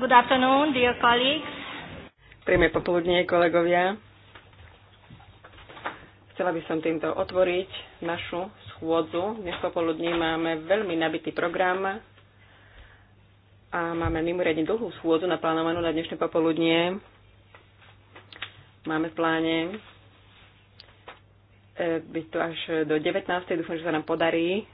Good afternoon, dear colleagues. Príjme popoludne, kolegovia. Chcela by som týmto otvoriť našu schôdzu. Dnes popoludní máme veľmi nabitý program a máme mimoriadne dlhú schôdzu naplánovanú na dnešné popoludnie. Máme v pláne eh, byť tu až do 19. Dúfam, že sa nám podarí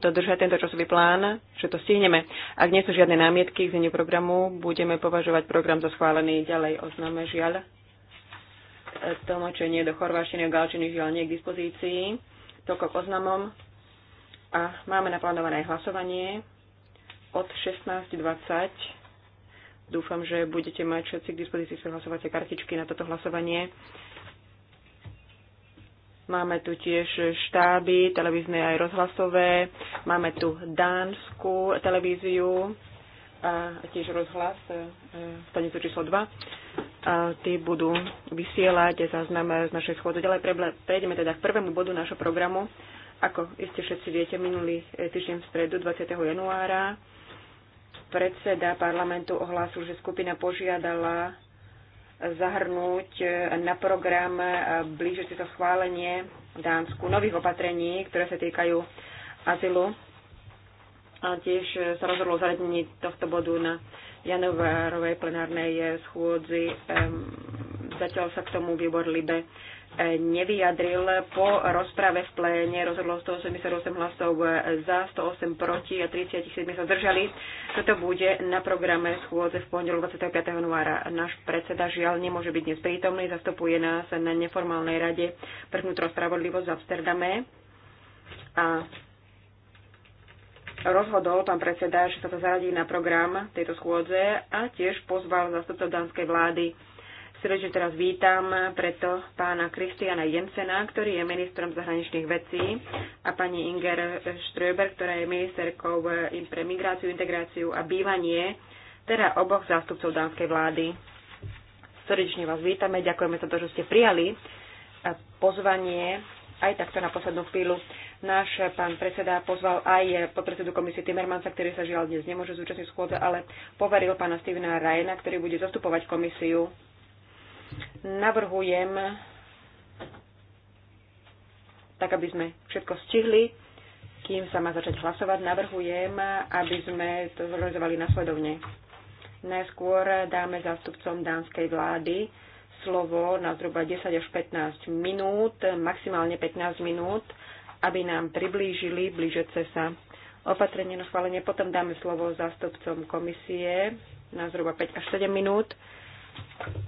dodržať tento časový plán, že to stihneme. Ak nie sú žiadne námietky k zeniu programu, budeme považovať program za schválený ďalej oznáme žiaľ. E, tlmočenie do chorváštiny a galčiny žiaľ nie k dispozícii. Toľko k oznamom. A máme naplánované hlasovanie od 16.20. Dúfam, že budete mať všetci k dispozícii svoje hlasovacie kartičky na toto hlasovanie. Máme tu tiež štáby, televízne aj rozhlasové. Máme tu dánsku televíziu a tiež rozhlas, e, stanicu číslo 2. A tí budú vysielať záznam z našej schôdze. Ďalej prejdeme teda k prvému bodu nášho programu. Ako iste všetci viete, minulý e, týždeň v stredu 20. januára predseda parlamentu ohlásil, že skupina požiadala zahrnúť e, na program e, si to schválenie v Dánsku nových opatrení, ktoré sa týkajú azylu. A tiež e, sa rozhodlo zaradenie tohto bodu na januárovej plenárnej schôdzi. Zatiaľ sa k tomu výbor LIBE nevyjadril po rozprave v pléne. Rozhodlo 188 hlasov za, 108 proti a 37 sa zdržali. Toto bude na programe schôdze v pondelok 25. januára. Náš predseda žiaľ nemôže byť dnes prítomný, zastupuje nás na neformálnej rade pre vnútro spravodlivosť v Amsterdame. A rozhodol pán predseda, že sa to zaradí na program tejto schôdze a tiež pozval zastupcov dánskej vlády srdečne teraz vítam preto pána Kristiana Jensena, ktorý je ministrom zahraničných vecí a pani Inger Ströber, ktorá je ministerkou pre migráciu, integráciu a bývanie, teda oboch zástupcov dánskej vlády. Srdečne vás vítame, ďakujeme za to, že ste prijali pozvanie aj takto na poslednú chvíľu. Náš pán predseda pozval aj podpredsedu komisie Timmermansa, ktorý sa žiaľ dnes nemôže zúčastniť schôdze, ale poveril pána Stevena Ryana, ktorý bude zastupovať komisiu Navrhujem, tak aby sme všetko stihli, kým sa má začať hlasovať, navrhujem, aby sme to zorganizovali nasledovne. Najskôr dáme zástupcom dánskej vlády slovo na zhruba 10 až 15 minút, maximálne 15 minút, aby nám priblížili blížece sa opatrenie na schválenie. Potom dáme slovo zástupcom komisie na zhruba 5 až 7 minút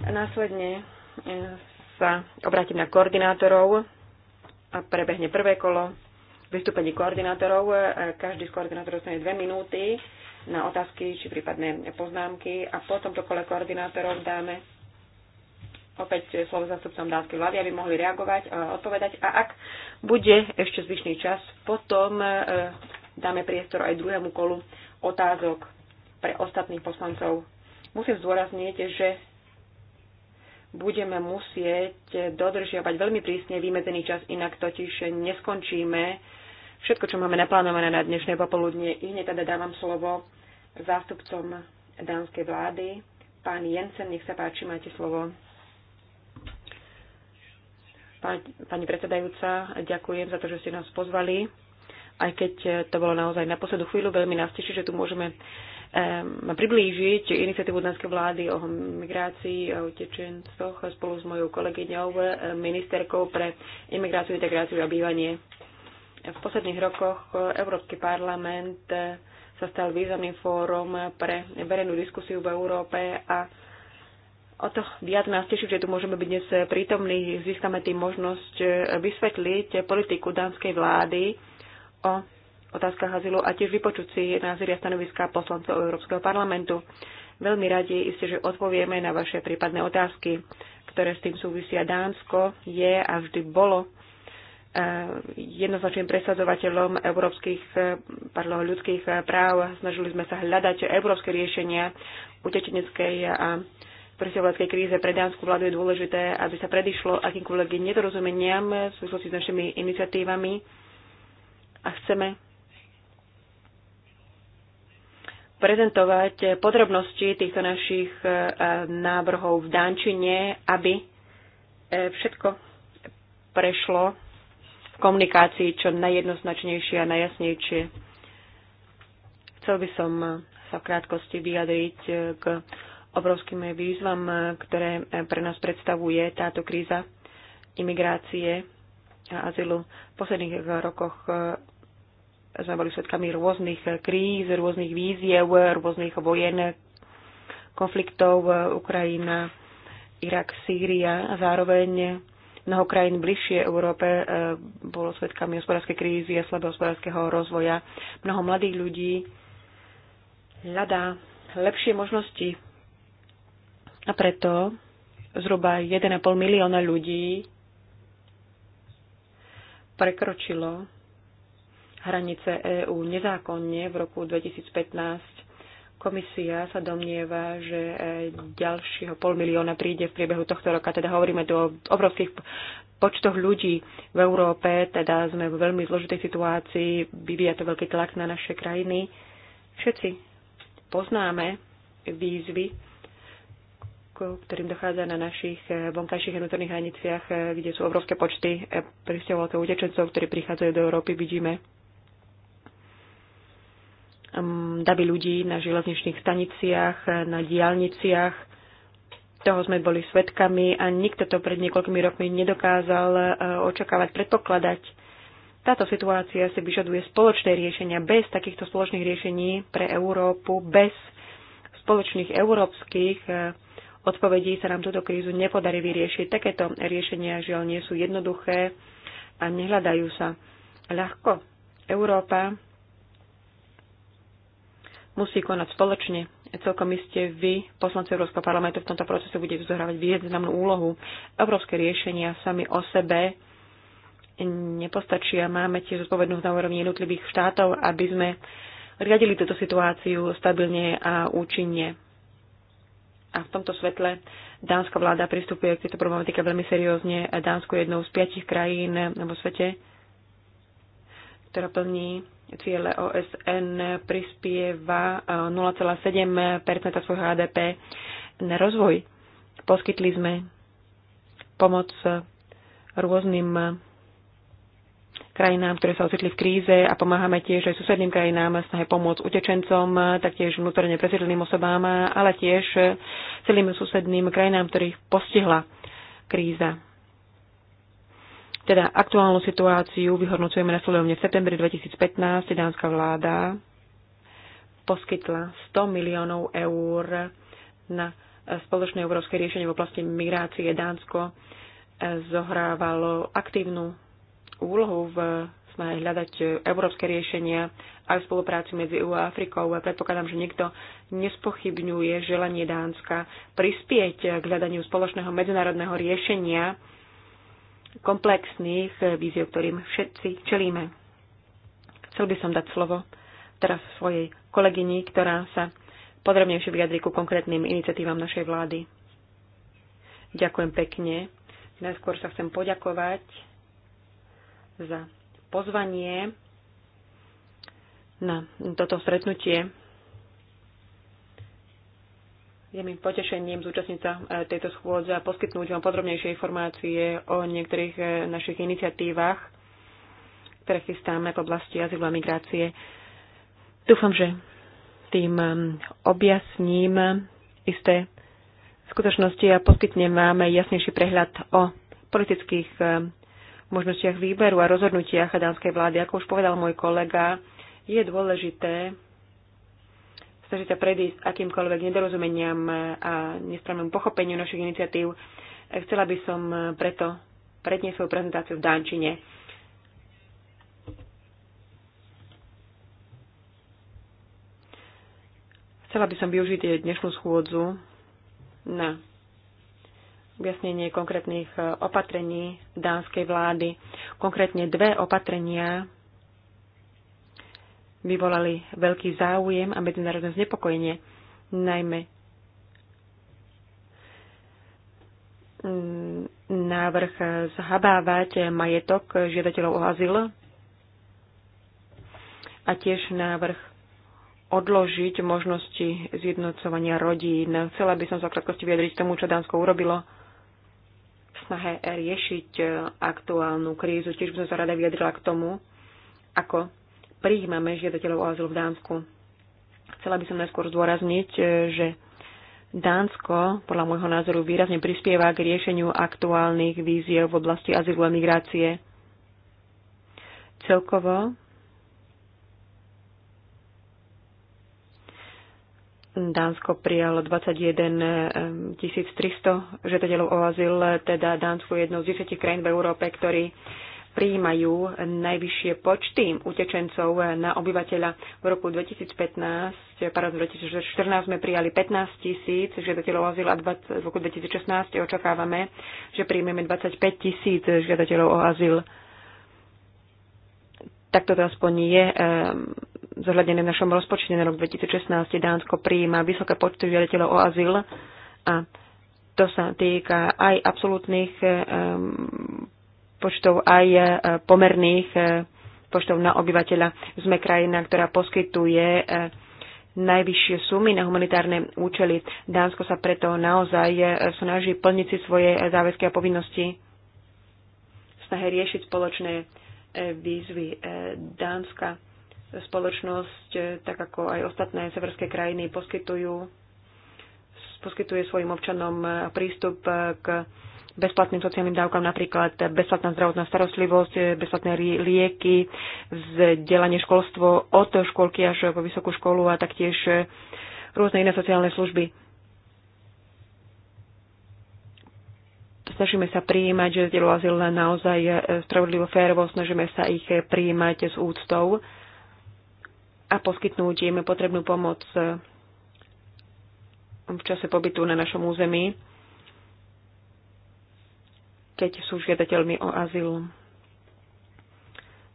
Následne e, sa obrátim na koordinátorov a prebehne prvé kolo vystúpení koordinátorov. E, každý z koordinátorov dostane dve minúty na otázky či prípadné poznámky a po tomto kole koordinátorov dáme opäť slovo zastupcom dánskej vlády, aby mohli reagovať, a odpovedať a ak bude ešte zvyšný čas, potom e, dáme priestor aj druhému kolu otázok pre ostatných poslancov. Musím zdôrazniť, že budeme musieť dodržiavať veľmi prísne vymedzený čas, inak totiž neskončíme všetko, čo máme naplánované na dnešné popoludne. I hneď teda dávam slovo zástupcom dánskej vlády. Pán Jensen, nech sa páči, máte slovo. Pani predsedajúca, ďakujem za to, že ste nás pozvali. Aj keď to bolo naozaj na poslednú chvíľu, veľmi nás teší, že tu môžeme Ehm, priblížiť iniciatívu danskej vlády o migrácii a utečencoch spolu s mojou kolegyňou, e, ministerkou pre imigráciu, integráciu a bývanie. V posledných rokoch Európsky parlament e, sa stal významným fórom pre verejnú diskusiu v Európe a o to viac nás teší, že tu môžeme byť dnes prítomní. Získame tým možnosť e, vysvetliť politiku dánskej vlády o otázkach azylu a tiež vypočuť si názory a stanoviská poslancov Európskeho parlamentu. Veľmi radi iste, že odpovieme na vaše prípadné otázky, ktoré s tým súvisia. Dánsko je a vždy bolo eh, jednoznačným presadzovateľom európskych, eh, pardon, ľudských eh, práv. Snažili sme sa hľadať európske riešenia utečeneckej a presťahovaleckej kríze pre dánsku vládu je dôležité, aby sa predišlo akýmkoľvek nedorozumeniam v súvislosti s našimi iniciatívami a chceme prezentovať eh, podrobnosti týchto našich eh, návrhov v Dančine, aby eh, všetko prešlo v komunikácii čo najjednoznačnejšie a najjasnejšie. Chcel by som sa v krátkosti vyjadriť k obrovským výzvam, ktoré pre nás predstavuje táto kríza imigrácie a azylu. V posledných rokoch sme boli svetkami rôznych kríz, rôznych víziev, rôznych vojen, konfliktov Ukrajina, Irak, Sýria a zároveň mnoho krajín bližšie Európe e, bolo svetkami hospodárskej krízy a slabého hospodárskeho rozvoja. Mnoho mladých ľudí hľadá lepšie možnosti a preto zhruba 1,5 milióna ľudí prekročilo hranice EÚ nezákonne v roku 2015. Komisia sa domnieva, že e, ďalšieho pol milióna príde v priebehu tohto roka. Teda hovoríme do obrovských počtoch ľudí v Európe, teda sme v veľmi zložitej situácii, vyvíja to veľký tlak na naše krajiny. Všetci poznáme výzvy, ktorým dochádza na našich e, vonkajších a vnútorných hraniciach, e, kde sú obrovské počty pristahovalcov utečencov, ktorí prichádzajú do Európy, vidíme davy ľudí na železničných staniciach, na diálniciach. Toho sme boli svetkami a nikto to pred niekoľkými rokmi nedokázal e, očakávať, predpokladať. Táto situácia si vyžaduje spoločné riešenia. Bez takýchto spoločných riešení pre Európu, bez spoločných európskych e, odpovedí sa nám túto krízu nepodarí vyriešiť. Takéto riešenia žiaľ nie sú jednoduché a nehľadajú sa ľahko. Európa musí konať spoločne. Celkom iste vy, poslanci Európskeho parlamentu, v tomto procese bude zohrávať významnú úlohu. Európske riešenia sami o sebe nepostačia. Máme tiež zodpovednosť na úrovni jednotlivých štátov, aby sme riadili túto situáciu stabilne a účinne. A v tomto svetle dánska vláda pristupuje k tejto problematike veľmi seriózne. Dánsko je jednou z piatich krajín vo svete, ktorá plní ciele OSN prispieva 0,7 e, svojho HDP na rozvoj. Poskytli sme pomoc rôznym krajinám, ktoré sa ocitli v kríze a pomáhame tiež aj susedným krajinám snahe pomôcť utečencom, taktiež vnútorne presiedleným osobám, ale tiež celým susedným krajinám, ktorých postihla kríza. Teda aktuálnu situáciu vyhodnocujeme nasledovne. V septembri 2015 dánska vláda poskytla 100 miliónov eur na spoločné európske riešenie v oblasti migrácie. Dánsko eh, zohrávalo aktívnu úlohu v snahe hľadať eh, európske riešenia aj v spolupráci medzi EU a Afrikou. A predpokladám, že nikto nespochybňuje želanie Dánska prispieť k hľadaniu spoločného medzinárodného riešenia komplexných víziev, ktorým všetci čelíme. Chcel by som dať slovo teraz svojej kolegyni, ktorá sa podrobnejšie vyjadri ku konkrétnym iniciatívam našej vlády. Ďakujem pekne. Najskôr sa chcem poďakovať za pozvanie na toto stretnutie je mi potešením zúčastniť sa e, tejto schôdze a poskytnúť vám podrobnejšie informácie o niektorých e, našich iniciatívach, ktoré chystáme v oblasti azylu a migrácie. Dúfam, že tým e, objasním isté skutočnosti a poskytnem vám jasnejší prehľad o politických možnostiach výberu a rozhodnutiach dánskej vlády. Ako už povedal môj kolega, je dôležité snaží sa predísť akýmkoľvek nedorozumeniam a nesprávnemu pochopeniu našich iniciatív. Chcela by som preto predniesť svoju prezentáciu v Dánčine. Chcela by som využiť dnešnú schôdzu na objasnenie konkrétnych opatrení dánskej vlády. Konkrétne dve opatrenia vyvolali veľký záujem a medzinárodné znepokojenie, najmä mm, návrh zhabávať majetok žiadateľov o azyl a tiež návrh odložiť možnosti zjednocovania rodín. Chcela by som sa krátkosti vyjadriť tomu, čo Dánsko urobilo v snahe riešiť aktuálnu krízu. Tiež by som sa rada vyjadrila k tomu, ako prijímame žiadateľov o azyl v Dánsku. Chcela by som najskôr zdôrazniť, e, že Dánsko, podľa môjho názoru, výrazne prispieva k riešeniu aktuálnych víziev v oblasti azylu a migrácie. Celkovo Dánsko prijalo 21 300 e, žiadateľov o azyl, teda Dánsko je jednou z 10 krajín v Európe, ktorý prijímajú najvyššie počty utečencov na obyvateľa. V roku 2015, pardon, 2014 sme prijali 15 tisíc žiadateľov o azyl a 20, v roku 2016 očakávame, že príjmeme 25 tisíc žiadateľov o azyl. Takto to aspoň je um, zohľadené v našom rozpočte na rok 2016. Dánsko prijíma vysoké počty žiadateľov o azyl a to sa týka aj absolútnych ehm, počtov aj e, pomerných e, počtov na obyvateľa. Sme krajina, ktorá poskytuje e, najvyššie sumy na humanitárne účely. Dánsko sa preto naozaj snaží plniť si svoje záväzky a povinnosti snahe riešiť spoločné výzvy Dánska. Spoločnosť, tak ako aj ostatné severské krajiny, poskytujú, poskytuje svojim občanom prístup k bezplatným sociálnym dávkam, napríklad bezplatná zdravotná starostlivosť, bezplatné lieky, vzdelanie školstvo od školky až po vysokú školu a taktiež rôzne iné sociálne služby. Snažíme sa prijímať že žiadateľov azyl naozaj spravodlivo férovo, snažíme sa ich prijímať s úctou a poskytnúť im potrebnú pomoc v čase pobytu na našom území keď sú žiadateľmi o azyl.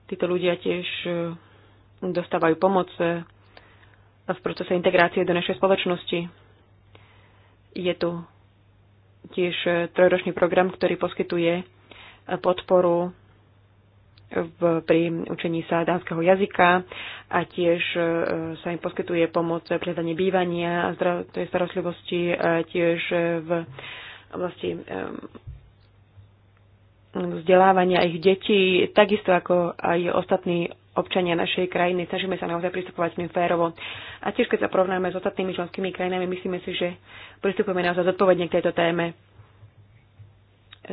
Títo ľudia tiež e, dostávajú pomoc e, v procese integrácie do našej spoločnosti. Je tu tiež e, trojročný program, ktorý poskytuje podporu v, pri učení sa dánskeho jazyka a tiež sa im poskytuje pomoc pri hľadaní bývania a zdravotnej starostlivosti, tiež v oblasti vzdelávania ich detí, takisto ako aj ostatní občania našej krajiny. Snažíme sa naozaj pristupovať s ním férovo. A tiež, keď sa porovnáme s ostatnými členskými krajinami, myslíme si, že pristupujeme naozaj zodpovedne k tejto téme.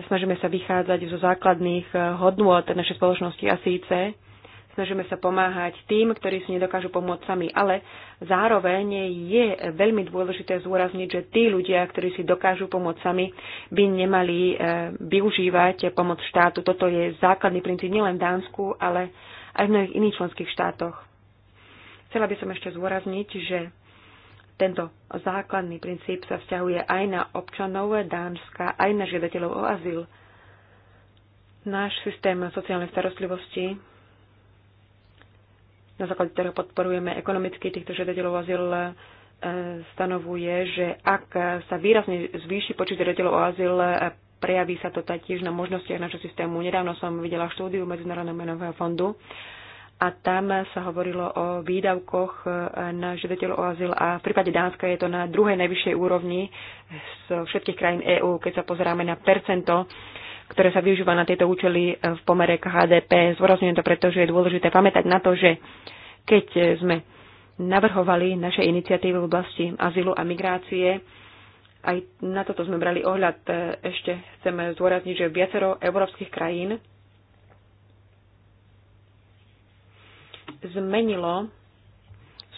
Snažíme sa vychádzať zo základných eh, hodnôt našej spoločnosti a síce, snažíme sa pomáhať tým, ktorí si nedokážu pomôcť sami. Ale zároveň je veľmi dôležité zúrazniť, že tí ľudia, ktorí si dokážu pomôcť sami, by nemali e, využívať pomoc štátu. Toto je základný princíp nielen v Dánsku, ale aj v mnohých iných členských štátoch. Chcela by som ešte zúrazniť, že tento základný princíp sa vzťahuje aj na občanov Dánska, aj na žiadateľov o azyl. Náš systém sociálnej starostlivosti na základe ktorého podporujeme ekonomicky týchto žiadateľov azyl, e, stanovuje, že ak sa výrazne zvýši počet žiadateľov o azyl, e, prejaví sa to taktiež na možnostiach našho systému. Nedávno som videla štúdiu Medzinárodného menového fondu a tam sa hovorilo o výdavkoch e, na žiadateľov o azyl a v prípade Dánska je to na druhej najvyššej úrovni z všetkých krajín EÚ, keď sa pozeráme na percento ktoré sa využíva na tieto účely e, v pomere k HDP. Zvorazňujem to, pretože je dôležité pamätať na to, že keď e, sme navrhovali naše iniciatívy v oblasti azylu a migrácie, aj na toto sme brali ohľad. E, ešte chceme zdôrazniť, že viacero európskych krajín zmenilo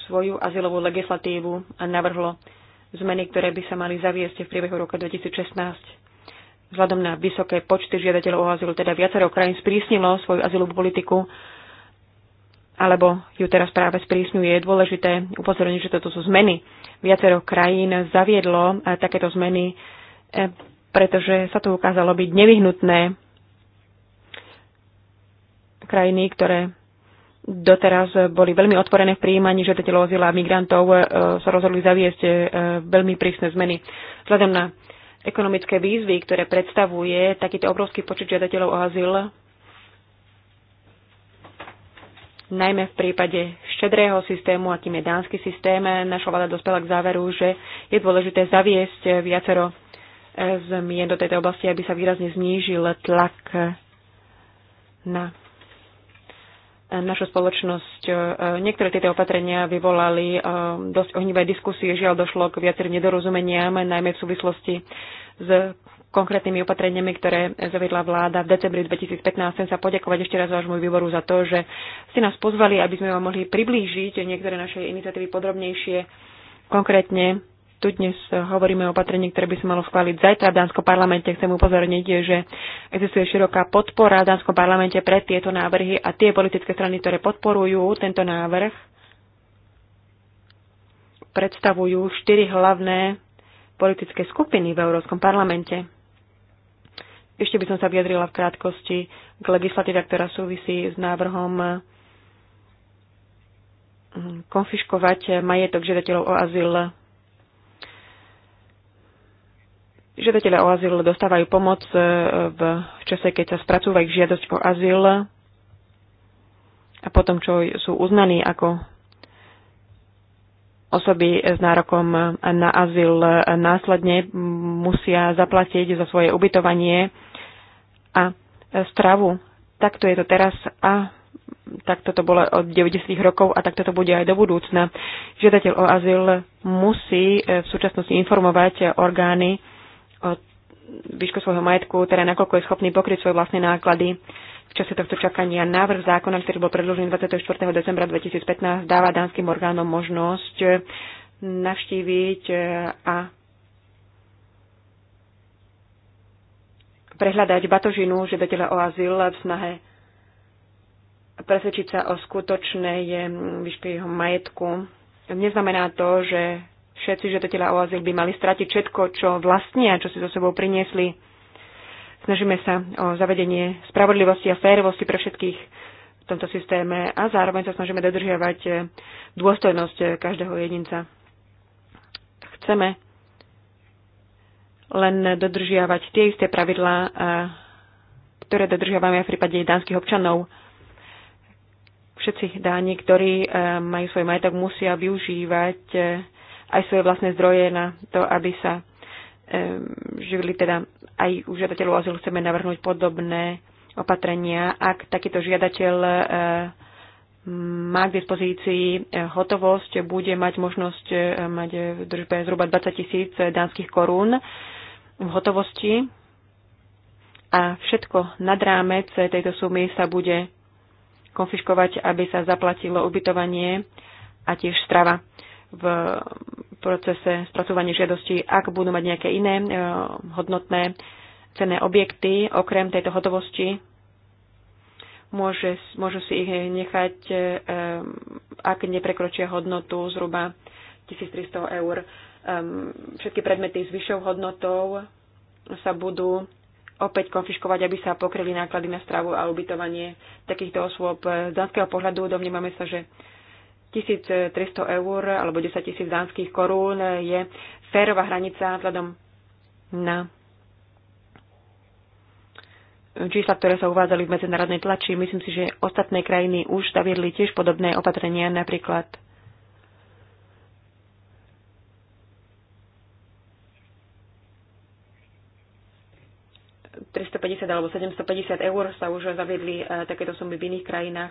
svoju azylovú legislatívu a navrhlo zmeny, ktoré by sa mali zaviesť v priebehu roka 2016 vzhľadom na vysoké počty žiadateľov o azyl, teda viacero krajín sprísnilo svoju azylovú politiku, alebo ju teraz práve sprísňuje, je dôležité upozorniť, že toto sú zmeny. Viacero krajín zaviedlo eh, takéto zmeny, eh, pretože sa to ukázalo byť nevyhnutné. Krajiny, ktoré doteraz boli veľmi otvorené v príjmaní žiadateľov azyla a migrantov, eh, sa rozhodli zaviesť veľmi prísne zmeny. Vzhľadom na ekonomické výzvy, ktoré predstavuje takýto obrovský počet žiadateľov o azyl, najmä v prípade štedrého systému, akým je dánsky systém, naša vláda dospela k záveru, že je dôležité zaviesť viacero e, zmien do tejto oblasti, aby sa výrazne znížil tlak na našu spoločnosť. E, niektoré tieto opatrenia vyvolali e, dosť ohnivé diskusie, žiaľ došlo k viacerým nedorozumeniam, najmä v súvislosti s konkrétnymi opatreniami, ktoré zavedla vláda v decembri 2015. Chcem sa poďakovať ešte raz vášmu výboru za to, že ste nás pozvali, aby sme vám mohli priblížiť niektoré naše iniciatívy podrobnejšie, konkrétne tu dnes hovoríme o opatrení, ktoré by sa malo schváliť zajtra v Dánskom parlamente. Chcem upozorniť, že existuje široká podpora v Dánskom parlamente pre tieto návrhy a tie politické strany, ktoré podporujú tento návrh, predstavujú štyri hlavné politické skupiny v Európskom parlamente. Ešte by som sa vyjadrila v krátkosti k legislatíve, ktorá súvisí s návrhom hm, konfiškovať majetok žiadateľov o azyl Žiadatelia o azyl dostávajú pomoc e, v čase, keď sa spracúva ich žiadosť o azyl a potom, čo sú uznaní ako osoby s nárokom na azyl, následne musia zaplatiť za svoje ubytovanie a stravu. Takto je to teraz a takto to bolo od 90. rokov a takto to bude aj do budúcna. Žiadateľ o azyl musí e, v súčasnosti informovať orgány, od výšku svojho majetku, teda nakoľko je schopný pokryť svoje vlastné náklady v čase tohto čakania. Návrh zákona, ktorý bol predložený 24. decembra 2015, dáva dánskym orgánom možnosť navštíviť eh, a prehľadať batožinu žiadateľa o azyl v snahe presvedčiť sa o skutočnej eh, výške jeho majetku. Neznamená to, že Všetci žiadatelia o azyl by mali stratiť všetko, čo vlastnia, čo si so sebou priniesli. Snažíme sa o zavedenie spravodlivosti a férovosti pre všetkých v tomto systéme a zároveň sa snažíme dodržiavať dôstojnosť každého jedinca. Chceme len dodržiavať tie isté pravidlá, ktoré dodržiavame v prípade dánskych občanov. Všetci dáni, ktorí majú svoj majetok, musia využívať aj svoje vlastné zdroje na to, aby sa živili teda aj u žiadateľov azylu chceme navrhnúť podobné opatrenia. Ak takýto žiadateľ e, má k dispozícii e, hotovosť, bude mať možnosť e, mať v držbe zhruba 20 tisíc dánskych korún v hotovosti a všetko nad rámec tejto sumy sa bude konfiškovať, aby sa zaplatilo ubytovanie a tiež strava v procese spracovania žiadosti, ak budú mať nejaké iné e, hodnotné cenné objekty, okrem tejto hotovosti, môže, môžu si ich nechať, e, ak neprekročia hodnotu zhruba 1300 eur. E, všetky predmety s vyššou hodnotou sa budú opäť konfiškovať, aby sa pokryli náklady na stravu a ubytovanie takýchto osôb. Z danského pohľadu domnievame sa, že 1300 eur alebo 10 000 dánskych korún je férová hranica vzhľadom na čísla, ktoré sa uvádzali v medzinárodnej tlači. Myslím si, že ostatné krajiny už zaviedli tiež podobné opatrenia, napríklad ...350 alebo 750 eur sa už zaviedli eh, takéto sumy v iných krajinách.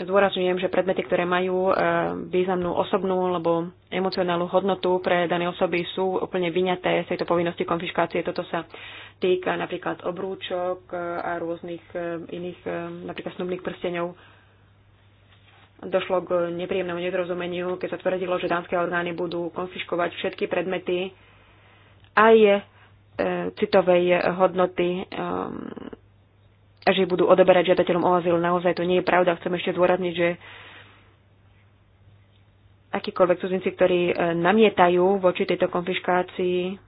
Zdôrazňujem, že predmety, ktoré majú e, významnú osobnú alebo emocionálnu hodnotu pre dané osoby sú úplne vyňaté z tejto povinnosti konfiškácie. Toto sa týka napríklad obrúčok e, a rôznych e, iných, napríklad snubných prsteňov. Došlo k nepríjemnému nedorozumeniu, keď sa tvrdilo, že dánske orgány budú konfiškovať všetky predmety aj citovej hodnoty a že budú odoberať žiadateľom o azyl. Naozaj to nie je pravda. Chcem ešte zdôrazniť, že akíkoľvek cudzinci, ktorí e, namietajú voči tejto konfiškácii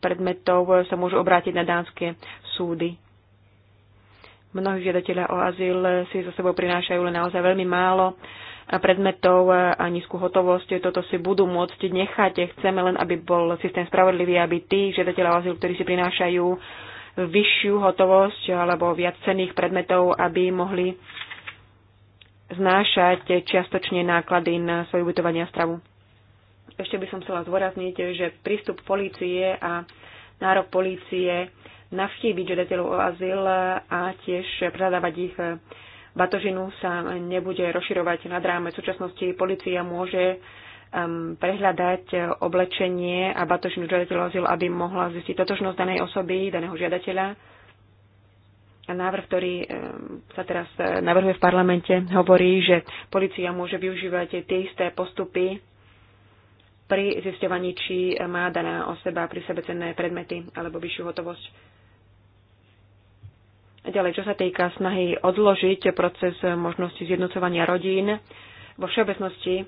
predmetov, e, sa môžu obrátiť na dánske súdy. Mnohí žiadatelia o azyl e, si so sebou prinášajú len naozaj veľmi málo predmetov a nízku hotovosť. Toto si budú môcť nechať. Chceme len, aby bol systém spravodlivý, aby tí žiadatelia o azyl, ktorí si prinášajú vyššiu hotovosť alebo viac cených predmetov, aby mohli znášať čiastočne náklady na svoje ubytovanie a stravu. Ešte by som chcela zdôrazniť, že prístup polície a nárok polície navštíviť žiadateľov o azyl a tiež predávať ich batožinu sa nebude rozširovať nad rámec súčasnosti. Polícia môže um, prehľadať e, oblečenie a batožnú žiadateľov azyl, aby mohla zistiť totožnosť danej osoby, daného žiadateľa. A návrh, ktorý um, sa teraz e, navrhuje v parlamente, hovorí, že policia môže využívať tie isté postupy pri zisťovaní, či má daná osoba pri sebe cenné predmety alebo vyššiu hotovosť. Ďalej, čo sa týka snahy odložiť proces možnosti zjednocovania rodín, vo všeobecnosti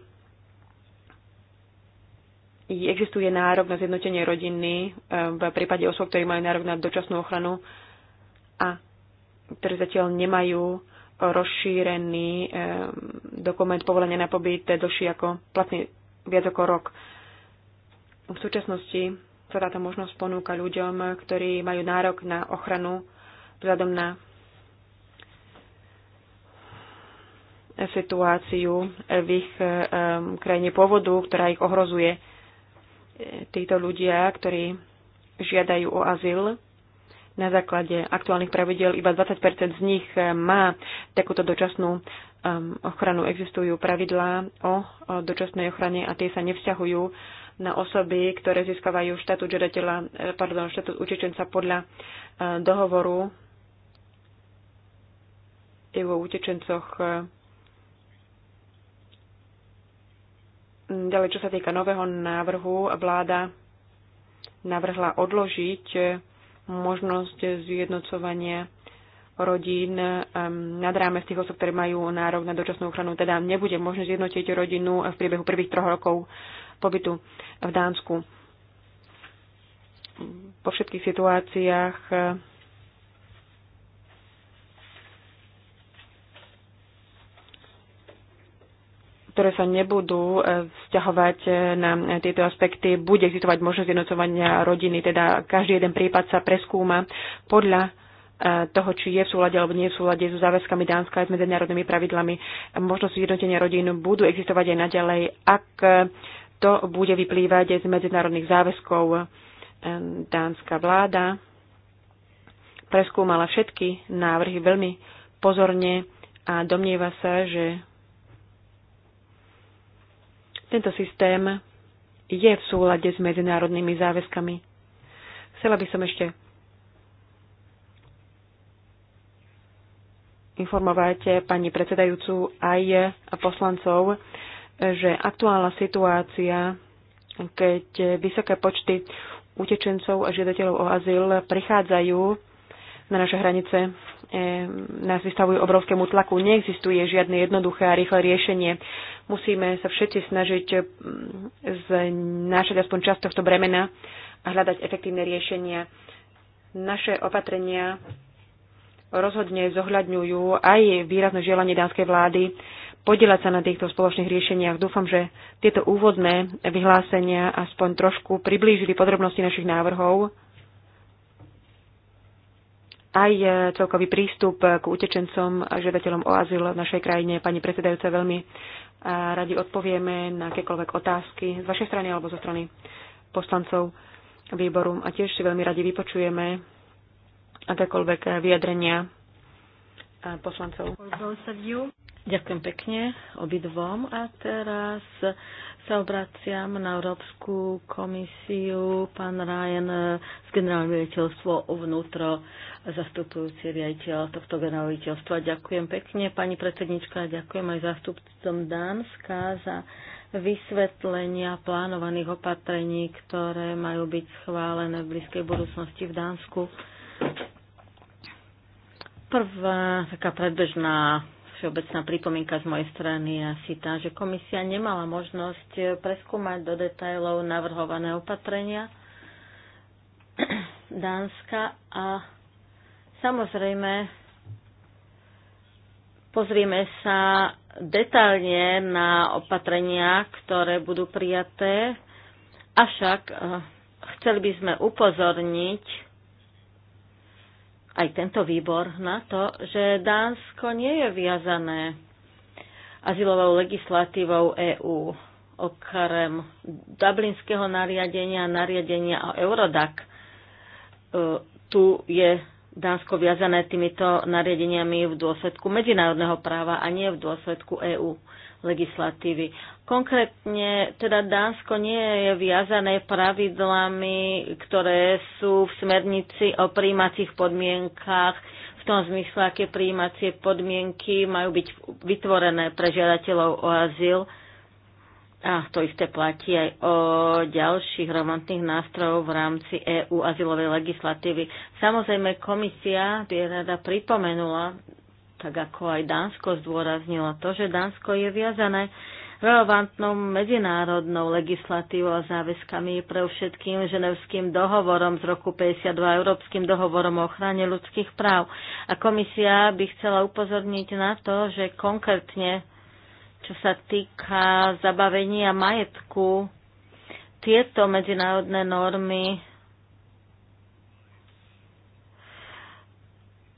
existuje nárok na zjednotenie rodiny e, v prípade osôb, ktorí majú nárok na dočasnú ochranu a ktorí zatiaľ nemajú rozšírený e, dokument povolenia na pobyt dlhší ako platný viac ako rok. V súčasnosti sa táto možnosť ponúka ľuďom, ktorí majú nárok na ochranu vzhľadom na situáciu v ich e, krajine pôvodu, ktorá ich ohrozuje títo ľudia, ktorí žiadajú o azyl, na základe aktuálnych pravidel iba 20 z nich eh, má takúto dočasnú ehm, ochranu. Existujú pravidlá o dočasnej ochrane a tie sa nevzťahujú na osoby, ktoré získavajú štatút žiadateľa, eh, pardon, štatút utečenca podľa eh, dohovoru EU o utečencoch Ďalej, čo sa týka nového návrhu, vláda navrhla odložiť možnosť zjednocovania rodín ehm, nad rámec tých osob, ktoré majú nárok na dočasnú ochranu. Teda nebude možné zjednotiť rodinu v priebehu prvých troch rokov pobytu v Dánsku. Po všetkých situáciách ktoré sa nebudú e, vzťahovať e, na tieto aspekty, bude existovať možnosť jednocovania rodiny, teda každý jeden prípad sa preskúma podľa e, toho, či je v súlade alebo nie je v súlade so záväzkami Dánska aj s medzinárodnými pravidlami. Možnosť jednotenia rodín budú existovať aj naďalej, ak to bude vyplývať z medzinárodných záväzkov. Dánska vláda preskúmala všetky návrhy veľmi pozorne a domnieva sa, že tento systém je v súlade s medzinárodnými záväzkami. Chcela by som ešte informovať pani predsedajúcu aj poslancov, že aktuálna situácia, keď vysoké počty utečencov a žiadateľov o azyl prichádzajú na naše hranice, nás vystavujú obrovskému tlaku. Neexistuje žiadne jednoduché a rýchle riešenie. Musíme sa všetci snažiť znášať aspoň časť tohto bremena a hľadať efektívne riešenia. Naše opatrenia rozhodne zohľadňujú aj výrazné želanie dánskej vlády podielať sa na týchto spoločných riešeniach. Dúfam, že tieto úvodné vyhlásenia aspoň trošku priblížili podrobnosti našich návrhov aj e, celkový prístup k utečencom a žiadateľom o azyl v našej krajine. Pani predsedajúca, veľmi e, radi odpovieme na akékoľvek otázky z vašej strany alebo zo strany poslancov výboru a tiež si veľmi radi vypočujeme akékoľvek vyjadrenia e, poslancov. Ďakujem pekne obidvom a teraz sa obraciam na Európsku komisiu. Pán Ryan eh, z generálneho riaditeľstvo vnútro, zastupujúci riaditeľ tohto generálneho Ďakujem pekne, pani predsednička, ďakujem aj zastupcom Dánska za vysvetlenia plánovaných opatrení, ktoré majú byť schválené v blízkej budúcnosti v Dánsku. Prvá taká predbežná všeobecná pripomienka z mojej strany je asi tá, že komisia nemala možnosť preskúmať do detajlov navrhované opatrenia Dánska a samozrejme pozrieme sa detálne na opatrenia, ktoré budú prijaté, avšak eh, chceli by sme upozorniť aj tento výbor na to, že Dánsko nie je viazané azylovou legislatívou EÚ okrem dublinského nariadenia a nariadenia o Eurodac. E, tu je Dánsko viazané týmito nariadeniami v dôsledku medzinárodného práva a nie v dôsledku EÚ legislatívy. Konkrétne teda Dánsko nie je viazané pravidlami, ktoré sú v smernici o príjímacích podmienkách v tom zmysle, aké príjímacie podmienky majú byť vytvorené pre žiadateľov o azyl. A to isté platí aj o ďalších rovnotných nástrojov v rámci EÚ azylovej legislatívy. Samozrejme, komisia by rada pripomenula tak ako aj Dánsko zdôraznilo to, že Dánsko je viazané relevantnou medzinárodnou legislatívou a záväzkami pre všetkým ženevským dohovorom z roku 52 Európskym dohovorom o ochrane ľudských práv. A komisia by chcela upozorniť na to, že konkrétne, čo sa týka zabavenia majetku, tieto medzinárodné normy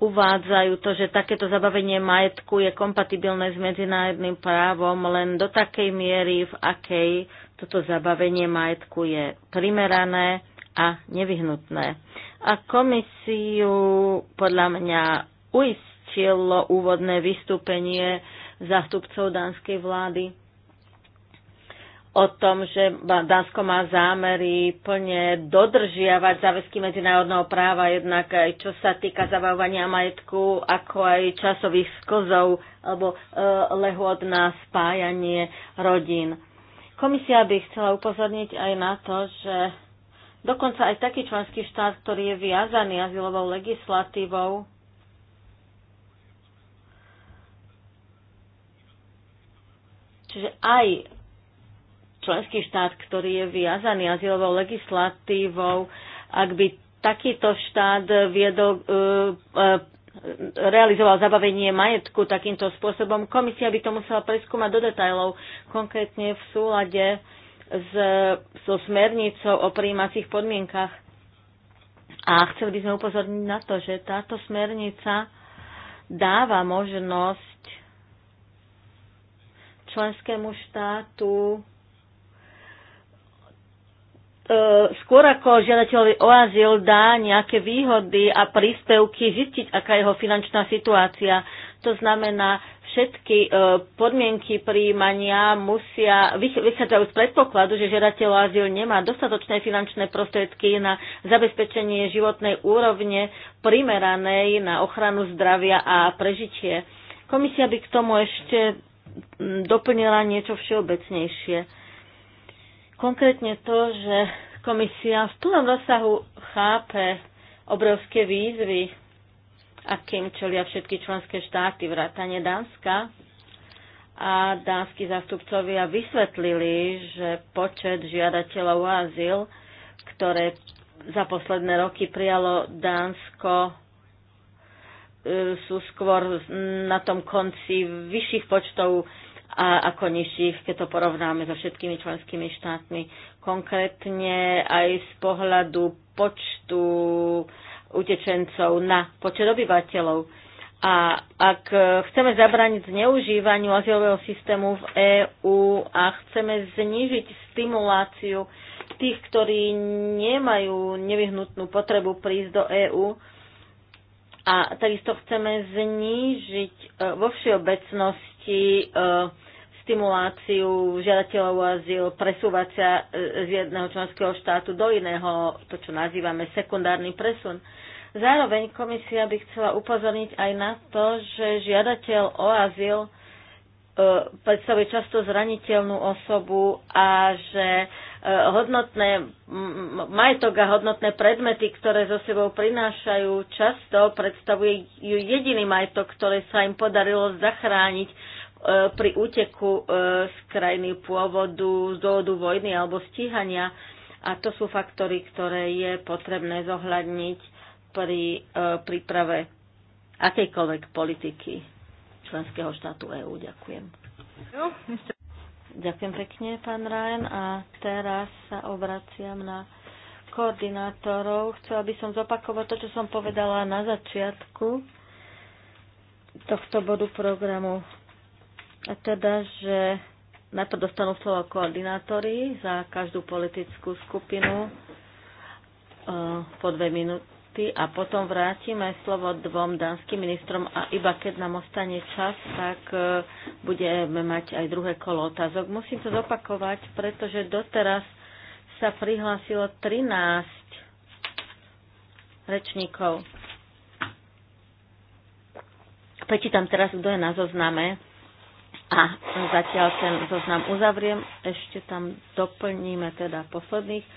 uvádzajú to, že takéto zabavenie majetku je kompatibilné s medzinárodným právom len do takej miery, v akej toto zabavenie majetku je primerané a nevyhnutné. A komisiu podľa mňa uistilo úvodné vystúpenie zástupcov dánskej vlády o tom, že Dánsko má zámery plne dodržiavať záväzky medzinárodného práva, jednak aj čo sa týka zabavovania majetku, ako aj časových skozov alebo e, lehôd na spájanie rodín. Komisia by chcela upozorniť aj na to, že dokonca aj taký členský štát, ktorý je viazaný azylovou legislatívou, Čiže aj členský štát, ktorý je viazaný azylovou legislatívou, ak by takýto štát viedol, e, e, realizoval zabavenie majetku takýmto spôsobom, komisia by to musela preskúmať do detajlov, konkrétne v súlade s, so smernicou o príjímacích podmienkach. A chceli by sme upozorniť na to, že táto smernica dáva možnosť členskému štátu E, skôr ako žiadateľovi o azyl dá nejaké výhody a príspevky zistiť, aká je jeho finančná situácia. To znamená, všetky e, podmienky príjmania musia vychádzajú z predpokladu, že žiadateľ o azyl nemá dostatočné finančné prostriedky na zabezpečenie životnej úrovne primeranej na ochranu zdravia a prežitie. Komisia by k tomu ešte doplnila niečo všeobecnejšie Konkrétne to, že komisia v plnom rozsahu chápe obrovské výzvy, akým čelia všetky členské štáty, vrátane Dánska. A dánsky zástupcovia vysvetlili, že počet žiadateľov o azyl, ktoré za posledné roky prijalo Dánsko, e, sú skôr na tom konci vyšších počtov a ako nižších, keď to porovnáme so všetkými členskými štátmi. Konkrétne aj z pohľadu počtu utečencov na počet obyvateľov. A ak chceme zabrániť zneužívaniu azylového systému v EÚ a chceme znížiť stimuláciu tých, ktorí nemajú nevyhnutnú potrebu prísť do EÚ, a takisto chceme znížiť e, vo všeobecnosti žiadosti eh, stimuláciu žiadateľov o azyl presúvať sa eh, z jedného členského štátu do iného, to čo nazývame sekundárny presun. Zároveň komisia by chcela upozorniť aj na to, že žiadateľ o azyl eh, predstavuje často zraniteľnú osobu a že hodnotné majetok a hodnotné predmety, ktoré so sebou prinášajú, často predstavujú jediný majetok, ktoré sa im podarilo zachrániť E, pri úteku e, z krajiny pôvodu z dôvodu vojny alebo stíhania. A to sú faktory, ktoré je potrebné zohľadniť pri e, príprave akejkoľvek politiky členského štátu EÚ. Ďakujem. Ďakujem pekne, pán Ryan. A teraz sa obraciam na koordinátorov. Chcela by som zopakovať to, čo som povedala na začiatku tohto bodu programu. A teda, že najprv dostanú slovo koordinátori za každú politickú skupinu e, po dve minúty a potom vrátime slovo dvom dánskym ministrom a iba keď nám ostane čas, tak e, budeme mať aj druhé kolo otázok. Musím to zopakovať, pretože doteraz sa prihlásilo 13 rečníkov. Prečítam teraz, kto je na zozname. A zatiaľ ten zoznam uzavriem. Ešte tam doplníme teda posledných eh,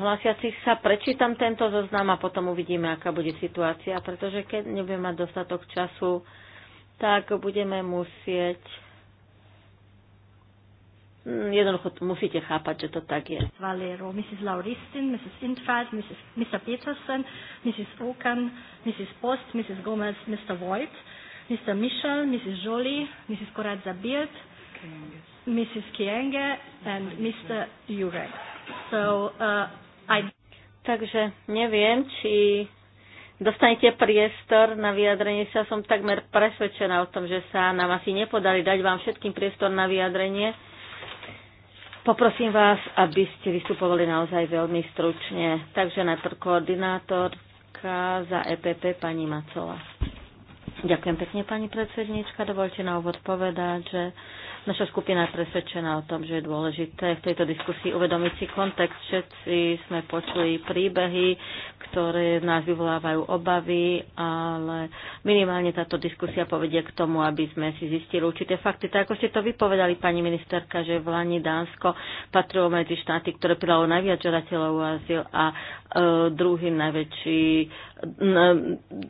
hlasiacich sa. Prečítam tento zoznam a potom uvidíme, aká bude situácia, pretože keď nebudeme mať dostatok času, tak budeme musieť hm, jednoducho musíte chápať, že to tak je. Valero, Mrs. Lauristin, Mrs. Infeld, Mrs. Mr. Peterson, Mrs. Okan, Mrs. Post, Mrs. Gomez, Mr. Voigt, Mr. Michel, Mrs. Jolie, Mrs. Corazza Beard, Mrs. Kienge and Mr. Jurek. So, uh, I... Takže neviem, či dostanete priestor na vyjadrenie. sa som takmer presvedčená o tom, že sa nám asi nepodali dať vám všetkým priestor na vyjadrenie. Poprosím vás, aby ste vystupovali naozaj veľmi stručne. Takže najprv koordinátorka za EPP pani Macová. Ďakujem pekne, pani predsednička. Dovolte na úvod povedať, že Naša skupina je presvedčená o tom, že je dôležité v tejto diskusii uvedomiť si kontext. Všetci sme počuli príbehy, ktoré z nás vyvolávajú obavy, ale minimálne táto diskusia povedie k tomu, aby sme si zistili určité fakty. Tak ako ste to vypovedali, pani ministerka, že v Lani Dánsko patrilo medzi štáty, ktoré pridalo najviac žiadateľov o azyl a e, druhý najväčší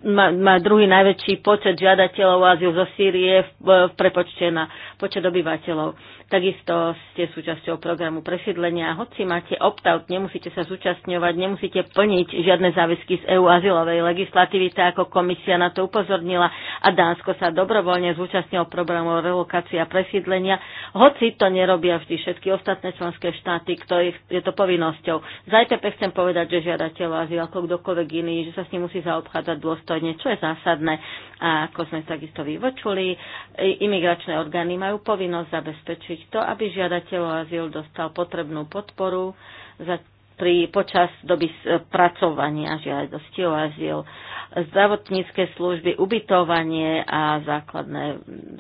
má, má druhý najväčší počet žiadateľov o azyl zo Sýrie v, v prepočte na počet obyvateľov obyvateľov. Takisto ste súčasťou programu presídlenia. Hoci máte opt-out, nemusíte sa zúčastňovať, nemusíte plniť žiadne záväzky z EU azylovej legislatívy, tak ako komisia na to upozornila a Dánsko sa dobrovoľne zúčastnilo programu relokácia presídlenia, hoci to nerobia vždy všetky ostatné členské štáty, ktorých je to povinnosťou. Za chcem povedať, že žiadateľ azyl ako kdokoľvek iný, že sa s ním musí zaobchádzať dôstojne, čo je zásadné. A ako sme takisto vyvočuli, imigračné orgány majú povinnosť zabezpečiť urobiť to, aby žiadateľ o azyl dostal potrebnú podporu za, pri, počas doby e, pracovania žiadosti o azyl, zdravotnícke služby, ubytovanie a základné,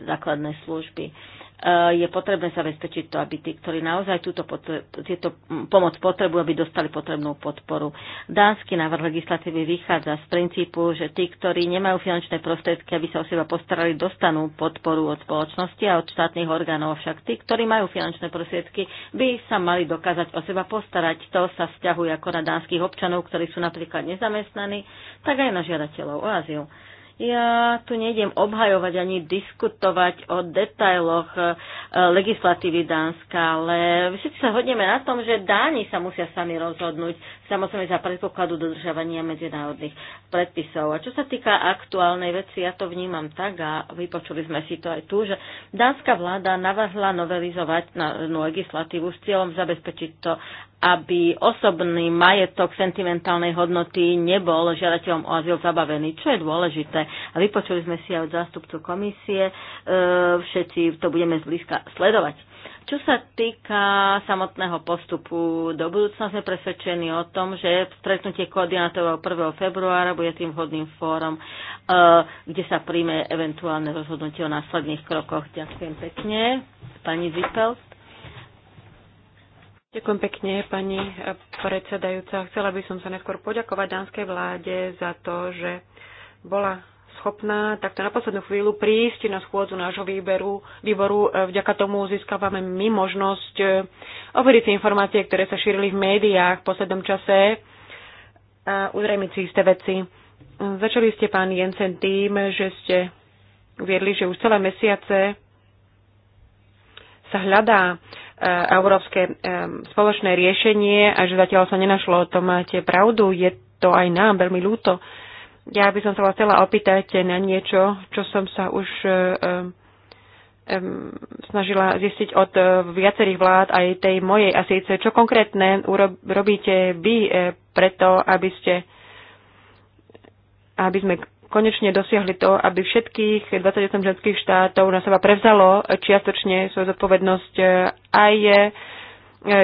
základné služby Eh, je potrebné zabezpečiť to, aby tí, ktorí naozaj túto potre- tieto mm, pomoc potrebujú, aby dostali potrebnú podporu. Dánsky návrh legislatívy vychádza z princípu, že tí, ktorí nemajú finančné prostriedky, aby sa o seba postarali, dostanú podporu od spoločnosti a od štátnych orgánov. Však tí, ktorí majú finančné prostriedky, by sa mali dokázať o seba postarať. To sa vzťahuje ako na dánskych občanov, ktorí sú napríklad nezamestnaní, tak aj na žiadateľov o azyl. Ja tu nejdem obhajovať ani diskutovať o detailoch e, legislatívy Dánska, ale všetci sa hodneme na tom, že Dáni sa musia sami rozhodnúť, samozrejme za predpokladu dodržiavania medzinárodných predpisov. A čo sa týka aktuálnej veci, ja to vnímam tak a vypočuli sme si to aj tu, že dánska vláda navrhla novelizovať na, no, legislatívu s cieľom zabezpečiť to, aby osobný majetok sentimentálnej hodnoty nebol žiadateľom o azyl zabavený, čo je dôležité. A vypočuli sme si aj od zástupcu komisie, e, všetci to budeme zblízka sledovať. Čo sa týka samotného postupu, do budúcna sme presvedčení o tom, že stretnutie koordinátorov 1. februára bude tým vhodným fórom, e, kde sa príjme eventuálne rozhodnutie o následných krokoch. Ďakujem pekne. Pani Zipel. Ďakujem pekne, pani predsedajúca. Chcela by som sa neskôr poďakovať dánskej vláde za to, že bola schopná takto na poslednú chvíľu prísť na schôdzu nášho výberu, výboru. Vďaka tomu získavame my možnosť eh, overiť si informácie, ktoré sa šírili v médiách v poslednom čase a uzrejmiť si isté veci. Začali ste, pán Jensen, tým, že ste uviedli, že už celé mesiace sa hľadá európske spoločné riešenie a že zatiaľ sa nenašlo. To máte pravdu, je to aj nám veľmi ľúto. Ja by som sa vás chcela opýtať na niečo, čo som sa už e, e, snažila zistiť od e, viacerých vlád aj tej mojej a síce, čo konkrétne robíte vy preto, aby ste aby sme konečne dosiahli to, aby všetkých 28 ženských štátov na seba prevzalo čiastočne svoju zodpovednosť aj eh,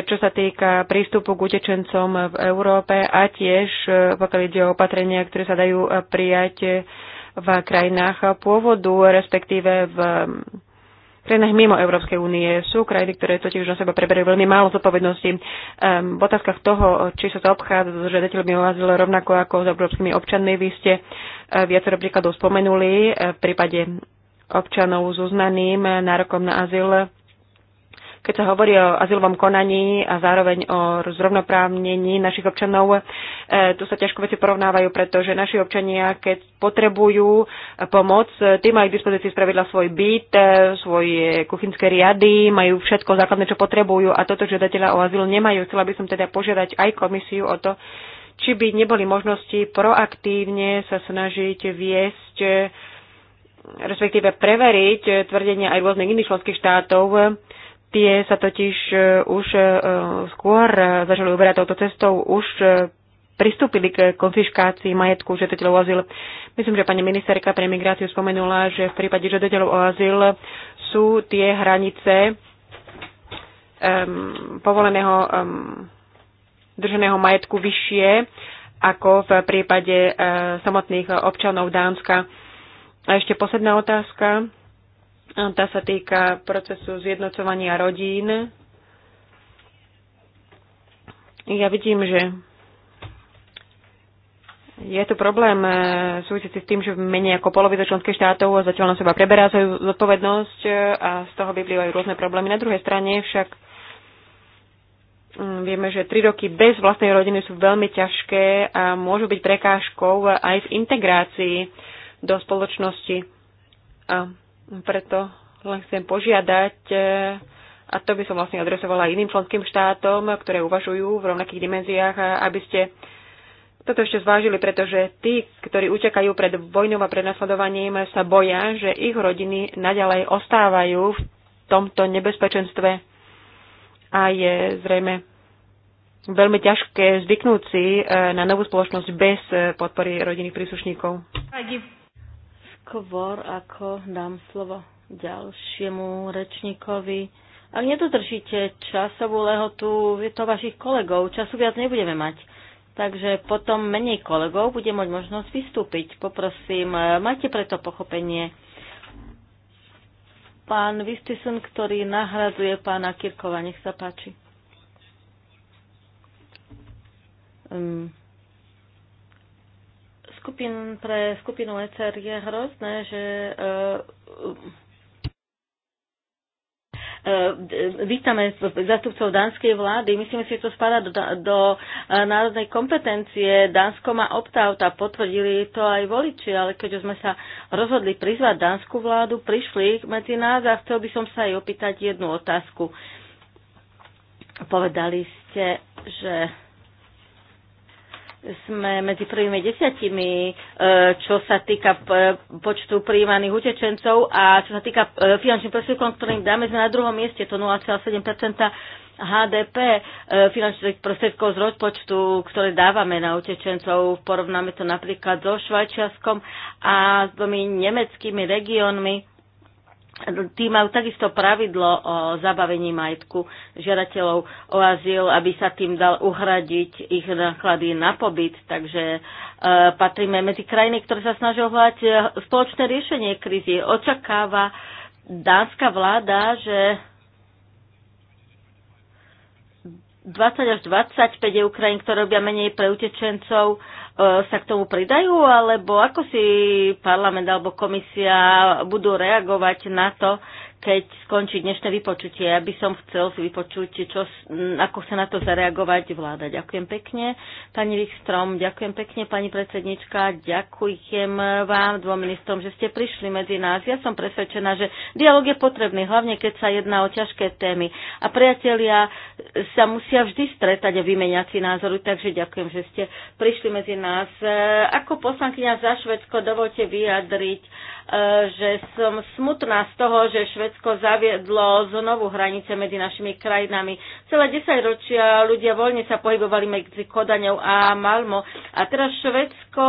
čo sa týka prístupu k utečencom v Európe a tiež eh, pokiaľ ide o opatrenia, ktoré sa dajú eh, prijať v krajinách pôvodu, respektíve v mm, krajinách mimo Európskej únie. Sú krajiny, ktoré totiž na seba preberajú veľmi málo zodpovedností. Um, ehm, v otázkach toho, či sa to obchádza s žiadateľmi o azyl rovnako ako s európskymi občanmi, vy ste Eh, viacero príkladov spomenuli. Eh, v prípade občanov s uznaným nárokom na azyl, keď sa hovorí o azylovom konaní a zároveň o zrovnoprávnení našich občanov, eh, tu sa ťažko veci porovnávajú, pretože naši občania, keď potrebujú pomoc, tí majú k dispozícii spravidla svoj byt, svoje kuchynské riady, majú všetko základné, čo potrebujú a toto žiadateľa o azyl nemajú. Chcela by som teda požiadať aj komisiu o to, či by neboli možnosti proaktívne sa snažiť viesť, respektíve preveriť tvrdenia aj rôznych iných členských štátov. Tie sa totiž e, už e, skôr začali uberať touto cestou, už e, pristúpili k konfiškácii majetku žiadateľov o azyl. Myslím, že pani ministerka pre migráciu spomenula, že v prípade žiadateľov o azyl sú tie hranice um, povoleného um, drženého majetku vyššie ako v prípade e, samotných občanov Dánska. A ešte posledná otázka. Tá sa týka procesu zjednocovania rodín. Ja vidím, že je tu problém e, súvisiaci s tým, že menej ako polovica členských štátov zatiaľ na seba preberá svoju zodpovednosť e, a z toho vyplývajú rôzne problémy. Na druhej strane však Mm, vieme, že tri roky bez vlastnej rodiny sú veľmi ťažké a môžu byť prekážkou aj v integrácii do spoločnosti. A preto len chcem požiadať, e, a to by som vlastne adresovala iným členským štátom, ktoré uvažujú v rovnakých dimenziách, aby ste toto ešte zvážili, pretože tí, ktorí utekajú pred vojnou a pred nasledovaním, sa boja, že ich rodiny naďalej ostávajú v tomto nebezpečenstve a je zrejme veľmi ťažké zvyknúť si e, na novú spoločnosť bez e, podpory rodinných príslušníkov. Skôr ako dám slovo ďalšiemu rečníkovi, ak nedodržíte časovú lehotu, je to vašich kolegov, času viac nebudeme mať. Takže potom menej kolegov bude mať možnosť vystúpiť. Poprosím, e, majte preto pochopenie pán Vistisen, ktorý nahraduje pána Kirkova. Nech sa páči. Um, skupin, pre skupinu ECR je hrozné, že uh, E, vítame zastupcov dánskej vlády. Myslím, si, že to spadá do, do e, národnej kompetencie. Dánsko má opt a potvrdili to aj voliči, ale keď sme sa rozhodli prizvať dánsku vládu, prišli medzi nás a chcel by som sa aj opýtať jednu otázku. Povedali ste, že sme medzi prvými desiatimi, e, čo sa týka e, počtu prijímaných utečencov a čo sa týka e, finančných prostriedkom, ktorým dáme, sme na druhom mieste, to 0,7 HDP finančných prostriedkov z rozpočtu, ktoré dávame na utečencov. Porovnáme to napríklad so Švajčiarskom a s tými nemeckými regiónmi tí majú takisto pravidlo o zabavení majetku žiadateľov o azyl, aby sa tým dal uhradiť ich náklady na pobyt. Takže e, patríme medzi krajiny, ktoré sa snažia hľadať e, spoločné riešenie krízy. Očakáva dánska vláda, že 20 až 25 je Ukrajín, ktoré robia menej pre utečencov, E, sa k tomu pridajú, alebo ako si parlament alebo komisia budú reagovať na to, keď skončí dnešné vypočutie. Ja by som chcel si vypočuť, čo, ako sa na to zareagovať vláda. Ďakujem pekne, pani Wikstrom, ďakujem pekne, pani predsednička, ďakujem vám, dvom ministrom, že ste prišli medzi nás. Ja som presvedčená, že dialog je potrebný, hlavne keď sa jedná o ťažké témy. A priatelia sa musia vždy stretať a vymeniať si názory, takže ďakujem, že ste prišli medzi nás. E, ako poslankyňa za Švedsko dovolte vyjadriť E, že som smutná z toho, že Švedsko zaviedlo znovu hranice medzi našimi krajinami. Celé 10 ročia ľudia voľne sa pohybovali medzi Kodaňou a Malmo a teraz Švedsko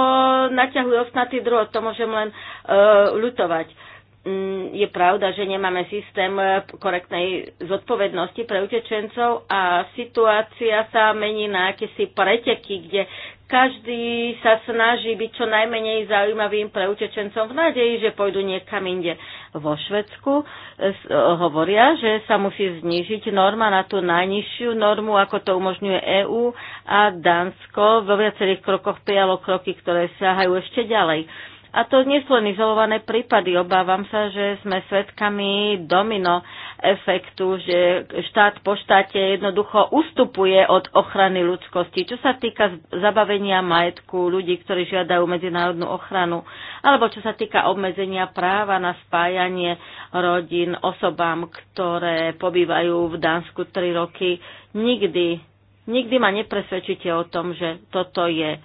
naťahuje ostnatý druh, to môžem len uh, ľutovať. Mm, je pravda, že nemáme systém e, korektnej zodpovednosti pre utečencov a situácia sa mení na akési preteky, kde každý sa snaží byť čo najmenej zaujímavým pre utečencom v nádeji, že pôjdu niekam inde. Vo Švedsku e, e, hovoria, že sa musí znížiť norma na tú najnižšiu normu, ako to umožňuje EÚ a Dánsko vo viacerých krokoch prijalo kroky, ktoré siahajú ešte ďalej. A to nie sú len izolované prípady. Obávam sa, že sme svedkami domino efektu, že štát po štáte jednoducho ustupuje od ochrany ľudskosti. Čo sa týka zabavenia majetku ľudí, ktorí žiadajú medzinárodnú ochranu, alebo čo sa týka obmedzenia práva na spájanie rodín osobám, ktoré pobývajú v Dánsku tri roky, nikdy, nikdy ma nepresvedčíte o tom, že toto je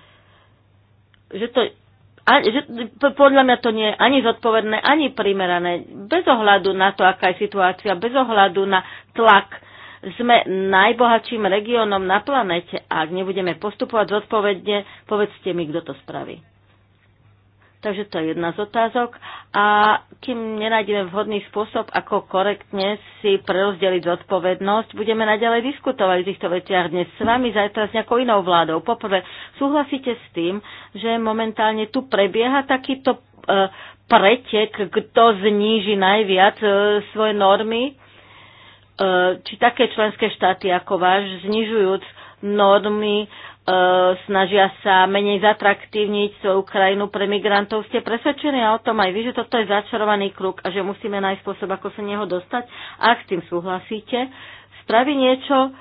že to a že podľa mňa to nie je ani zodpovedné, ani primerané. Bez ohľadu na to, aká je situácia, bez ohľadu na tlak, sme najbohatším regiónom na planete a ak nebudeme postupovať zodpovedne, povedzte mi, kto to spraví. Takže to je jedna z otázok. A kým nenájdeme vhodný spôsob, ako korektne si prerozdeliť zodpovednosť, budeme naďalej diskutovať o týchto veciach dnes s vami, zajtra s nejakou inou vládou. Poprvé, súhlasíte s tým, že momentálne tu prebieha takýto e, pretek, kto zníži najviac e, svoje normy? E, či také členské štáty ako váš, znižujúc normy, e, E, snažia sa menej zatraktívniť svoju krajinu pre migrantov. Ste presvedčení o tom aj vy, že toto je začarovaný kruk a že musíme nájsť spôsob, ako sa neho dostať. Ak s tým súhlasíte, spraví niečo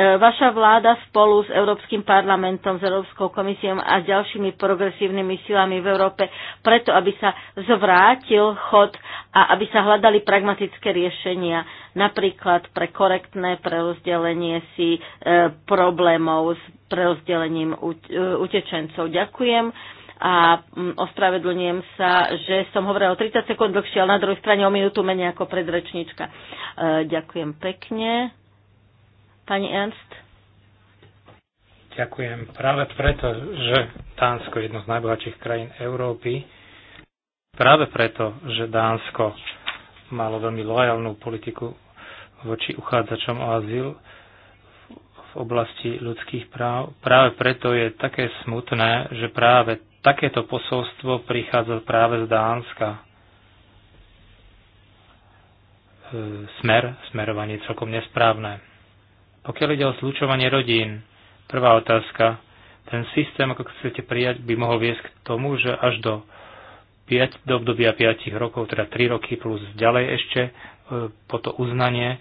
E, vaša vláda spolu s Európskym parlamentom, s Európskou komisiou a s ďalšími progresívnymi silami v Európe preto, aby sa zvrátil chod a aby sa hľadali pragmatické riešenia, napríklad pre korektné prerozdelenie si e, problémov s prerozdelením e, utečencov. Ďakujem a ospravedlňujem sa, že som hovorila o 30 sekúnd dlhšie, ale na druhej strane o minútu menej ako predrečnička. E, ďakujem pekne. Pani Ernst? Ďakujem. Práve preto, že Dánsko je jedno z najbohatších krajín Európy, práve preto, že Dánsko malo veľmi lojálnu politiku voči uchádzačom o azyl v oblasti ľudských práv, práve preto je také smutné, že práve takéto posolstvo prichádza práve z Dánska e, smer, smerovanie celkom nesprávne. Pokiaľ ide o zlučovanie rodín, prvá otázka. Ten systém, ako chcete prijať, by mohol viesť k tomu, že až do, 5, do obdobia 5 rokov, teda 3 roky plus ďalej ešte e, po to uznanie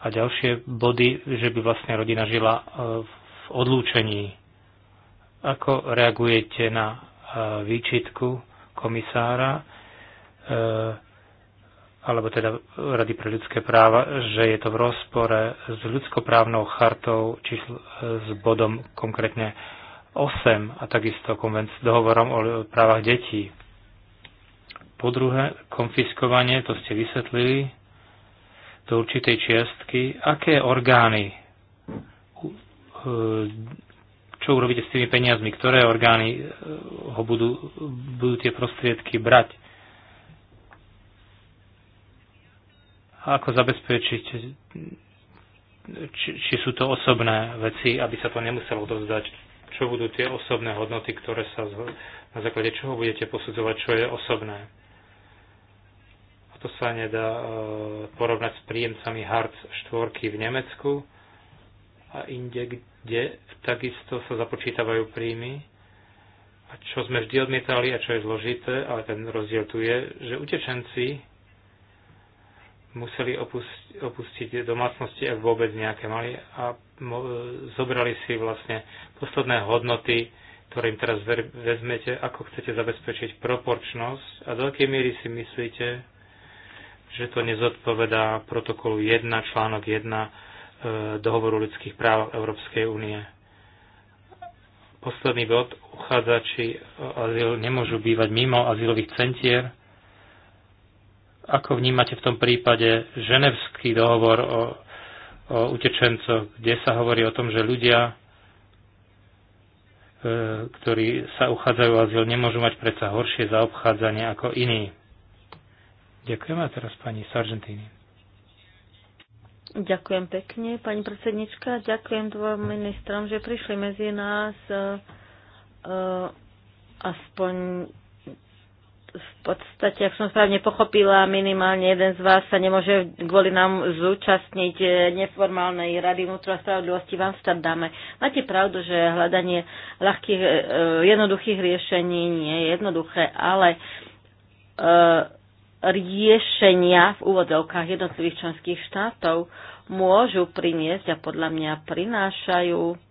a ďalšie body, že by vlastne rodina žila e, v odlúčení. Ako reagujete na e, výčitku komisára? alebo teda Rady pre ľudské práva, že je to v rozpore s ľudskoprávnou chartou, či s bodom konkrétne 8 a takisto s dohovorom o právach detí. Po druhé, konfiskovanie, to ste vysvetlili, do určitej čiastky. Aké orgány, e, čo urobíte s tými peniazmi, ktoré orgány e, ho budú, budú tie prostriedky brať? ako zabezpečiť, či, či sú to osobné veci, aby sa to nemuselo dozdať, čo budú tie osobné hodnoty, ktoré sa na základe čoho budete posudzovať, čo je osobné. A to sa nedá e, porovnať s príjemcami Hartz 4 v Nemecku a inde, kde takisto sa započítavajú príjmy. A čo sme vždy odmietali a čo je zložité, ale ten rozdiel tu je, že utečenci museli opustiť, opustiť domácnosti, ak vôbec nejaké mali a zobrali si vlastne posledné hodnoty, ktorým teraz vezmete, ako chcete zabezpečiť proporčnosť a do akej miery si myslíte, že to nezodpovedá protokolu 1, článok 1 e, dohovoru ľudských práv Európskej únie. Posledný bod, uchádzači o azyl nemôžu bývať mimo azylových centier, ako vnímate v tom prípade ženevský dohovor o, o utečencoch, kde sa hovorí o tom, že ľudia, e, ktorí sa uchádzajú o azyl, nemôžu mať predsa horšie zaobchádzanie ako iní? Ďakujem a teraz pani Sargentini. Ďakujem pekne, pani predsednička. Ďakujem dvom ministrom, že prišli medzi nás. E, e aspoň v podstate, ak som správne pochopila, minimálne jeden z vás sa nemôže kvôli nám zúčastniť eh, neformálnej rady vnútra spravodlivosti v Amsterdame. Máte pravdu, že hľadanie ľahkých, eh, jednoduchých riešení nie je jednoduché, ale eh, riešenia v úvodovkách jednotlivých členských štátov môžu priniesť a podľa mňa prinášajú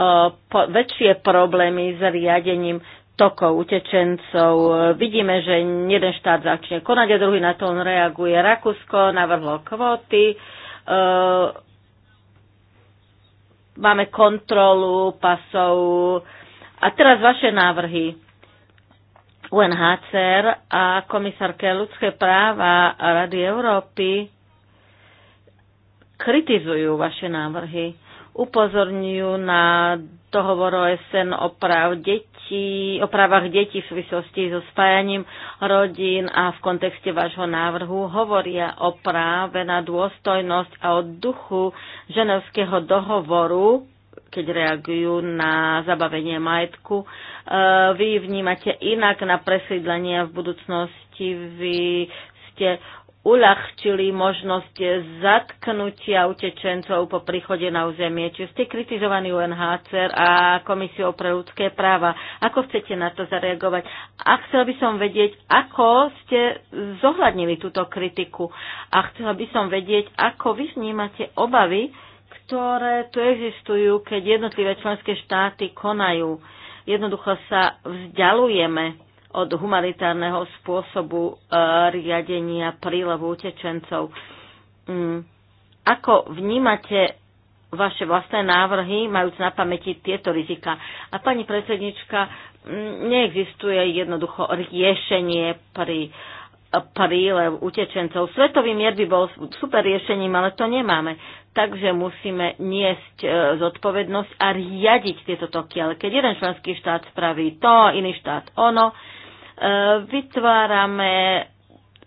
E, po, väčšie problémy s riadením tokov utečencov. Vidíme, že jeden štát začne konať a druhý na to on reaguje. Rakúsko navrhlo kvóty, e, máme kontrolu pasov. A teraz vaše návrhy. UNHCR a komisárke ľudské práva Rady Európy kritizujú vaše návrhy upozorňujú na dohovor OSN o, práv detí, o právach detí v súvislosti so spájaním rodín a v kontexte vášho návrhu hovoria o práve na dôstojnosť a o duchu ženevského dohovoru, keď reagujú na zabavenie majetku. E, vy vnímate inak na presídlenie v budúcnosti, vy ste uľahčili možnosť zatknutia utečencov po príchode na územie. Čiže ste kritizovaní UNHCR a Komisiou pre ľudské práva. Ako chcete na to zareagovať? A chcela by som vedieť, ako ste zohľadnili túto kritiku. A chcela by som vedieť, ako vy vnímate obavy, ktoré tu existujú, keď jednotlivé členské štáty konajú. Jednoducho sa vzdialujeme od humanitárneho spôsobu e, riadenia prílevu utečencov. Mm. Ako vnímate vaše vlastné návrhy, majúc na pamäti tieto rizika? A pani predsednička, mm, neexistuje jednoducho riešenie pri e, prílev utečencov. Svetový mier by bol super riešením, ale to nemáme. Takže musíme niesť e, zodpovednosť a riadiť tieto toky. Ale keď jeden členský štát spraví to, iný štát ono, Eh, vytvárame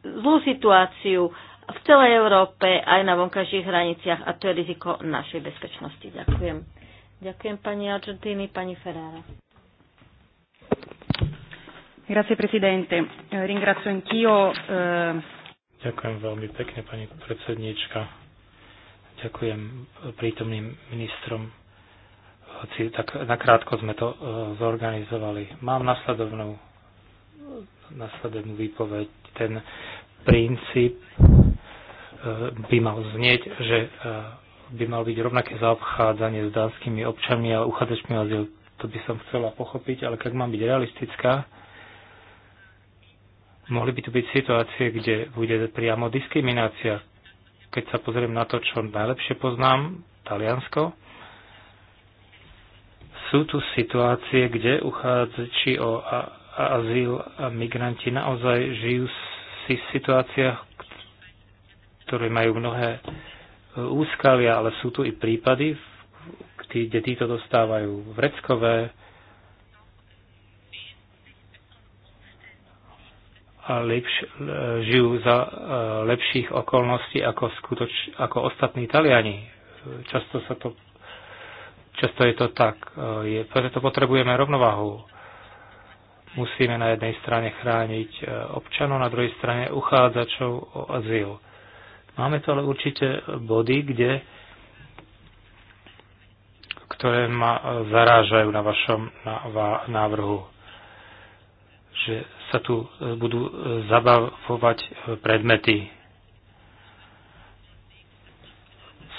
zlú situáciu v celej Európe aj na vonkajších hraniciach a to je riziko našej bezpečnosti. Ďakujem. Ďakujem pani Argentíny, pani Ferrara. Grazie Presidente, eh, ringrazio anch'io. Eh, Ďakujem veľmi pekne, pani predsedníčka. Ďakujem prítomným ministrom. Hoci tak nakrátko sme to zorganizovali. Mám nasledovnú následovnú výpoveď. Ten princíp eh, by mal znieť, že eh, by mal byť rovnaké zaobchádzanie s dánskymi občanmi a uchádzačmi azyl. To by som chcela pochopiť, ale keď mám byť realistická, mohli by tu byť situácie, kde bude priamo diskriminácia. Keď sa pozriem na to, čo najlepšie poznám, Taliansko, sú tu situácie, kde uchádzači o azyl a migranti naozaj žijú si v situáciách, ktoré majú mnohé e, úskalia, ale sú tu i prípady, kde títo dostávajú vreckové a lepš, e, žijú za e, lepších okolností ako, skutoč, ako ostatní Taliani. Často, sa to, často je to tak. Je, preto potrebujeme rovnováhu Musíme na jednej strane chrániť e, občanov, na druhej strane uchádzačov o azyl. Máme tu ale určite body, kde ktoré ma e, zarážajú na vašom návrhu. Že sa tu e, budú zabavovať predmety.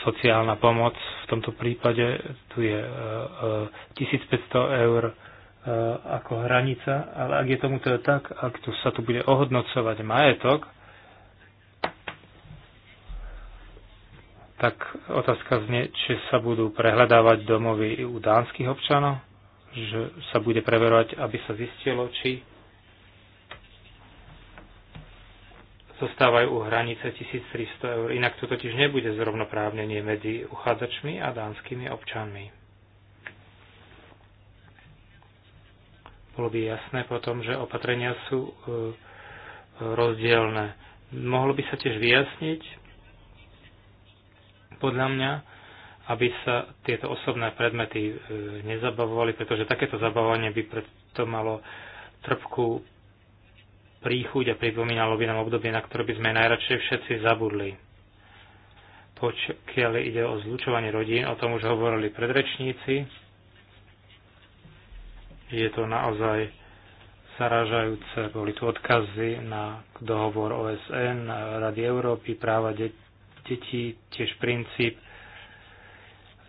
Sociálna pomoc v tomto prípade, tu je 1500 eur Eh, ako hranica, ale ak je tomu teda tak, ak to sa tu bude ohodnocovať majetok, tak otázka znie, či sa budú prehľadávať domovy u dánskych občanov, že sa bude preverovať, aby sa zistilo, či zostávajú u hranice 1300 eur. Inak tu totiž nebude zrovnoprávnenie medzi uchádzačmi a dánskymi občanmi. bolo by jasné potom, že opatrenia sú e, rozdielne. Mohlo by sa tiež vyjasniť, podľa mňa, aby sa tieto osobné predmety e, nezabavovali, pretože takéto zabavovanie by preto malo trpkú príchuť a pripomínalo by nám obdobie, na ktoré by sme najradšej všetci zabudli. Pokiaľ ide o zlučovanie rodín, o tom už hovorili predrečníci, je to naozaj zaražajúce. Boli tu odkazy na dohovor OSN, Rady Európy, práva de- detí, tiež princíp.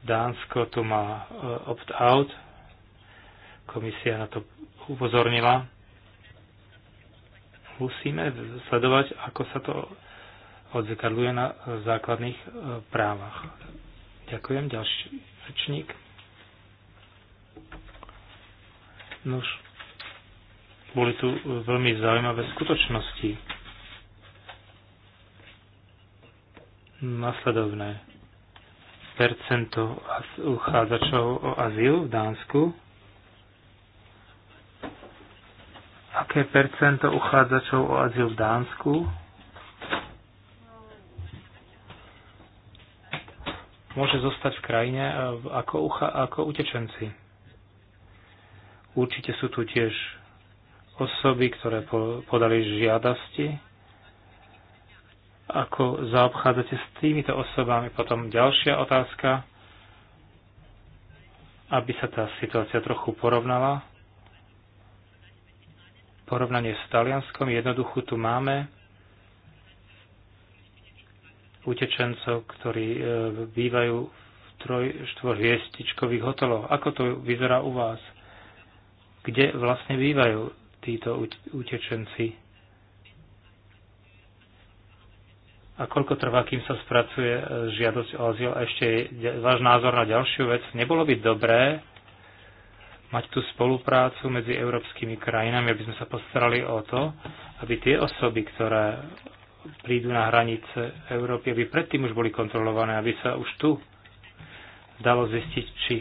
Dánsko tu má e, opt-out. Komisia na to upozornila. Musíme sledovať, ako sa to odzrkadľuje na základných e, právach. Ďakujem. Ďalší rečník. Nož, boli tu e, veľmi zaujímavé skutočnosti. Nasledovné percento uchádzačov o azyl v Dánsku. Aké percento uchádzačov o azyl v Dánsku? Môže zostať v krajine e, ako, ucha, ako utečenci. Určite sú tu tiež osoby, ktoré podali žiadosti. Ako zaobchádzate s týmito osobami? Potom ďalšia otázka, aby sa tá situácia trochu porovnala. Porovnanie s Talianskom jednoducho tu máme utečencov, ktorí e, bývajú v troj, štvor hoteloch. Ako to vyzerá u vás? kde vlastne bývajú títo utečenci a koľko trvá, kým sa spracuje e, žiadosť o azyl. A ešte váš názor na ďalšiu vec. Nebolo by dobré mať tú spoluprácu medzi európskymi krajinami, aby sme sa postarali o to, aby tie osoby, ktoré prídu na hranice Európy, aby predtým už boli kontrolované, aby sa už tu dalo zistiť, či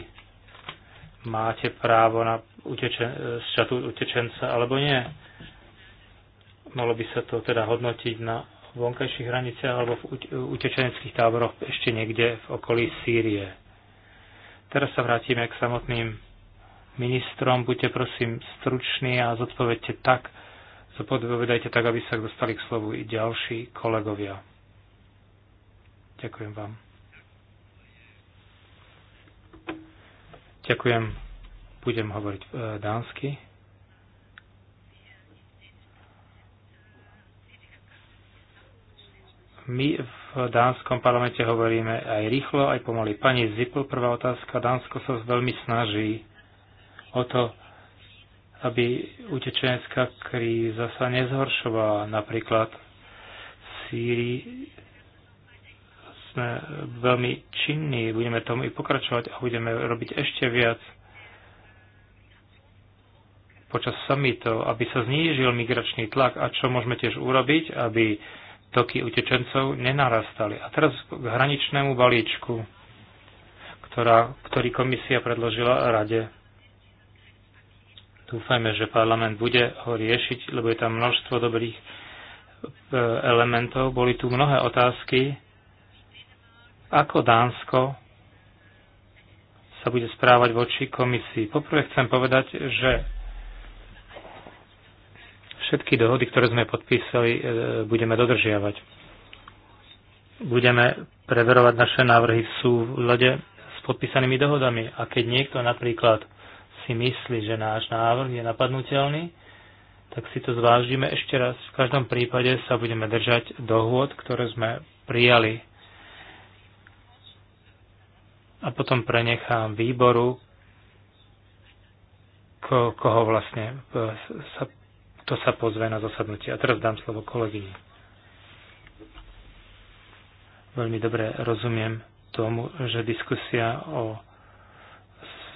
máte právo na utečen, e, z čatu utečenca alebo nie. Malo by sa to teda hodnotiť na vonkajších hraniciach alebo v utečeneckých táboroch ešte niekde v okolí Sýrie. Teraz sa vrátime k samotným ministrom. Buďte prosím struční a zodpovedte tak, zodpovedajte tak, aby sa dostali k slovu i ďalší kolegovia. Ďakujem vám. Ďakujem budem hovoriť e, dánsky. My v dánskom parlamente hovoríme aj rýchlo, aj pomaly. Pani Zipl, prvá otázka. Dánsko sa veľmi snaží o to, aby utečenská kríza sa nezhoršovala. Napríklad v Sýrii sme veľmi činní, budeme tomu i pokračovať a budeme robiť ešte viac počas summitov, aby sa znížil migračný tlak a čo môžeme tiež urobiť, aby toky utečencov nenarastali. A teraz k hraničnému balíčku, ktorá, ktorý komisia predložila rade. Dúfajme, že parlament bude ho riešiť, lebo je tam množstvo dobrých e, elementov. Boli tu mnohé otázky, ako Dánsko sa bude správať voči komisii. Poprvé chcem povedať, že Všetky dohody, ktoré sme podpísali, e, budeme dodržiavať. Budeme preverovať naše návrhy v súlade s podpísanými dohodami. A keď niekto napríklad si myslí, že náš návrh je napadnutelný, tak si to zvážime ešte raz. V každom prípade sa budeme držať dohôd, ktoré sme prijali. A potom prenechám výboru, ko, koho vlastne e, sa kto sa pozve na zasadnutie. A teraz dám slovo kolegyni. Veľmi dobre rozumiem tomu, že diskusia o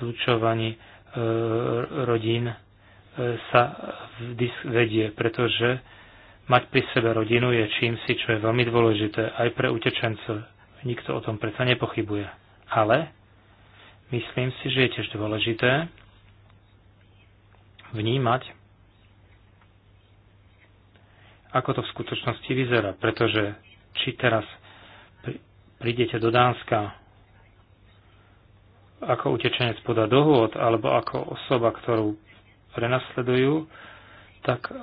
zlučovaní e, rodín e, sa vedie, pretože mať pri sebe rodinu je čím si, čo je veľmi dôležité aj pre utečencov. Nikto o tom preto nepochybuje. Ale myslím si, že je tiež dôležité vnímať ako to v skutočnosti vyzerá, pretože či teraz prídete do Dánska ako utečenec podá dohôd, alebo ako osoba, ktorú prenasledujú, tak e,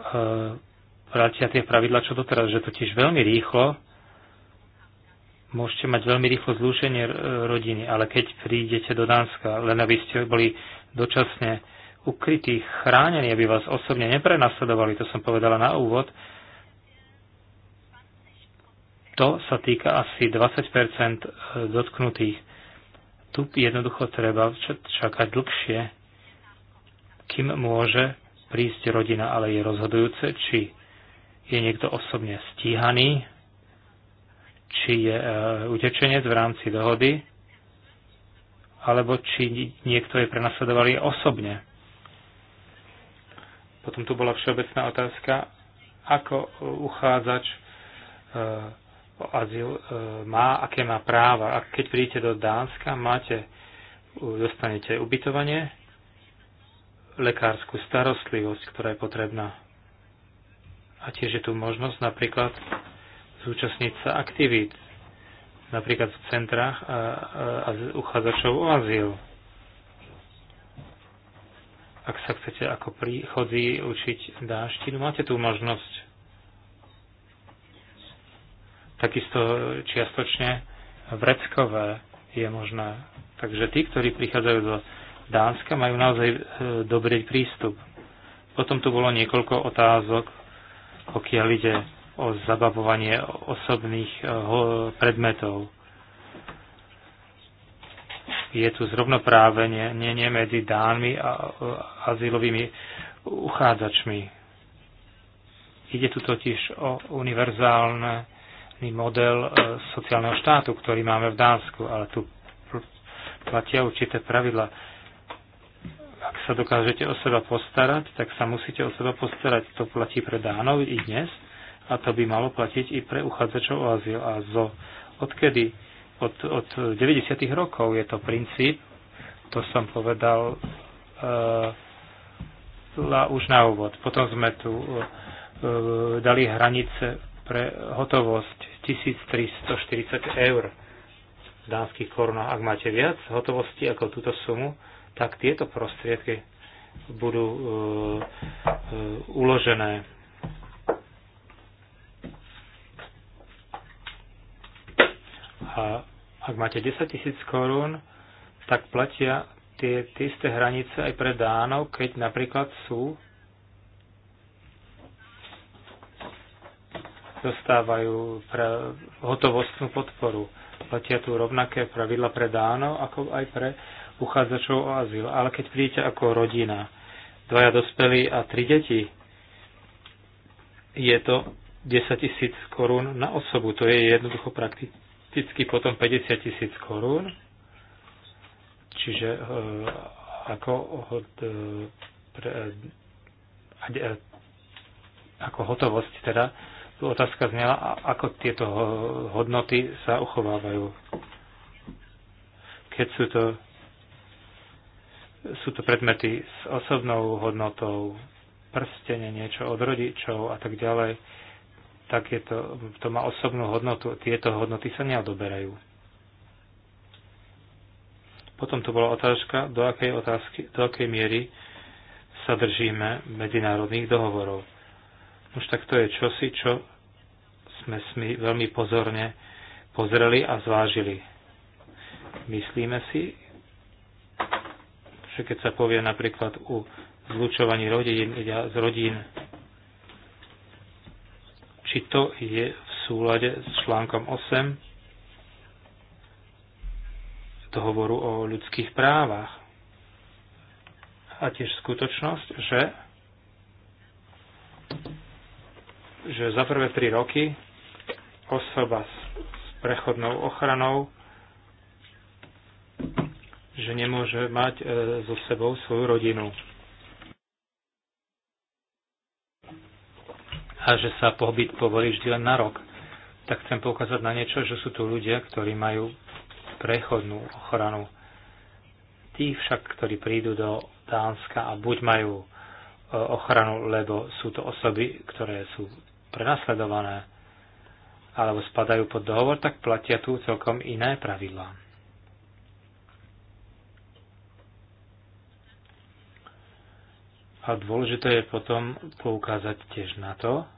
vrátia tie pravidla, čo doteraz, že totiž veľmi rýchlo môžete mať veľmi rýchlo zlúšenie e, rodiny, ale keď prídete do Dánska, len aby ste boli dočasne ukrytí, chránení, aby vás osobne neprenasledovali, to som povedala na úvod, to sa týka asi 20 e, dotknutých. Tu jednoducho treba čakať dlhšie, kým môže prísť rodina, ale je rozhodujúce, či je niekto osobne stíhaný, či je e, utečenec v rámci dohody, alebo či niekto je prenasledovaný osobne. Potom tu bola všeobecná otázka, ako uchádzač e, azyl e, má, aké má práva. A keď prídete do Dánska, máte, dostanete ubytovanie, lekárskú starostlivosť, ktorá je potrebná. A tiež je tu možnosť napríklad zúčastniť sa aktivít, napríklad v centrách a, a, a uchádzačov o azyl. Ak sa chcete ako príchodzí učiť dáštinu, máte tú možnosť takisto čiastočne vreckové je možné. Takže tí, ktorí prichádzajú do Dánska, majú naozaj e, dobrý prístup. Potom tu bolo niekoľko otázok, pokiaľ ide o zabavovanie osobných e, predmetov. Je tu zrovnoprávenie nie, nie medzi Dánmi a e, azylovými uchádzačmi. Ide tu totiž o univerzálne model e, sociálneho štátu, ktorý máme v Dánsku, ale tu platia určité pravidla. Ak sa dokážete o seba postarať, tak sa musíte o seba postarať. To platí pre Dánov i dnes a to by malo platiť i pre uchádzačov o azyl. A zo, odkedy? Od, od 90. rokov je to princíp, to som povedal e, už na úvod. Potom sme tu e, e dali hranice pre hotovosť 1340 eur v dánskych korunách. Ak máte viac hotovosti ako túto sumu, tak tieto prostriedky budú e, e, uložené. A ak máte 10 tisíc korún, tak platia tie, tie isté hranice aj pre Dánov, keď napríklad sú dostávajú pre hotovostnú podporu. Platia tu rovnaké pravidla pre dáno, ako aj pre uchádzačov o azyl. Ale keď prídete ako rodina, dvaja dospelí a tri deti, je to 10 tisíc korún na osobu. To je jednoducho prakticky potom 50 tisíc korún. Čiže e, ako od, e, pre, e, e, ako hotovosť teda tu otázka znela, ako tieto hodnoty sa uchovávajú. Keď sú to, sú to predmety s osobnou hodnotou, prstenie, niečo od rodičov a tak ďalej, tak je to, to má osobnú hodnotu. Tieto hodnoty sa neodoberajú. Potom tu bola otázka, do akej, otázky, do akej miery sa držíme medzinárodných dohovorov. Už tak to je čosi, čo sme si veľmi pozorne pozreli a zvážili. Myslíme si, že keď sa povie napríklad u zlučovaní rodín, z rodín, či to je v súlade s článkom 8 dohovoru o ľudských právach. A tiež skutočnosť, že že za prvé 3 roky osoba s, s prechodnou ochranou že nemôže mať e, so sebou svoju rodinu. A že sa pobyt povolí vždy len na rok. Tak chcem poukázať na niečo, že sú tu ľudia, ktorí majú prechodnú ochranu. Tí však, ktorí prídu do Dánska a buď majú e, ochranu, lebo sú to osoby, ktoré sú prenasledované alebo spadajú pod dohovor, tak platia tu celkom iné pravidlá. A dôležité je potom poukázať tiež na to,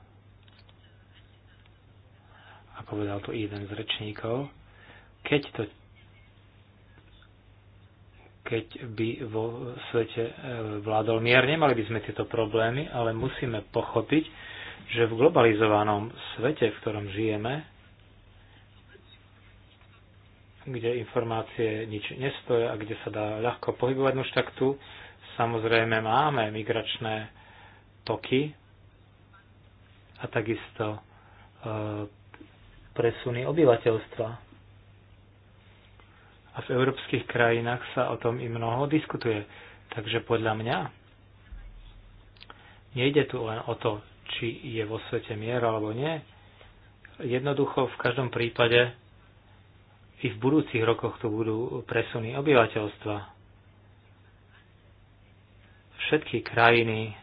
a povedal to jeden z rečníkov, keď to keď by vo svete e, vládol mier, nemali by sme tieto problémy, ale musíme pochopiť, že v globalizovanom svete, v ktorom žijeme, kde informácie nič nestoja a kde sa dá ľahko pohybovať, no už tak tu samozrejme máme migračné toky a takisto e, presuny obyvateľstva. A v európskych krajinách sa o tom i mnoho diskutuje. Takže podľa mňa nejde tu len o to či je vo svete mier alebo nie. Jednoducho v každom prípade i v budúcich rokoch tu budú presuny obyvateľstva. Všetky krajiny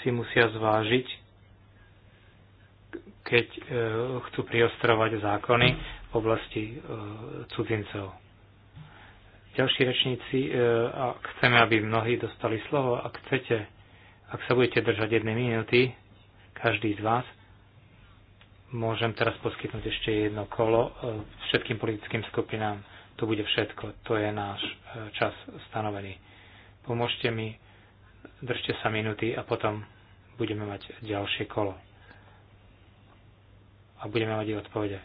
si musia zvážiť, keď e, chcú priostrovať zákony v oblasti e, cudzincov ďalší rečníci, e, a chceme, aby mnohí dostali slovo, ak chcete ak sa budete držať jednej minúty, každý z vás, môžem teraz poskytnúť ešte jedno kolo e, všetkým politickým skupinám. To bude všetko. To je náš e, čas stanovený. Pomôžte mi, držte sa minúty a potom budeme mať ďalšie kolo. A budeme mať aj odpovede.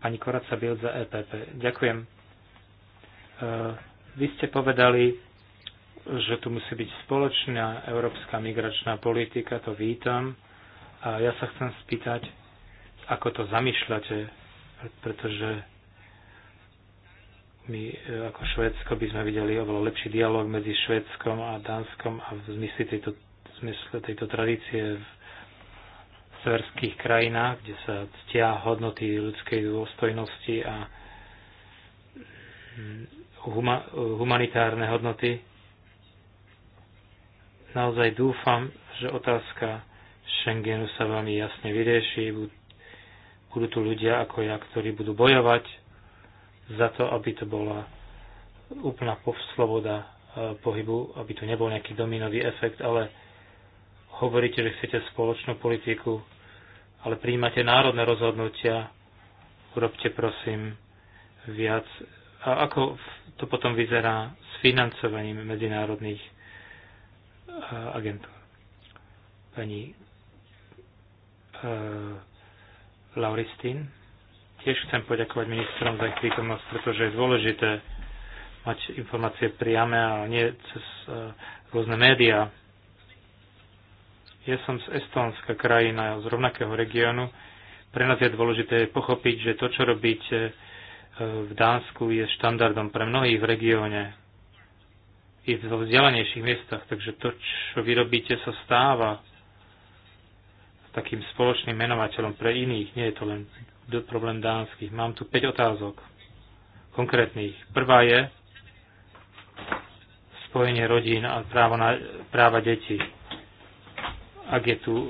Pani Koraca Bild za EPP. Ďakujem. E, vy ste povedali, že tu musí byť spoločná európska migračná politika, to vítam. A ja sa chcem spýtať, ako to zamýšľate, pretože my e, ako Švédsko by sme videli oveľa lepší dialog medzi Švédskom a Dánskom a v zmysle tejto, v zmysle tejto tradície v severských krajinách, kde sa ctia hodnoty ľudskej dôstojnosti a hm, huma, humanitárne hodnoty Naozaj dúfam, že otázka Schengenu sa veľmi jasne vyrieši. Budú tu ľudia ako ja, ktorí budú bojovať za to, aby to bola úplná sloboda e, pohybu, aby tu nebol nejaký dominový efekt, ale hovoríte, že chcete spoločnú politiku, ale príjmate národné rozhodnutia, urobte prosím viac. A ako to potom vyzerá s financovaním medzinárodných agentov. Pani e, Lauristin. Tiež chcem poďakovať ministrom za ich prítomnosť, pretože je dôležité mať informácie priame a nie cez e, rôzne médiá. Ja som z Estónska krajina, z rovnakého regiónu. Pre nás je dôležité pochopiť, že to, čo robíte e, v Dánsku, je štandardom pre mnohých v regióne je vo v vzdialenejších miestach, takže to, čo vyrobíte, sa stáva takým spoločným menovateľom pre iných. Nie je to len problém dánskych. Mám tu 5 otázok konkrétnych. Prvá je spojenie rodín a právo na, práva detí. Ak je tu e,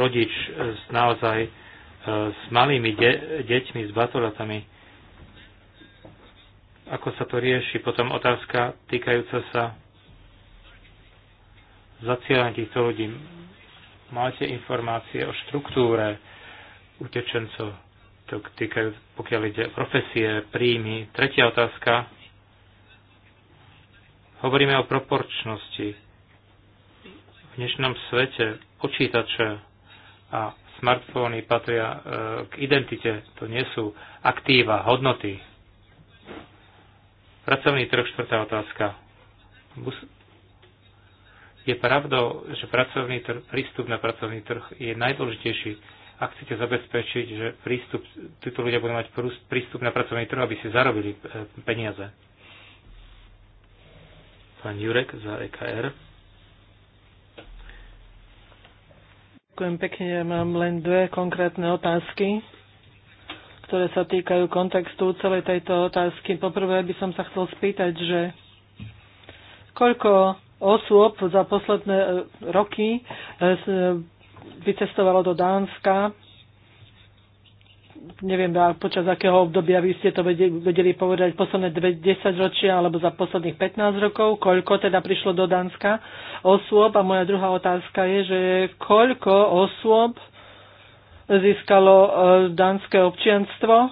rodič naozaj e, s malými de, deťmi, s batolatami, ako sa to rieši? Potom otázka týkajúca sa zacielenia týchto ľudí. Máte informácie o štruktúre utečencov, týkajú, pokiaľ ide o profesie, príjmy. Tretia otázka. Hovoríme o proporčnosti. V dnešnom svete počítače a smartfóny patria e, k identite, to nie sú aktíva, hodnoty. Pracovný trh, štvrtá otázka. Je pravdou, že pracovný trh, prístup na pracovný trh je najdôležitejší, ak chcete zabezpečiť, že prístup, títo ľudia budú mať prístup na pracovný trh, aby si zarobili e, peniaze. Pán Jurek za EKR. Ďakujem pekne, ja mám len dve konkrétne otázky ktoré sa týkajú kontextu celej tejto otázky. Poprvé by som sa chcel spýtať, že koľko osôb za posledné e, roky e, e, vycestovalo do Dánska. Neviem, počas akého obdobia vy ste to vedeli povedať, posledné 10 ročia alebo za posledných 15 rokov, koľko teda prišlo do Dánska osôb. A moja druhá otázka je, že koľko osôb získalo e, dánske občianstvo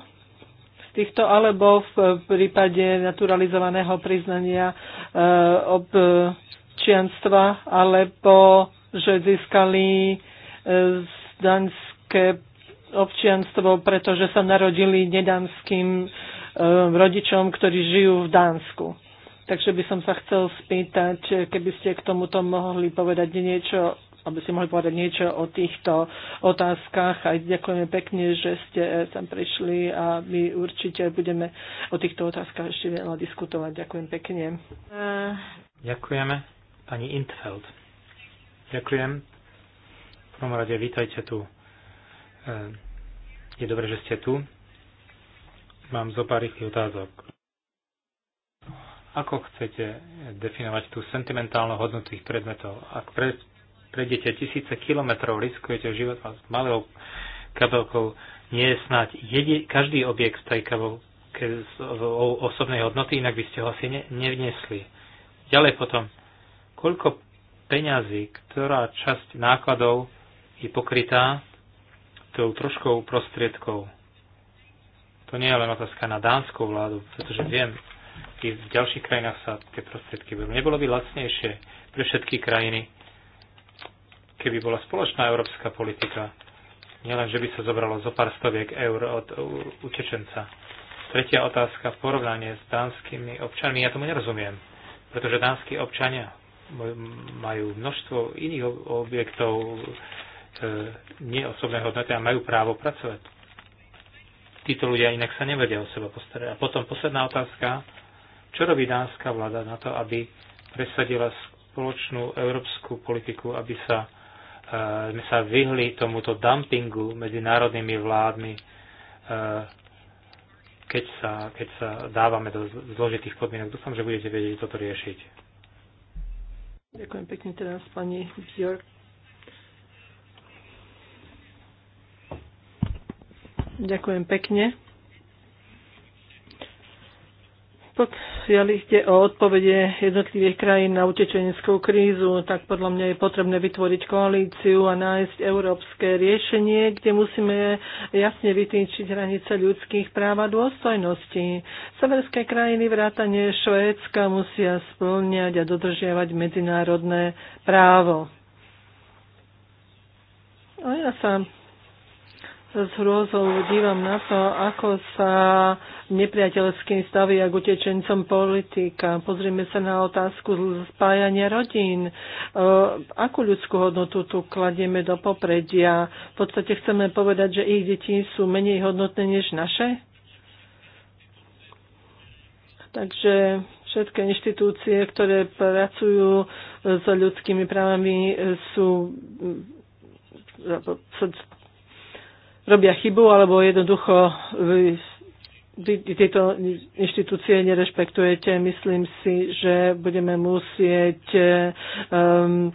z týchto, alebo v e, prípade naturalizovaného priznania e, občianstva, alebo že získali dánske občianstvo, pretože sa narodili nedánskym rodičom, ktorí žijú v Dánsku. Takže by som sa chcel spýtať, keby ste k tomuto mohli povedať niečo aby si mohli povedať niečo o týchto otázkach. A ďakujeme pekne, že ste tam prišli a my určite budeme o týchto otázkach ešte veľa diskutovať. Ďakujem pekne. Ďakujeme. Pani Intfeld. Ďakujem. V prvom rade vítajte tu. E, je dobré, že ste tu. Mám zo pár rýchlych otázok ako chcete definovať tú sentimentálnu hodnotu tých predmetov. Ak pre, prejdete tisíce kilometrov, riskujete život s malou kabelkou. Nie je snáď jedi, každý objekt tej kabelke z osobnej hodnoty, inak by ste ho asi ne, nevnesli. Ďalej potom, koľko peňazí, ktorá časť nákladov je pokrytá tou troškou prostriedkov. To nie je len otázka na dánskou vládu, pretože viem, v ďalších krajinách sa tie prostriedky budú. Nebolo by lacnejšie pre všetky krajiny keby bola spoločná európska politika. Nielen, že by sa zobralo zo pár stoviek eur od utečenca. Tretia otázka, porovnanie s dánskymi občanmi. Ja tomu nerozumiem, pretože dánsky občania majú množstvo iných objektov e, neosobnej hodnoty a majú právo pracovať. Títo ľudia inak sa nevedia o seba postarať. A potom posledná otázka, čo robí dánska vláda na to, aby presadila spoločnú európsku politiku, aby sa Eh, sme sa vyhli tomuto dumpingu medzi národnými vládmi, eh, keď sa, keď sa dávame do zložitých podmienok. Dúfam, že budete vedieť toto riešiť. Ďakujem pekne teraz pani Björk. Ďakujem pekne. Pokiaľ ide o odpovede jednotlivých krajín na utečenskú krízu, tak podľa mňa je potrebné vytvoriť koalíciu a nájsť európske riešenie, kde musíme jasne vytýčiť hranice ľudských práv a dôstojností. Severské krajiny vrátane Švédska musia splňať a dodržiavať medzinárodné právo. A ja sa s hrôzou dívam na to, ako sa nepriateľským stavia k utečencom politika. Pozrieme sa na otázku spájania rodín. E, akú ľudskú hodnotu tu kladieme do popredia? V podstate chceme povedať, že ich deti sú menej hodnotné než naše? Takže všetky inštitúcie, ktoré pracujú s ľudskými právami, sú robia chybu alebo jednoducho vy tieto inštitúcie nerešpektujete. Myslím si, že budeme musieť um,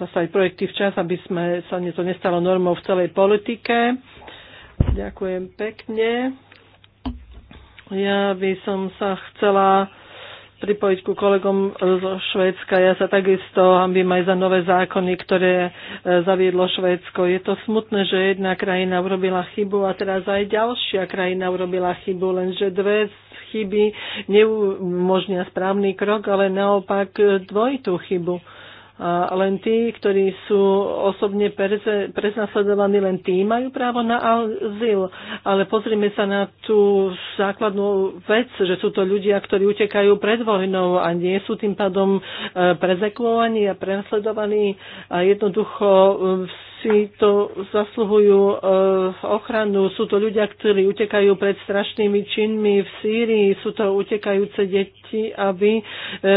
zastaviť projekty včas, aby sme sa to nestalo normou v celej politike. Ďakujem pekne. Ja by som sa chcela pripojiť ku kolegom zo Švédska. Ja sa takisto hambím aj za nové zákony, ktoré e, zaviedlo Švédsko. Je to smutné, že jedna krajina urobila chybu a teraz aj ďalšia krajina urobila chybu, lenže dve chyby neumožnia správny krok, ale naopak dvojitú chybu. A len tí, ktorí sú osobne preznasledovaní, len tí majú právo na azyl. Ale pozrime sa na tú základnú vec, že sú to ľudia, ktorí utekajú pred vojnou a nie sú tým pádom e, prezekuovaní a prenasledovaní a jednoducho e, si to zasluhujú e, ochranu. Sú to ľudia, ktorí utekajú pred strašnými činmi v Sýrii, sú to utekajúce deti a vy e,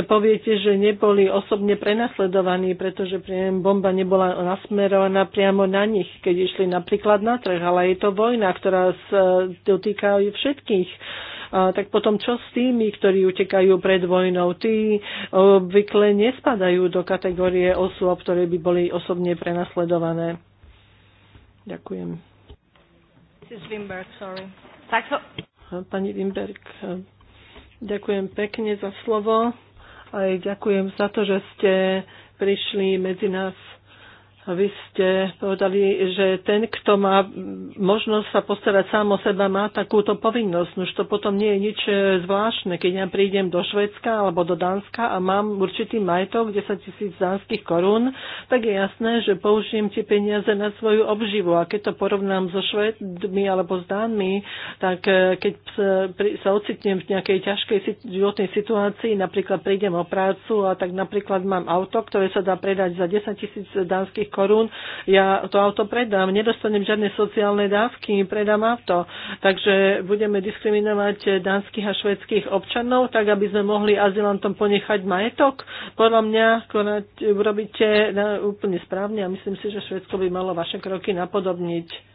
poviete, že neboli osobne prenasledovaní, pretože bomba nebola nasmerovaná priamo na nich, keď išli napríklad na trh, ale je to vojna, ktorá sa dotýka všetkých a tak potom čo s tými, ktorí utekajú pred vojnou? Tí e, obvykle nespadajú do kategórie osôb, ktoré by boli osobne prenasledované. Ďakujem. Wimberg, sorry. Tak Pani Wimberg, ďakujem pekne za slovo. Aj ďakujem za to, že ste prišli medzi nás vy ste povedali, že ten, kto má možnosť sa postarať sám o seba, má takúto povinnosť. Už to potom nie je nič zvláštne, keď ja prídem do Švedska alebo do Dánska a mám určitý majetok 10 tisíc dánskych korún, tak je jasné, že použijem tie peniaze na svoju obživu. A keď to porovnám so Švedmi alebo s Dánmi, tak eh, keď sa ocitnem v nejakej ťažkej životnej situácii, napríklad prídem o prácu a tak napríklad mám auto, ktoré sa dá predať za 10 tisíc dánskych korún, ja to auto predám, nedostanem žiadne sociálne dávky, predám auto. Takže budeme diskriminovať dánskych a švedských občanov, tak aby sme mohli azylantom ponechať majetok. Podľa mňa konať, urobíte úplne správne a myslím si, že Švedsko by malo vaše kroky napodobniť.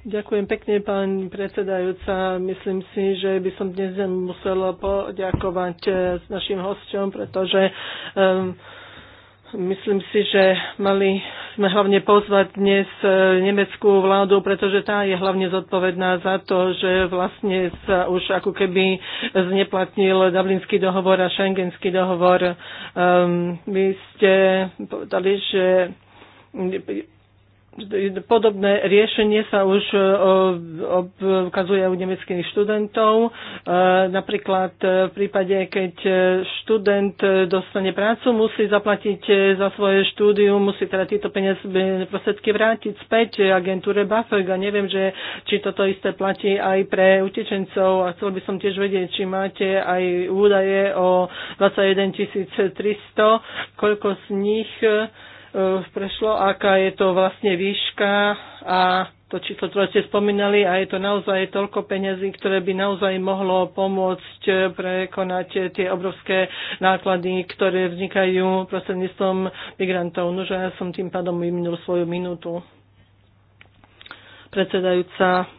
Ďakujem pekne, pán predsedajúca. Myslím si, že by som dnes musela poďakovať eh, našim hosťom, pretože um, Myslím si, že mali sme hlavne pozvať dnes eh, nemeckú vládu, pretože tá je hlavne zodpovedná za to, že vlastne sa už ako keby zneplatnil Dublinský dohovor a Schengenský dohovor. Um, vy ste povedali, že Podobné riešenie sa už ukazuje e, u nemeckých študentov. E, napríklad e, v prípade, keď študent dostane prácu, musí zaplatiť za svoje štúdium, musí teda tieto peniaze prostredky vrátiť späť agentúre BAföG a neviem, že, či toto isté platí aj pre utečencov a chcel by som tiež vedieť, či máte aj údaje o 21 300, koľko z nich Eh, prešlo, aká je to vlastne výška a to číslo, ktoré ste spomínali a je to naozaj toľko peňazí, ktoré by naozaj mohlo pomôcť eh, prekonať eh, tie obrovské náklady, ktoré vznikajú prostredníctvom migrantov. No, že ja som tým pádom vyminul svoju minútu. Predsedajúca,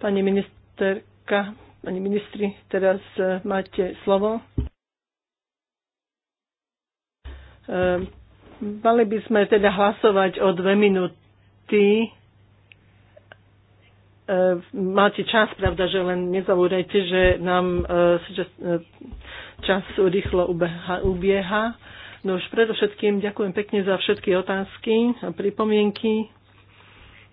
pani ministerka, pani ministri, teraz máte slovo. Mali by sme teda hlasovať o dve minúty. E, máte čas, pravda, že len nezabúdajte, že nám e, e, čas rýchlo ubieha. No už predovšetkým ďakujem pekne za všetky otázky a pripomienky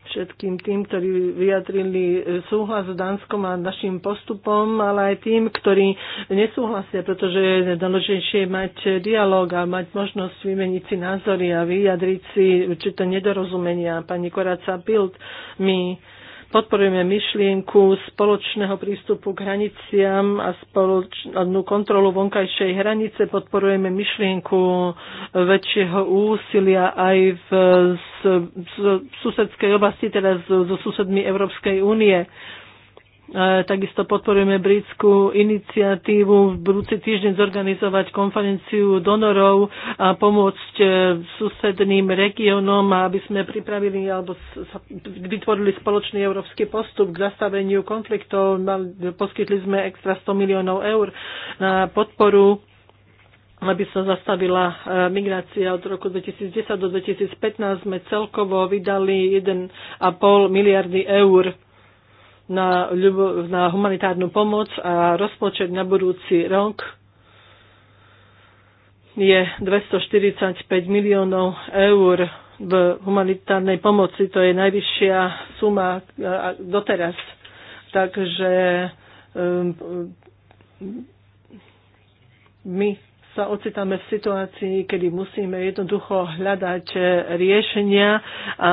všetkým tým, ktorí vyjadrili e, súhlas s Dánskom a našim postupom, ale aj tým, ktorí nesúhlasia, pretože je najdôležitejšie mať dialog a mať možnosť vymeniť si názory a vyjadriť si určité nedorozumenia. Pani Koraca Bild mi Podporujeme myšlienku spoločného prístupu k hraniciam a spoločnú kontrolu vonkajšej hranice. Podporujeme myšlienku väčšieho úsilia aj v, z, z susedskej oblasti, teda zo so susedmi Európskej únie. E, takisto podporujeme britskú iniciatívu v budúci týždeň zorganizovať konferenciu donorov a pomôcť e, susedným regiónom, aby sme pripravili alebo vytvorili spoločný európsky postup k zastaveniu konfliktov. Poskytli sme extra 100 miliónov eur na podporu aby sa zastavila e, migrácia od roku 2010 do 2015 sme celkovo vydali 1,5 miliardy eur na, na humanitárnu pomoc a rozpočet na budúci rok je 245 miliónov eur v humanitárnej pomoci. To je najvyššia suma doteraz. Takže um, my sa ocitáme v situácii, kedy musíme jednoducho hľadať eh, riešenia a,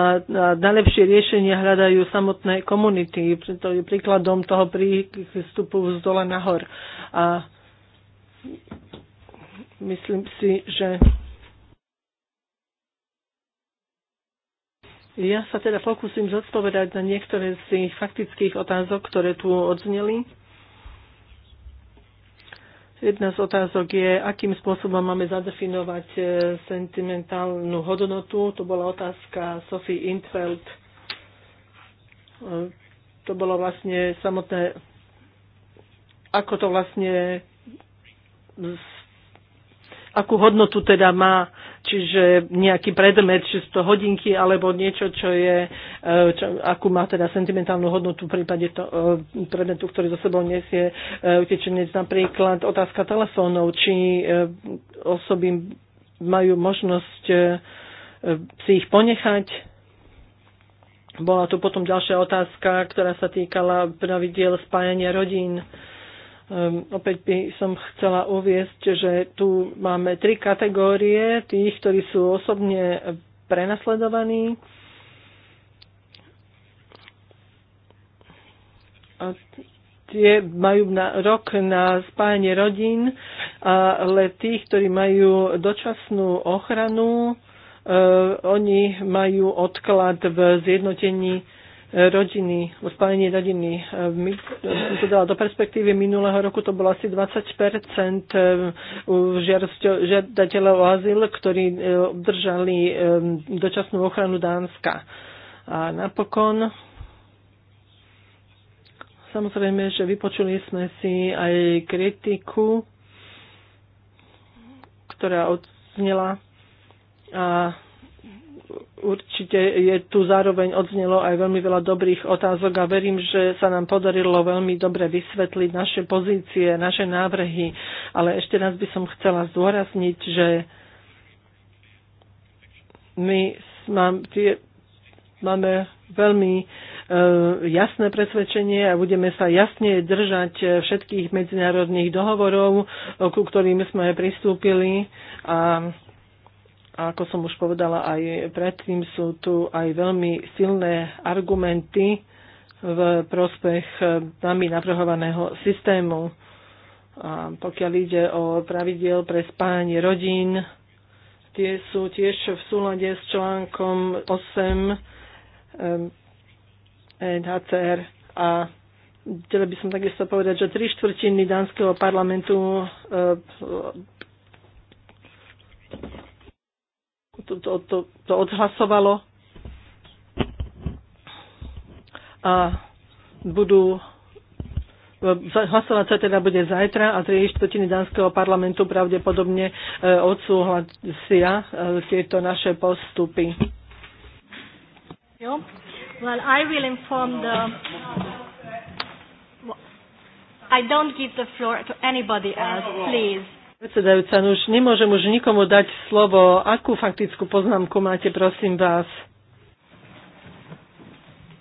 najlepšie riešenia hľadajú samotné komunity. To je príkladom toho prístupu z dole nahor. A myslím si, že Ja sa teda pokúsim zodpovedať na niektoré z tých faktických otázok, ktoré tu odzneli. Jedna z otázok je, akým spôsobom máme zadefinovať e, sentimentálnu hodnotu. To bola otázka Sophie Intfeld. E, to bolo vlastne samotné, ako to vlastne akú hodnotu teda má, čiže nejaký predmet, či sú to hodinky alebo niečo, čo je, e, čo, akú má teda sentimentálnu hodnotu v prípade to, e, predmetu, ktorý za sebou nesie e, utečenec. Napríklad otázka telefónov, či osoby majú možnosť si ich ponechať, bola tu potom ďalšia otázka, ktorá sa týkala pravidiel spájania rodín. Ehm, opäť by som chcela uviesť, že tu máme tri kategórie tých, ktorí sú osobne prenasledovaní. A tie majú na rok na spájanie rodín, ale tí, ktorí majú dočasnú ochranu, uh, oni majú odklad v zjednotení rodiny, spálenie rodiny. E, e, to dala do perspektívy minulého roku to bolo asi 20 e, žiadateľov o azyl, ktorí obdržali dočasnú ochranu Dánska. A napokon samozrejme, že vypočuli sme si aj kritiku, ktorá odznela a určite je tu zároveň odznelo aj veľmi veľa dobrých otázok a verím, že sa nám podarilo veľmi dobre vysvetliť naše pozície, naše návrhy, ale ešte raz by som chcela zdôrazniť, že my máme veľmi e, jasné presvedčenie a budeme sa jasne držať e, všetkých medzinárodných dohovorov, e, ku ktorým sme pristúpili a a ako som už povedala aj predtým, sú tu aj veľmi silné argumenty v prospech eh, nami navrhovaného systému. A pokiaľ ide o pravidiel pre spájanie rodín, tie sú tiež v súlade s článkom 8 eh, NHCR a chcela by som takisto povedať, že tri štvrtiny dánskeho parlamentu eh, to, to, to, to odhlasovalo a budú e, hlasovať sa teda bude zajtra a tri štvrtiny Dánskeho parlamentu pravdepodobne e, odsúhlasia e, tieto naše postupy. Jo. Well, I will inform the... I don't give the floor to anybody else, please. Predsedajúca, no už nemôžem už nikomu dať slovo. Akú faktickú poznámku máte, prosím vás?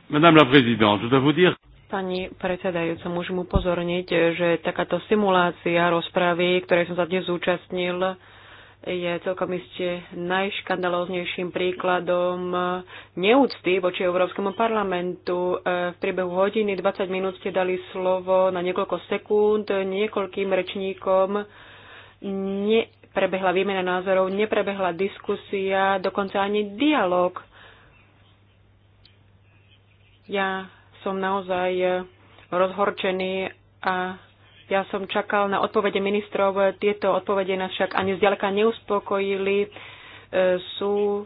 Madame la Présidente, je dois vous dire... Pani predsedajúca, môžem upozorniť, že takáto simulácia rozpravy, ktorej som sa dnes zúčastnil, je celkom iste najškandalóznejším príkladom neúcty voči Európskemu parlamentu. V priebehu hodiny 20 minút ste dali slovo na niekoľko sekúnd niekoľkým rečníkom neprebehla výmena názorov, neprebehla diskusia, dokonca ani dialog. Ja som naozaj rozhorčený a ja som čakal na odpovede ministrov. Tieto odpovede nás však ani zďaleka neuspokojili. E, sú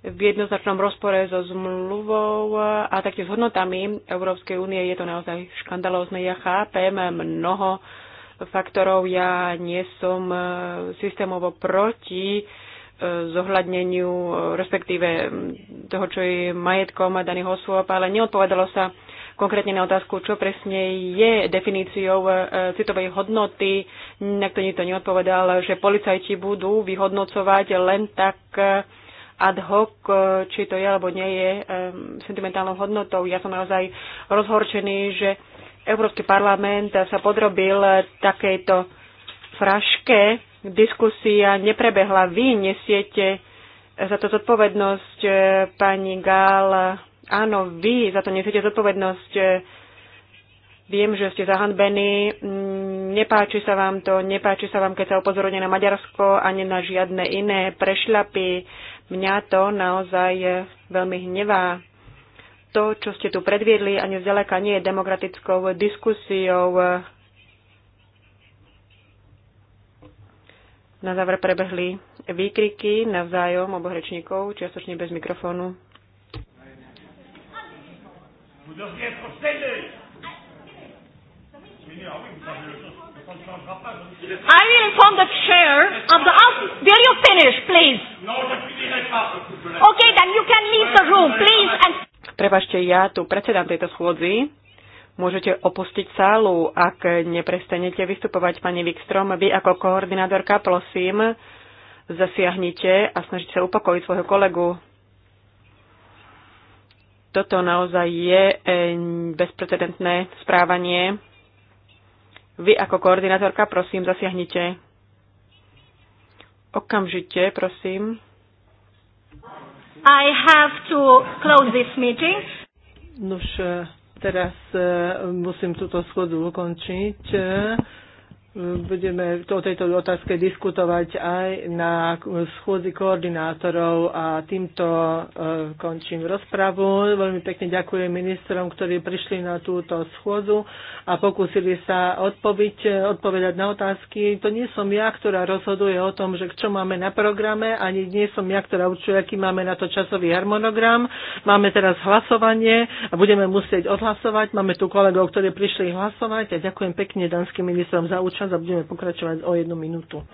v jednoznačnom rozpore so zmluvou a taktiež s hodnotami Európskej únie. Je to naozaj škandalózne. Ja chápem mnoho faktorov. Ja nie som e, systémovo proti e, zohľadneniu, e, respektíve toho, čo je majetkom a daných osôb, ale neodpovedalo sa konkrétne na otázku, čo presne je definíciou citovej hodnoty. Niekto nikto neodpovedal, že policajti budú vyhodnocovať len tak ad hoc, či to je alebo nie je sentimentálnou hodnotou. Ja som naozaj rozhorčený, že Európsky parlament sa podrobil takejto fraške, diskusia neprebehla. Vy nesiete za to zodpovednosť, e, pani Gál. Áno, vy za to nesiete zodpovednosť. E, viem, že ste zahanbení. Mm, nepáči sa vám to, nepáči sa vám, keď sa upozorňuje na Maďarsko ani na žiadne iné prešľapy. Mňa to naozaj e, veľmi hnevá to, čo ste tu predviedli, ani zďaleka nie je demokratickou diskusiou. Na záver prebehli výkriky navzájom oboch rečníkov, čiastočne bez mikrofónu. I will inform the chair of the house. Will you finish, please? No, okay, then you can leave the room, please. And Prepašte, ja tu predsedám tejto schôdzi. Môžete opustiť sálu, ak neprestanete vystupovať, pani Wikstrom. Vy ako koordinátorka, prosím, zasiahnite a snažite sa upokojiť svojho kolegu. Toto naozaj je e, bezprecedentné správanie. Vy ako koordinátorka, prosím, zasiahnite. Okamžite, prosím. I have to close this meeting. Nuž, eh, teraz eh, musím túto schodu ukončiť. Eh, budeme o tejto otázke diskutovať aj na schôdzi koordinátorov a týmto e, končím rozpravu. Veľmi pekne ďakujem ministrom, ktorí prišli na túto schôdzu a pokúsili sa odpoviť, odpovedať na otázky. To nie som ja, ktorá rozhoduje o tom, že čo máme na programe, ani nie som ja, ktorá určuje, aký máme na to časový harmonogram. Máme teraz hlasovanie a budeme musieť odhlasovať. Máme tu kolegov, ktorí prišli hlasovať a ďakujem pekne danským ministrom za účasť čas a budeme pokračovať o jednu minútu.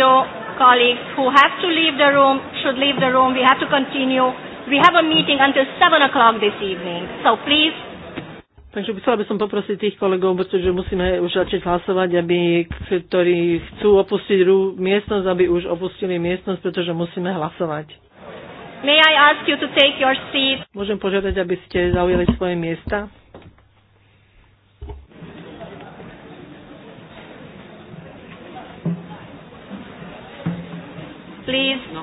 your colleagues who have to leave the room should leave the room. We have to continue. We have a meeting until 7 o'clock this evening. So please. Takže chcela by som poprosiť tých kolegov, pretože musíme už začať hlasovať, aby ktorí chcú opustiť miestnosť, aby už opustili miestnosť, pretože musíme hlasovať. May I ask you to take your seat? Môžem požiadať, aby ste zaujali svoje miesta? please? No.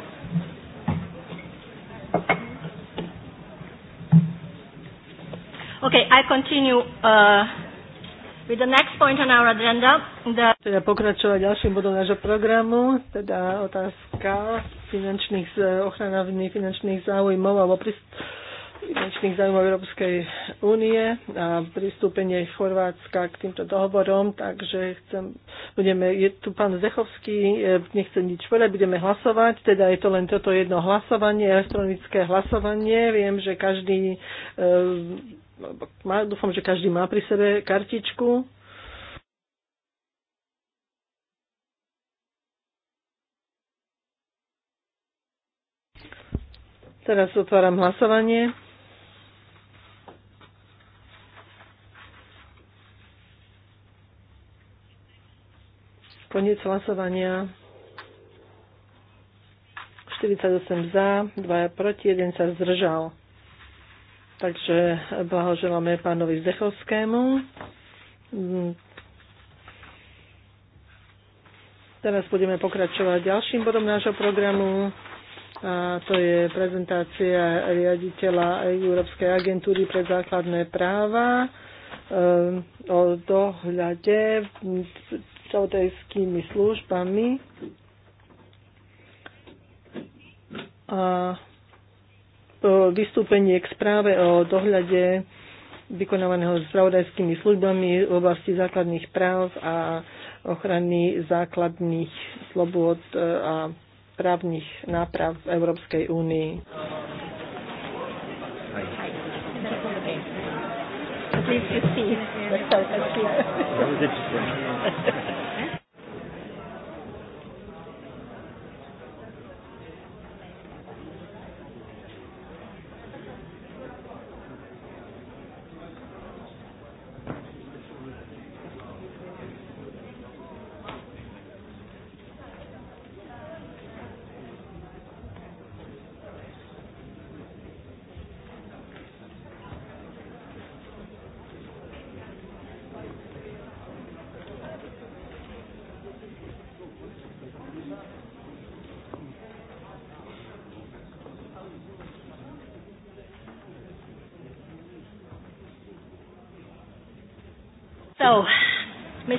Okay, I continue uh, with the next point on our agenda. The... Teda pokračovať ďalším bodom nášho programu, teda otázka finančných, ochrana finančných záujmov alebo prist- finančných zájmov Európskej únie a pristúpenie Chorvátska k týmto dohovorom, takže chcem, budeme, je tu pán Zechovský, e, nechcem nič povedať, budeme hlasovať, teda je to len toto jedno hlasovanie, elektronické hlasovanie, viem, že každý, e, má, dúfam, že každý má pri sebe kartičku, Teraz otváram hlasovanie. Koniec hlasovania. 48 za, 2 proti, 1 sa zdržal. Takže blahoželáme pánovi Zdechovskému. Teraz budeme pokračovať ďalším bodom nášho programu. A to je prezentácia riaditeľa Európskej agentúry pre základné práva e, o dohľade čaudejskými službami. A vystúpenie k správe o dohľade vykonávaného spravodajskými službami v oblasti základných práv a ochrany základných slobod a právnych náprav v Európskej únii. Please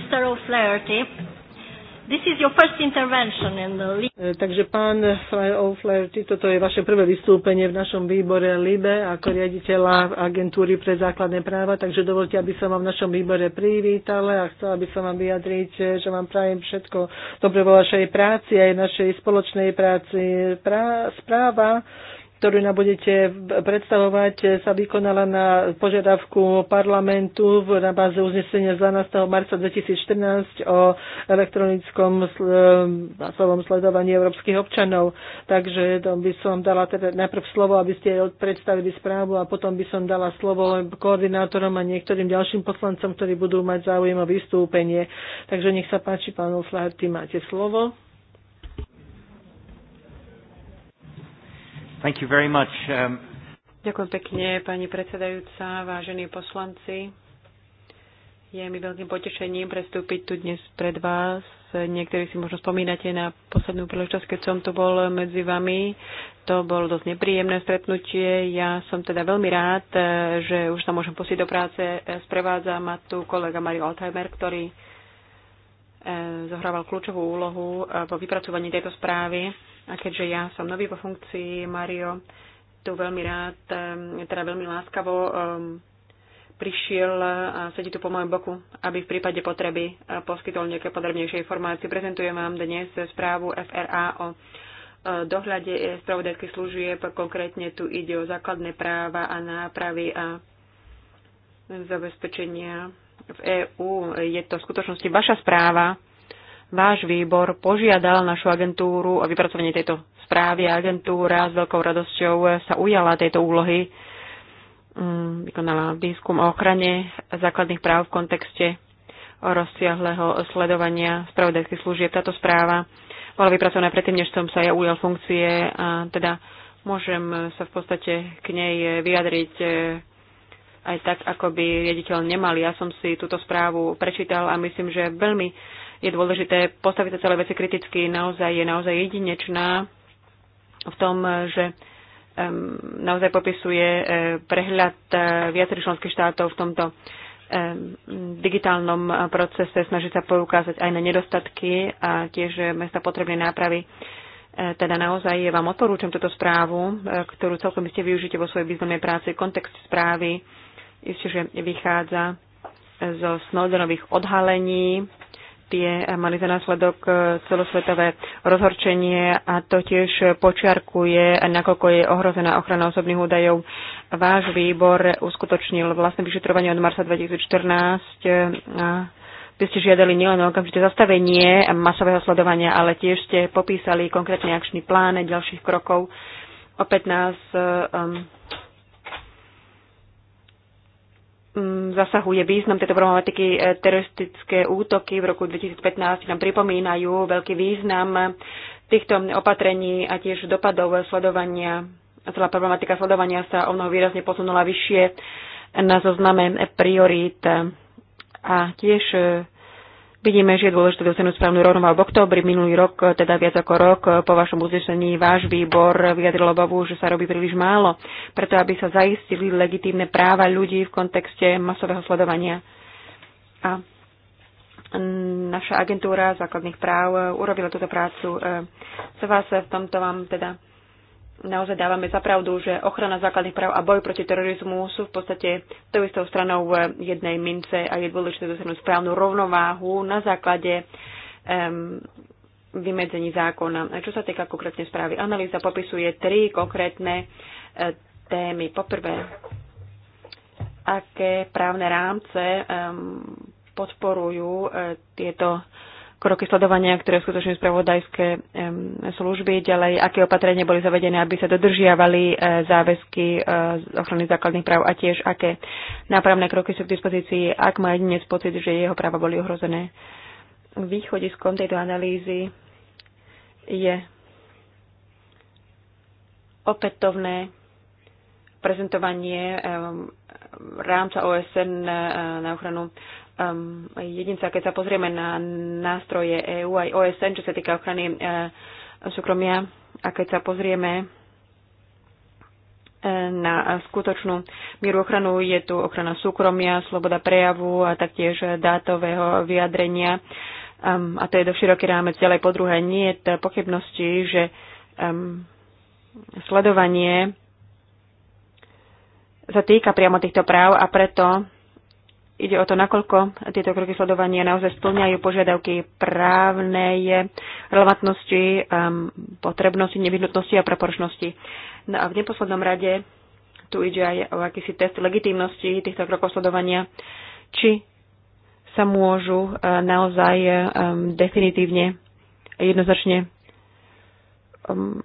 Mr. O'Flaherty, this is your first intervention in the e, Takže pán O'Flaherty, toto je vaše prvé vystúpenie v našom výbore LIBE ako riaditeľa agentúry pre základné práva, takže dovolte, aby som vám v našom výbore privítala a chcela by som vám vyjadriť, e, že vám prajem všetko dobre vo vašej práci aj našej spoločnej práci. správa ktorú nám budete predstavovať, sa vykonala na požiadavku parlamentu na báze uznesenia 12. marca 2014 o elektronickom hlasovom e, sledovaní európskych občanov. Takže by som dala teda najprv slovo, aby ste predstavili správu a potom by som dala slovo koordinátorom a niektorým ďalším poslancom, ktorí budú mať záujem o vystúpenie. Takže nech sa páči, pán Flaherty, máte slovo. Thank you very much. Um... Ďakujem pekne, pani predsedajúca, vážení poslanci. Je mi veľkým potešením prestúpiť tu dnes pred vás. Niektorí si možno spomínate na poslednú príležitosť, keď som tu bol medzi vami. To bolo dosť nepríjemné stretnutie. Ja som teda veľmi rád, že už sa môžem posiť do práce. Sprevádza ma tu kolega Mario Altheimer, ktorý eh, zohrával kľúčovú úlohu eh, vo vypracovaní tejto správy. A keďže ja som nový vo funkcii, Mario tu veľmi rád, teda veľmi láskavo prišiel a sedí tu po mojom boku, aby v prípade potreby e, poskytol nejaké podrobnejšie informácie. Prezentujem vám dnes správu FRA o e, dohľade spravodajských služieb. Konkrétne tu ide o základné práva a nápravy a zabezpečenia v EÚ. Je to v skutočnosti vaša správa váš výbor požiadal našu agentúru o vypracovanie tejto správy a agentúra s veľkou radosťou sa ujala tejto úlohy. Mm, vykonala výskum o ochrane základných práv v kontekste rozsiahleho sledovania spravodajských služieb. Táto správa bola vypracovaná predtým, než som sa ja ujal funkcie a teda môžem sa v podstate k nej vyjadriť e, aj tak, ako by riaditeľ nemal. Ja som si túto správu prečítal a myslím, že veľmi je dôležité postaviť sa celé veci kriticky. Naozaj je naozaj jedinečná v tom, že naozaj popisuje eh, prehľad eh, viacerých členských štátov v tomto digitálnom eh, procese, snaží sa poukázať aj na nedostatky a tiež mesta potrebné nápravy. Teda naozaj vám odporúčam túto správu, ktorú celkom ste využite vo svojej významnej práci. Kontext správy ešte, že vychádza zo Snowdenových odhalení tie mali za následok e, celosvetové rozhorčenie a to tiež počiarkuje, nakoľko je ohrozená ochrana osobných údajov. Váš výbor uskutočnil vlastné vyšetrovanie od marca 2014 e, a vy ste žiadali nielen okamžité zastavenie masového sledovania, ale tiež ste popísali konkrétny akčný plán ďalších krokov. Opäť nás um, zasahuje význam tejto problematiky. E, teroristické útoky v roku 2015 nám pripomínajú veľký význam týchto opatrení a tiež dopadov sledovania. Celá problematika sledovania sa o mnoho výrazne posunula vyššie na zozname priorít a tiež e, Vidíme, že je dôležité dosiahnuť správnu rovnováhu. V októbri minulý rok, teda viac ako rok po vašom uznesení, váš výbor vyjadril obavu, že sa robí príliš málo, preto aby sa zaistili legitímne práva ľudí v kontexte masového sledovania. A naša agentúra základných práv urobila túto prácu. Co e, vás v tomto vám teda naozaj dávame za pravdu, že ochrana základných práv a boj proti terorizmu sú v podstate tou istou stranou jednej mince a je dôležité dosiahnuť správnu rovnováhu na základe um, vymedzení zákona. A čo sa týka konkrétne správy, analýza popisuje tri konkrétne uh, témy. Poprvé, aké právne rámce um, podporujú uh, tieto kroky sledovania, ktoré skutočne spravodajské služby, ďalej, aké opatrenia boli zavedené, aby sa dodržiavali e, záväzky e, z ochrany základných práv a tiež aké nápravné kroky sú k dispozícii, ak má dnes pocit, že jeho práva boli ohrozené. Východiskom tejto analýzy je opätovné prezentovanie rámca OSN e, na ochranu um, jedinca. Keď sa pozrieme na nástroje EÚ aj OSN, čo sa týka ochrany uh, súkromia, a keď sa pozrieme e, na skutočnú mieru ochranu. Je tu ochrana súkromia, sloboda prejavu a taktiež dátového vyjadrenia. Um, a to je do široký rámec. Ďalej po druhé, nie je to pochybnosti, že um, sledovanie sa týka priamo týchto práv a preto ide o to, nakoľko tieto kroky sledovania naozaj splňajú požiadavky právnej relevantnosti, um, potrebnosti, nevyhnutnosti a proporčnosti. No a v neposlednom rade tu ide aj o akýsi test legitimnosti týchto krokov sledovania, či sa môžu uh, naozaj um, definitívne a jednoznačne um,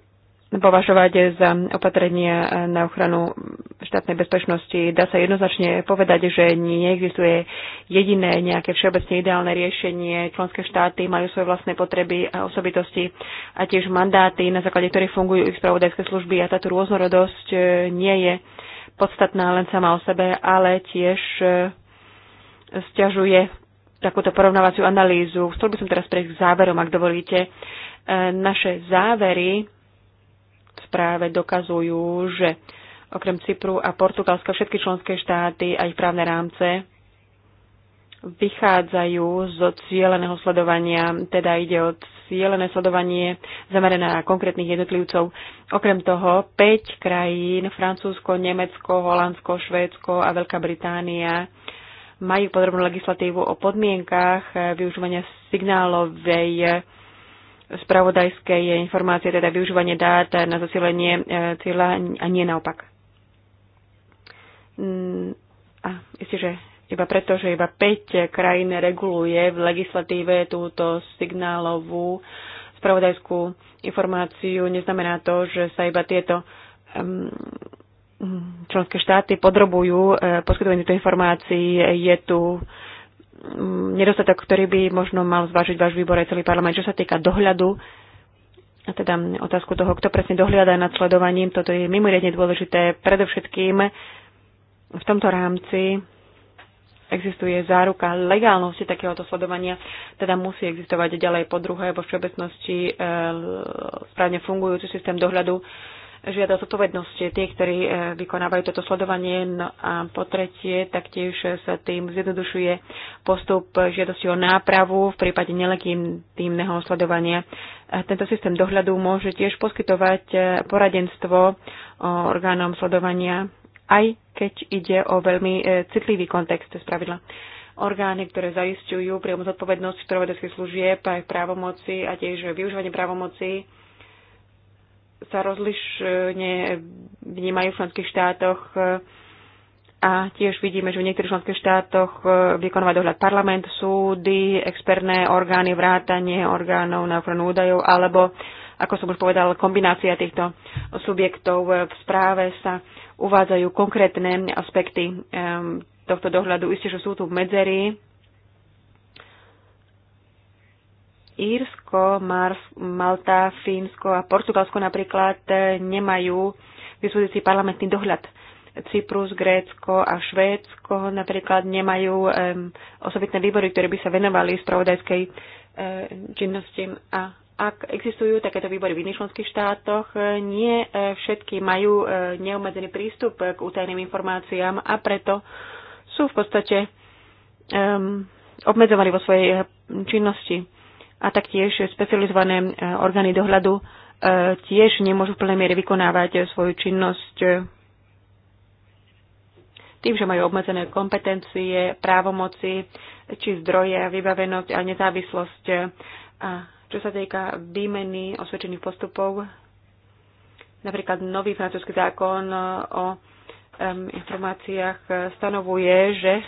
považovať za opatrenia uh, na ochranu štátnej bezpečnosti. Dá sa jednoznačne povedať, že neexistuje jediné nejaké všeobecne ideálne riešenie. Členské štáty majú svoje vlastné potreby a osobitosti a tiež mandáty, na základe ktorých fungujú ich spravodajské služby a táto rôznorodosť e, nie je podstatná len sama o sebe, ale tiež e, stiažuje takúto porovnávaciu analýzu. Chcel by som teraz prejsť k záverom, ak dovolíte. E, naše závery v správe dokazujú, že okrem Cypru a Portugalska všetky členské štáty a ich právne rámce vychádzajú zo cieľeného sledovania, teda ide o cieľené sledovanie zamerané na konkrétnych jednotlivcov. Okrem toho 5 krajín, Francúzsko, Nemecko, Holandsko, Švédsko a Veľká Británia, majú podrobnú legislatívu o podmienkach eh, využívania signálovej eh, spravodajskej informácie, teda využívanie dát na zasilenie eh, cieľa a nie naopak. Mm, a isté, že iba preto, že iba 5 krajín reguluje v legislatíve túto signálovú spravodajskú informáciu, neznamená to, že sa iba tieto mm, členské štáty podrobujú e, poskytovanie tejto informácií. Je tu mm, nedostatok, ktorý by možno mal zvážiť váš výbor aj celý parlament, čo sa týka dohľadu a teda otázku toho, kto presne dohliada nad sledovaním, toto je mimoriadne dôležité. Predovšetkým v tomto rámci existuje záruka legálnosti takéhoto sledovania, teda musí existovať ďalej po druhé vo všeobecnosti e, správne fungujúci systém dohľadu žiada zodpovednosti tých, ktorí e, vykonávajú toto sledovanie. No a po tretie, taktiež sa tým zjednodušuje postup žiadosti o nápravu v prípade nelegitímneho sledovania. A tento systém dohľadu môže tiež poskytovať e, poradenstvo orgánom sledovania aj keď ide o veľmi e, citlivý kontext z pravidla. Orgány, ktoré zaistujú priamo zodpovednosť spravodajských služieb aj právomoci a tiež využívanie právomoci, sa rozlišne vnímajú v členských štátoch e, a tiež vidíme, že v niektorých členských štátoch e, vykonáva dohľad parlament, súdy, expertné orgány, vrátanie orgánov na ochranu údajov, alebo, ako som už povedal, kombinácia týchto subjektov v správe sa uvádzajú konkrétne aspekty tohto dohľadu. Isté, že sú tu medzery. Írsko, Mars, Malta, Fínsko a Portugalsko napríklad eh, nemajú k parlamentný dohľad. Cyprus, Grécko a Švédsko napríklad nemajú um, osobitné výbory, ktoré by sa venovali spravodajskej uh, činnosti a ak existujú takéto výbory v iných členských štátoch, nie e, všetky majú e, neobmedzený prístup k utajným informáciám a preto sú v podstate um, obmedzovaní vo svojej e, činnosti. A taktiež specializované orgány dohľadu tiež nemôžu v plnej miere vykonávať svoju činnosť tým, že majú obmedzené kompetencie, právomoci či zdroje, vybavenosť a nezávislosť. A čo sa týka výmeny osvedčených postupov, napríklad nový francúzsky zákon o informáciách stanovuje, že e,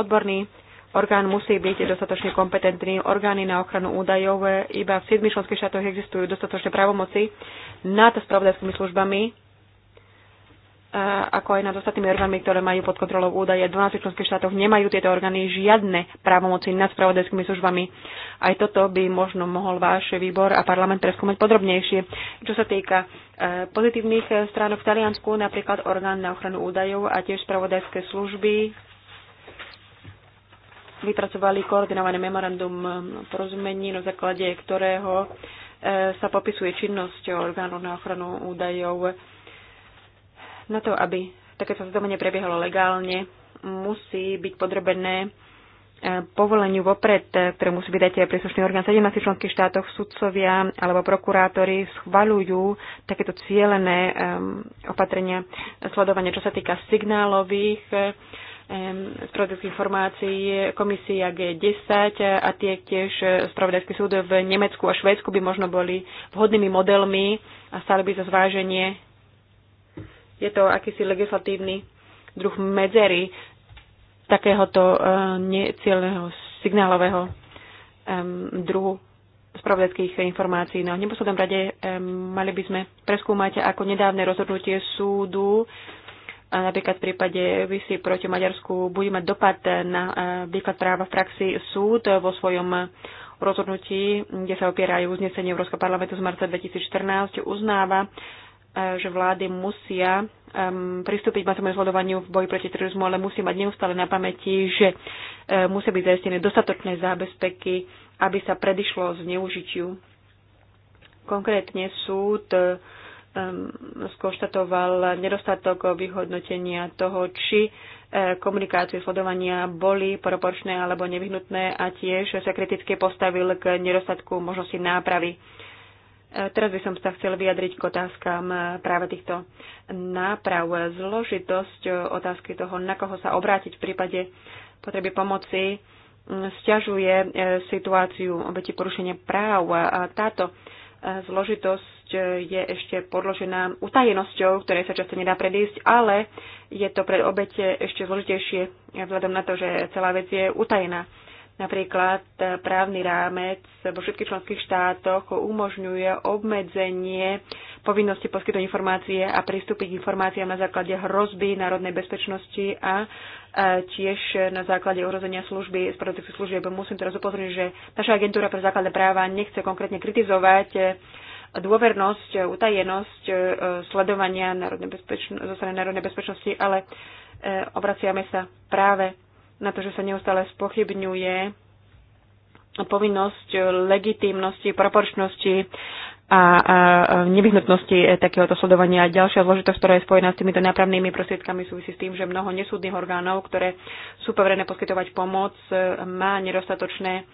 odborný orgán musí byť dostatočne kompetentný. Orgány na ochranu údajov e, iba v 7 členských štátoch existujú dostatočné právomoci nad spravodajskými službami ako aj nad ostatnými orgánmi, ktoré majú pod kontrolou údaje. V 12 členských štátoch nemajú tieto orgány žiadne právomoci nad spravodajskými službami. Aj toto by možno mohol váš výbor a parlament preskúmať podrobnejšie. Čo sa týka e, pozitívnych stránok v Taliansku, napríklad orgán na ochranu údajov a tiež spravodajské služby vypracovali koordinované memorandum porozumení, na základe ktorého e, sa popisuje činnosť orgánu na ochranu údajov na to, aby takéto zdomenie prebiehalo legálne, musí byť podrobené e, povoleniu vopred, e, ktoré musí vydať aj príslušný orgán 17 členských štátoch, sudcovia alebo prokurátori schvaľujú takéto cieľené e, opatrenia sledovania, čo sa týka signálových spravodajských informácií, komisia G10 a tie tiež spravodajský súd v Nemecku a Švédsku by možno boli vhodnými modelmi a stále by za zváženie je to akýsi legislatívny druh medzery takéhoto eh, necielného signálového druhu spravodajských informácií. No, v neposlednom rade mali by sme preskúmať ako nedávne rozhodnutie súdu, napríklad v prípade vysy proti Maďarsku, bude mať dopad na eh, výklad práva v praxi súd vo svojom rozhodnutí, kde sa opierajú uznesenie Európskeho parlamentu z marca 2014, uznáva E, že vlády musia pristúpiť k masovému zhodovaniu v boji proti terorizmu, ale musí mať neustále na pamäti, že e, musia byť zaistené dostatočné zábezpeky, aby sa predišlo zneužitiu. Konkrétne súd e, skonštatoval nedostatok vyhodnotenia toho, či komunikácie sledovania boli proporčné alebo nevyhnutné a tiež sa kriticky postavil k nedostatku možnosti nápravy. E, teraz by som sa chcel vyjadriť k otázkam e, práve týchto náprav. Zložitosť e, otázky toho, na koho sa obrátiť v prípade potreby pomoci, stiažuje situáciu obeti porušenia práv a táto zložitosť je ešte podložená utajenosťou, ktorej sa často nedá predísť, ale je to pre obete ešte zložitejšie vzhľadom na to, že celá vec je utajená. Napríklad e, právny rámec vo všetkých členských štátoch umožňuje obmedzenie povinnosti poskytnúť informácie a prístupy k informáciám na základe hrozby národnej bezpečnosti a e, tiež na základe ohrozenia služby, spravodajských služieb. Musím teraz upozorniť, že naša agentúra pre základné práva nechce konkrétne kritizovať e, dôvernosť, utajenosť sledovania národnej zo strany národnej bezpečnosti, ale obraciame sa práve na to, že sa neustále spochybňuje povinnosť legitímnosti, proporčnosti a, a nevyhnutnosti takéhoto sledovania. Ďalšia zložitosť, ktorá je spojená s týmito nápravnými prostriedkami, súvisí s tým, že mnoho nesúdnych orgánov, ktoré sú poverené poskytovať pomoc, má nedostatočné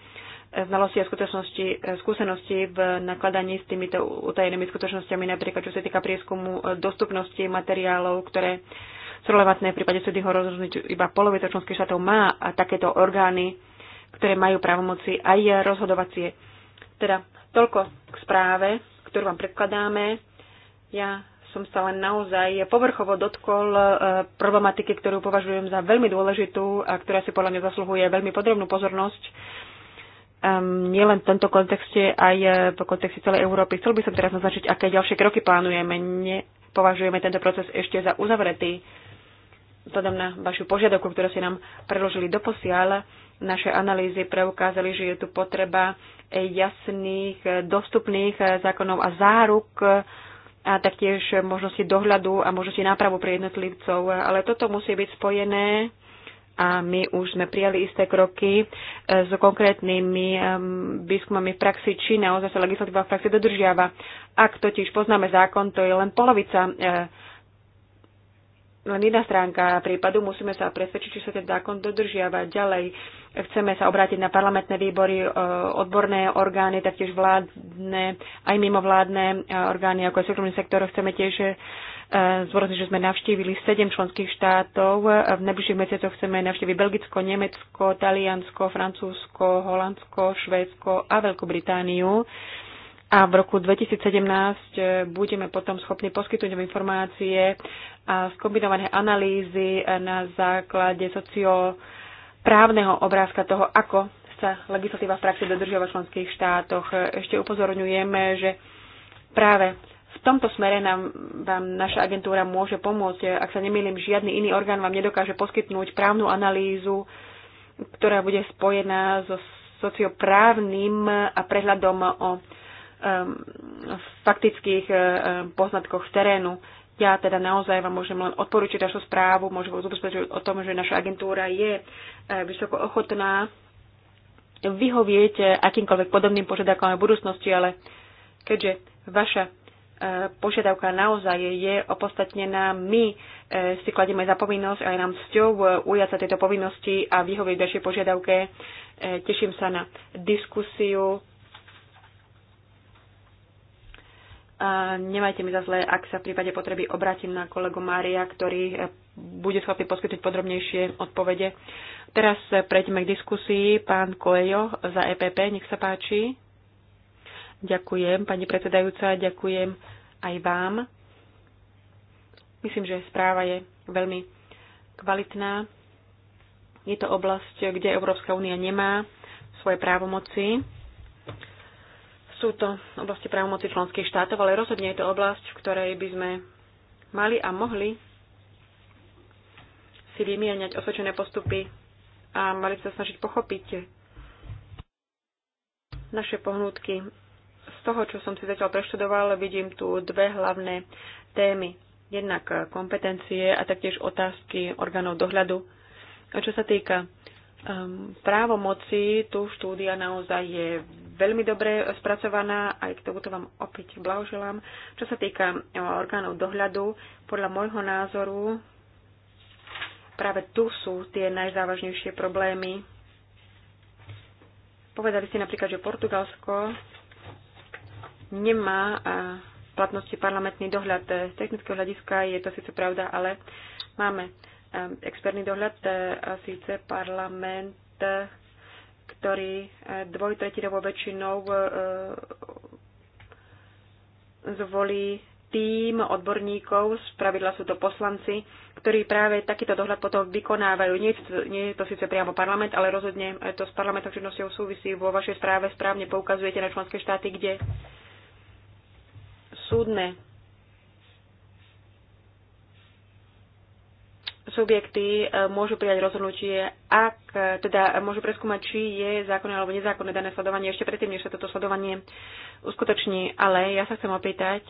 znalosti a skutočnosti, skúsenosti v nakladaní s týmito utajenými skutočnosťami, napríklad čo sa týka prieskumu dostupnosti materiálov, ktoré relevantné. V prípade súdy ho rozhodnúť iba polovica členských štátov má a takéto orgány, ktoré majú právomoci aj rozhodovacie. Teda toľko k správe, ktorú vám predkladáme. Ja som sa len naozaj povrchovo dotkol e, problematiky, ktorú považujem za veľmi dôležitú a ktorá si podľa mňa zasluhuje veľmi podrobnú pozornosť um, nielen v tomto kontexte, aj v e, kontexte celej Európy. Chcel by som teraz naznačiť, aké ďalšie kroky plánujeme. Nepovažujeme tento proces ešte za uzavretý vzhľadom na vašu požiadavku, ktorú ste nám preložili do posiaľ, naše analýzy preukázali, že je tu potreba jasných, dostupných zákonov a záruk a taktiež možnosti dohľadu a možnosti nápravu pre jednotlivcov. Ale toto musí byť spojené a my už sme prijali isté kroky s konkrétnymi výskumami v praxi, či naozaj sa legislatíva v praxi dodržiava. Ak totiž poznáme zákon, to je len polovica eh, len jedna stránka prípadu. Musíme sa presvedčiť, či sa ten zákon dodržiava ďalej. Chceme sa obrátiť na parlamentné výbory, e, odborné orgány, taktiež vládne, aj mimovládne e, orgány, ako aj súkromný sektor. Chceme tiež e, zvorozniť, že sme navštívili 7 členských štátov. V najbližších mesiacoch chceme navštíviť Belgicko, Nemecko, Taliansko, Francúzsko, Holandsko, Švédsko a Veľkú Britániu a v roku 2017 e, budeme potom schopní poskytnúť informácie a skombinované analýzy e, na základe socioprávneho obrázka toho, ako sa legislatíva v praxi dodržiava v členských štátoch. E, ešte upozorňujeme, že práve v tomto smere nám, vám naša agentúra môže pomôcť. Ak sa nemýlim, žiadny iný orgán vám nedokáže poskytnúť právnu analýzu, ktorá bude spojená so socioprávnym a prehľadom o Um, v faktických uh, um, poznatkoch z terénu. Ja teda naozaj vám môžem len odporučiť našu správu, môžem vás ubezpečiť o tom, že naša agentúra je uh, vysoko ochotná vyhovieť akýmkoľvek podobným požiadavkám v budúcnosti, ale keďže vaša uh, požiadavka naozaj je opostatnená. My si kladieme za povinnosť aj nám sťou ujať sa tejto povinnosti a vyhovieť vašej požiadavke. Teším sa na diskusiu A nemajte mi za zlé, ak sa v prípade potreby obrátim na kolegu Mária, ktorý e, bude schopný poskytnúť podrobnejšie odpovede. Teraz e, prejdeme k diskusii. Pán Koejo za EPP, nech sa páči. Ďakujem, pani predsedajúca, ďakujem aj vám. Myslím, že správa je veľmi kvalitná. Je to oblasť, kde Európska únia nemá svoje právomoci sú to oblasti právomoci členských štátov, ale rozhodne je to oblasť, v ktorej by sme mali a mohli si vymieňať osvedčené postupy a mali sa snažiť pochopiť naše pohnútky. Z toho, čo som si zatiaľ preštudoval, vidím tu dve hlavné témy. Jednak kompetencie a taktiež otázky orgánov dohľadu. A čo sa týka um, právomoci, tu štúdia naozaj je veľmi dobre spracovaná, aj k tomuto vám opäť blahoželám. Čo sa týka e, orgánov dohľadu, podľa môjho názoru práve tu sú tie najzávažnejšie problémy. Povedali ste napríklad, že Portugalsko nemá e, platnosti parlamentný dohľad. E, z technického hľadiska je to síce pravda, ale máme expertný dohľad a síce parlament ktorý e, dvojtretinovou väčšinou e, e, zvolí tým odborníkov, z pravidla sú to poslanci, ktorí práve takýto dohľad potom vykonávajú. Nie, nie je to síce priamo parlament, ale rozhodne to s parlamentom činnosťou súvisí. Vo vašej správe správne poukazujete na členské štáty, kde súdne subjekty e, môžu prijať rozhodnutie, ak e, teda môžu preskúmať, či je zákonné alebo nezákonné dané sledovanie ešte predtým, než sa toto sledovanie uskutoční. Ale ja sa chcem opýtať,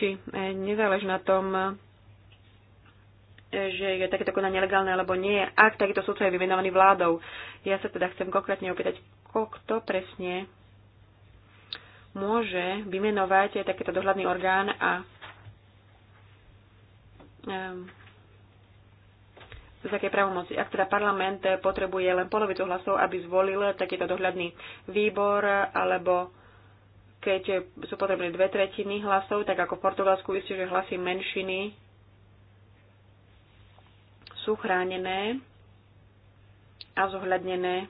či e, nezáleží na tom, že je takéto konanie legálne alebo nie, ak takýto sudca je vymenovaný vládou. Ja sa teda chcem konkrétne opýtať, kto presne môže vymenovať takýto dohľadný orgán a Ehm, z akej pravomoci. Ak teda parlament potrebuje len polovicu hlasov, aby zvolil takýto dohľadný výbor, alebo keď sú potrebné dve tretiny hlasov, tak ako v Portugalsku isté, že hlasy menšiny sú chránené a zohľadnené.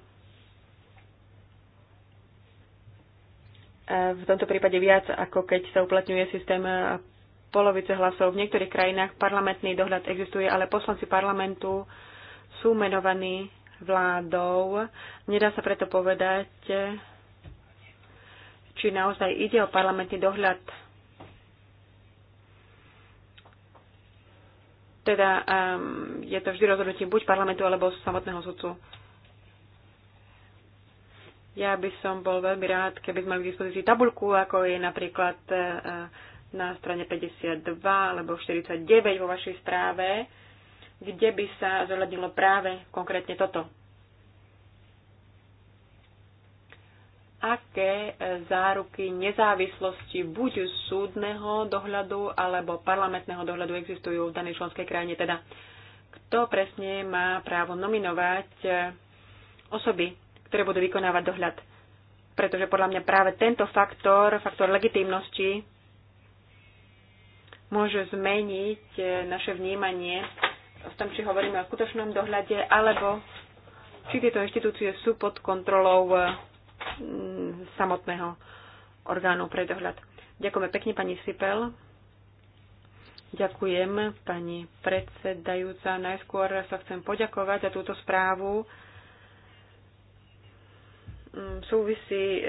Ehm, v tomto prípade viac, ako keď sa uplatňuje systém polovice hlasov. V niektorých krajinách parlamentný dohľad existuje, ale poslanci parlamentu sú menovaní vládou. Nedá sa preto povedať, či naozaj ide o parlamentný dohľad. Teda um, je to vždy rozhodnutie buď parlamentu alebo samotného sudcu. Ja by som bol veľmi rád, keby sme mali k dispozícii tabulku, ako je napríklad uh, na strane 52 alebo 49 vo vašej správe, kde by sa zohľadnilo práve konkrétne toto. Aké záruky nezávislosti buď súdneho dohľadu alebo parlamentného dohľadu existujú v danej členskej krajine, teda kto presne má právo nominovať osoby, ktoré budú vykonávať dohľad. Pretože podľa mňa práve tento faktor, faktor legitímnosti, môže zmeniť e, naše vnímanie v tom, či hovoríme o skutočnom dohľade, alebo či tieto inštitúcie sú pod kontrolou e, samotného orgánu pre dohľad. Ďakujeme pekne pani Sipel. Ďakujem pani predsedajúca. Najskôr sa chcem poďakovať za túto správu. Mm, súvisí e,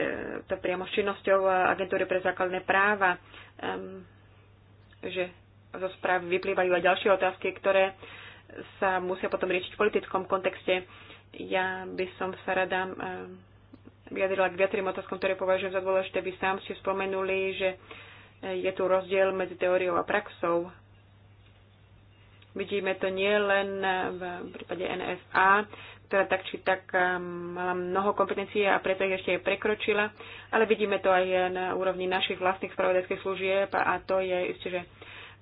to priamo s činnosťou Agentúry pre základné práva že zo správy vyplývajú aj ďalšie otázky, ktoré sa musia potom riešiť v politickom kontexte. Ja by som sa rada e, vyjadrila k viacerým otázkom, ktoré považujem za dôležité. Vy sám ste spomenuli, že e, je tu rozdiel medzi teóriou a praxou. Vidíme to nie len v prípade NSA, ktorá teda tak či tak um, mala mnoho kompetencií a preto ich ešte aj prekročila, ale vidíme to aj na úrovni našich vlastných spravodajských služieb a to je ešte, že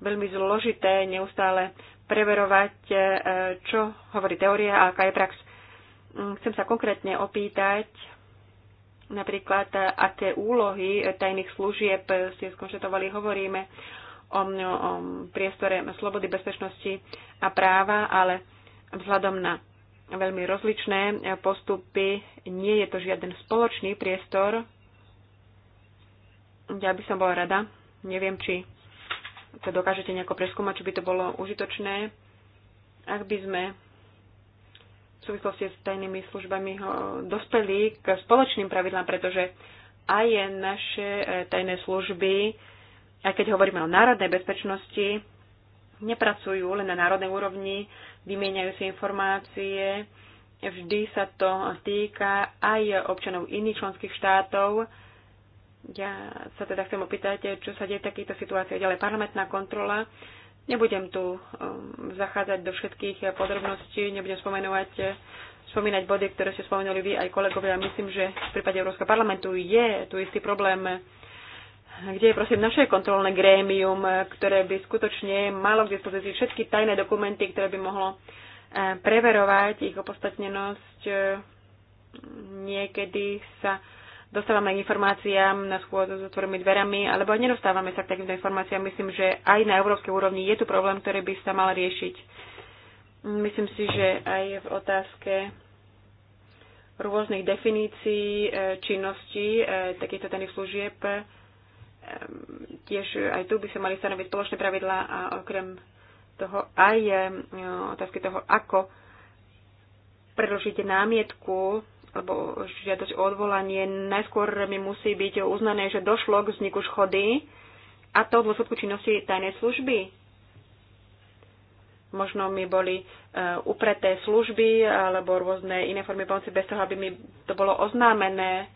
veľmi zložité neustále preverovať, e, čo hovorí teória a aká je prax. Mm, chcem sa konkrétne opýtať napríklad, aké úlohy tajných služieb ste skonštatovali, hovoríme o, o priestore slobody, bezpečnosti a práva, ale vzhľadom na veľmi rozličné postupy. Nie je to žiaden spoločný priestor. Ja by som bola rada. Neviem, či to dokážete nejako preskúmať, či by to bolo užitočné. Ak by sme v súvislosti s tajnými službami eh, dospeli k spoločným pravidlám, pretože aj naše eh, tajné služby, aj keď hovoríme o národnej bezpečnosti, nepracujú len na národnej úrovni, vymieňajú si informácie. Vždy sa to týka aj občanov iných členských štátov. Ja sa teda chcem opýtať, čo sa deje v takýchto situáciách ďalej. Parlamentná kontrola. Nebudem tu um, zachádzať do všetkých podrobností, nebudem spomenovať, spomínať body, ktoré ste spomenuli vy aj kolegovia. Myslím, že v prípade Európskeho parlamentu je tu istý problém kde je prosím naše kontrolné grémium, ktoré by skutočne malo k dispozícii všetky tajné dokumenty, ktoré by mohlo e, preverovať ich opodstatnenosť. E, niekedy sa dostávame k informáciám na schôdzu s otvorenými dverami, alebo nedostávame sa k takýmto informáciám. Myslím, že aj na európskej úrovni je tu problém, ktorý by sa mal riešiť. Myslím si, že aj v otázke rôznych definícií e, činnosti takýchto tených služieb Ehm, tiež aj tu by sa mali stanoviť spoločné pravidlá a okrem toho aj ehm, otázky toho, ako predložíte námietku alebo žiadosť o odvolanie, najskôr mi musí byť uznané, že došlo k vzniku škody a to v dôsledku činnosti tajnej služby. Možno mi boli uh, upreté služby alebo rôzne iné formy pomoci bez toho, aby mi to bolo oznámené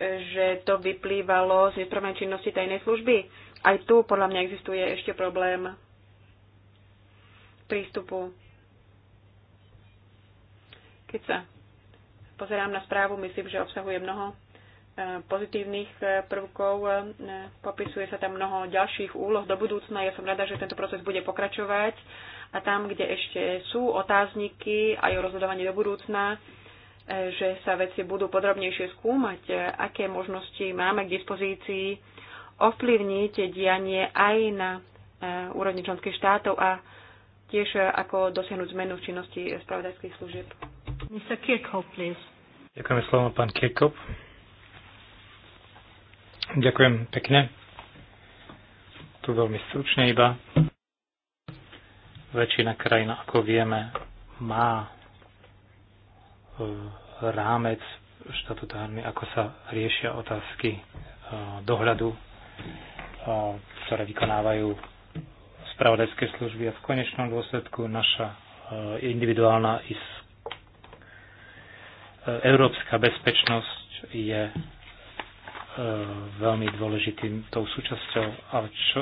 že to vyplývalo z nesprávnej činnosti tajnej služby. Aj tu podľa mňa existuje ešte problém prístupu. Keď sa pozerám na správu, myslím, že obsahuje mnoho e, pozitívnych e, prvkov, e, popisuje sa tam mnoho ďalších úloh do budúcna. Ja som rada, že tento proces bude pokračovať a tam, kde ešte sú otázniky aj o rozhodovanie do budúcna, že sa veci budú podrobnejšie skúmať, aké možnosti máme k dispozícii ovplyvniť dianie aj na e, úrovni členských štátov a tiež e, ako dosiahnuť zmenu v činnosti spravodajských služieb. Mr. Kirkhope, please. Ďakujem slovo, pán Kirkhope. Ďakujem pekne. Tu veľmi stručne iba. Väčšina krajín, ako vieme, má rámec štatutárny, ako sa riešia otázky e, dohľadu, e, ktoré vykonávajú spravodajské služby a v konečnom dôsledku naša e, individuálna i európska bezpečnosť je veľmi dôležitým tou súčasťou a čo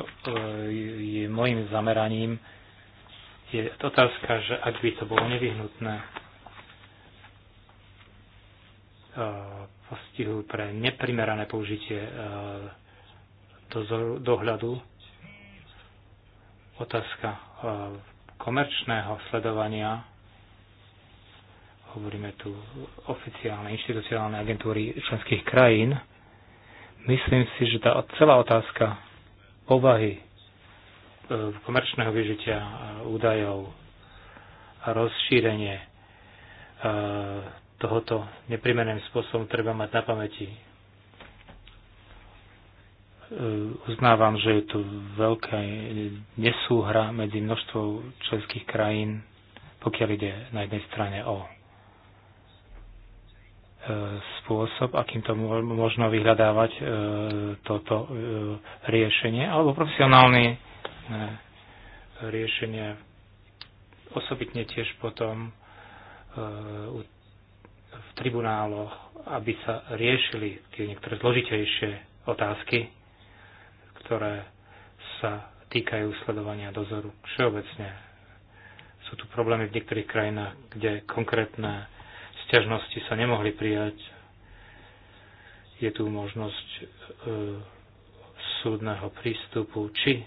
je môjim zameraním je otázka, že ak by to bolo nevyhnutné, Eh, postihu pre neprimerané použitie eh, dozoru, dohľadu. Otázka eh, komerčného sledovania. Hovoríme tu oficiálne inštitucionálne agentúry členských krajín. Myslím si, že tá celá otázka povahy komerčného využitia údajov a rozšírenie tohoto neprimeným spôsobom treba mať na pamäti. E, uznávam, že je tu veľká nesúhra medzi množstvou členských krajín, pokiaľ ide na jednej strane o e, spôsob, akým to možno vyhľadávať e, toto riešenie, alebo profesionálne riešenie osobitne tiež potom u tribunáloch, aby sa riešili tie niektoré zložitejšie otázky, ktoré sa týkajú sledovania dozoru všeobecne. Sú tu problémy v niektorých krajinách, kde konkrétne sťažnosti sa nemohli prijať. Je tu možnosť e, súdneho prístupu, či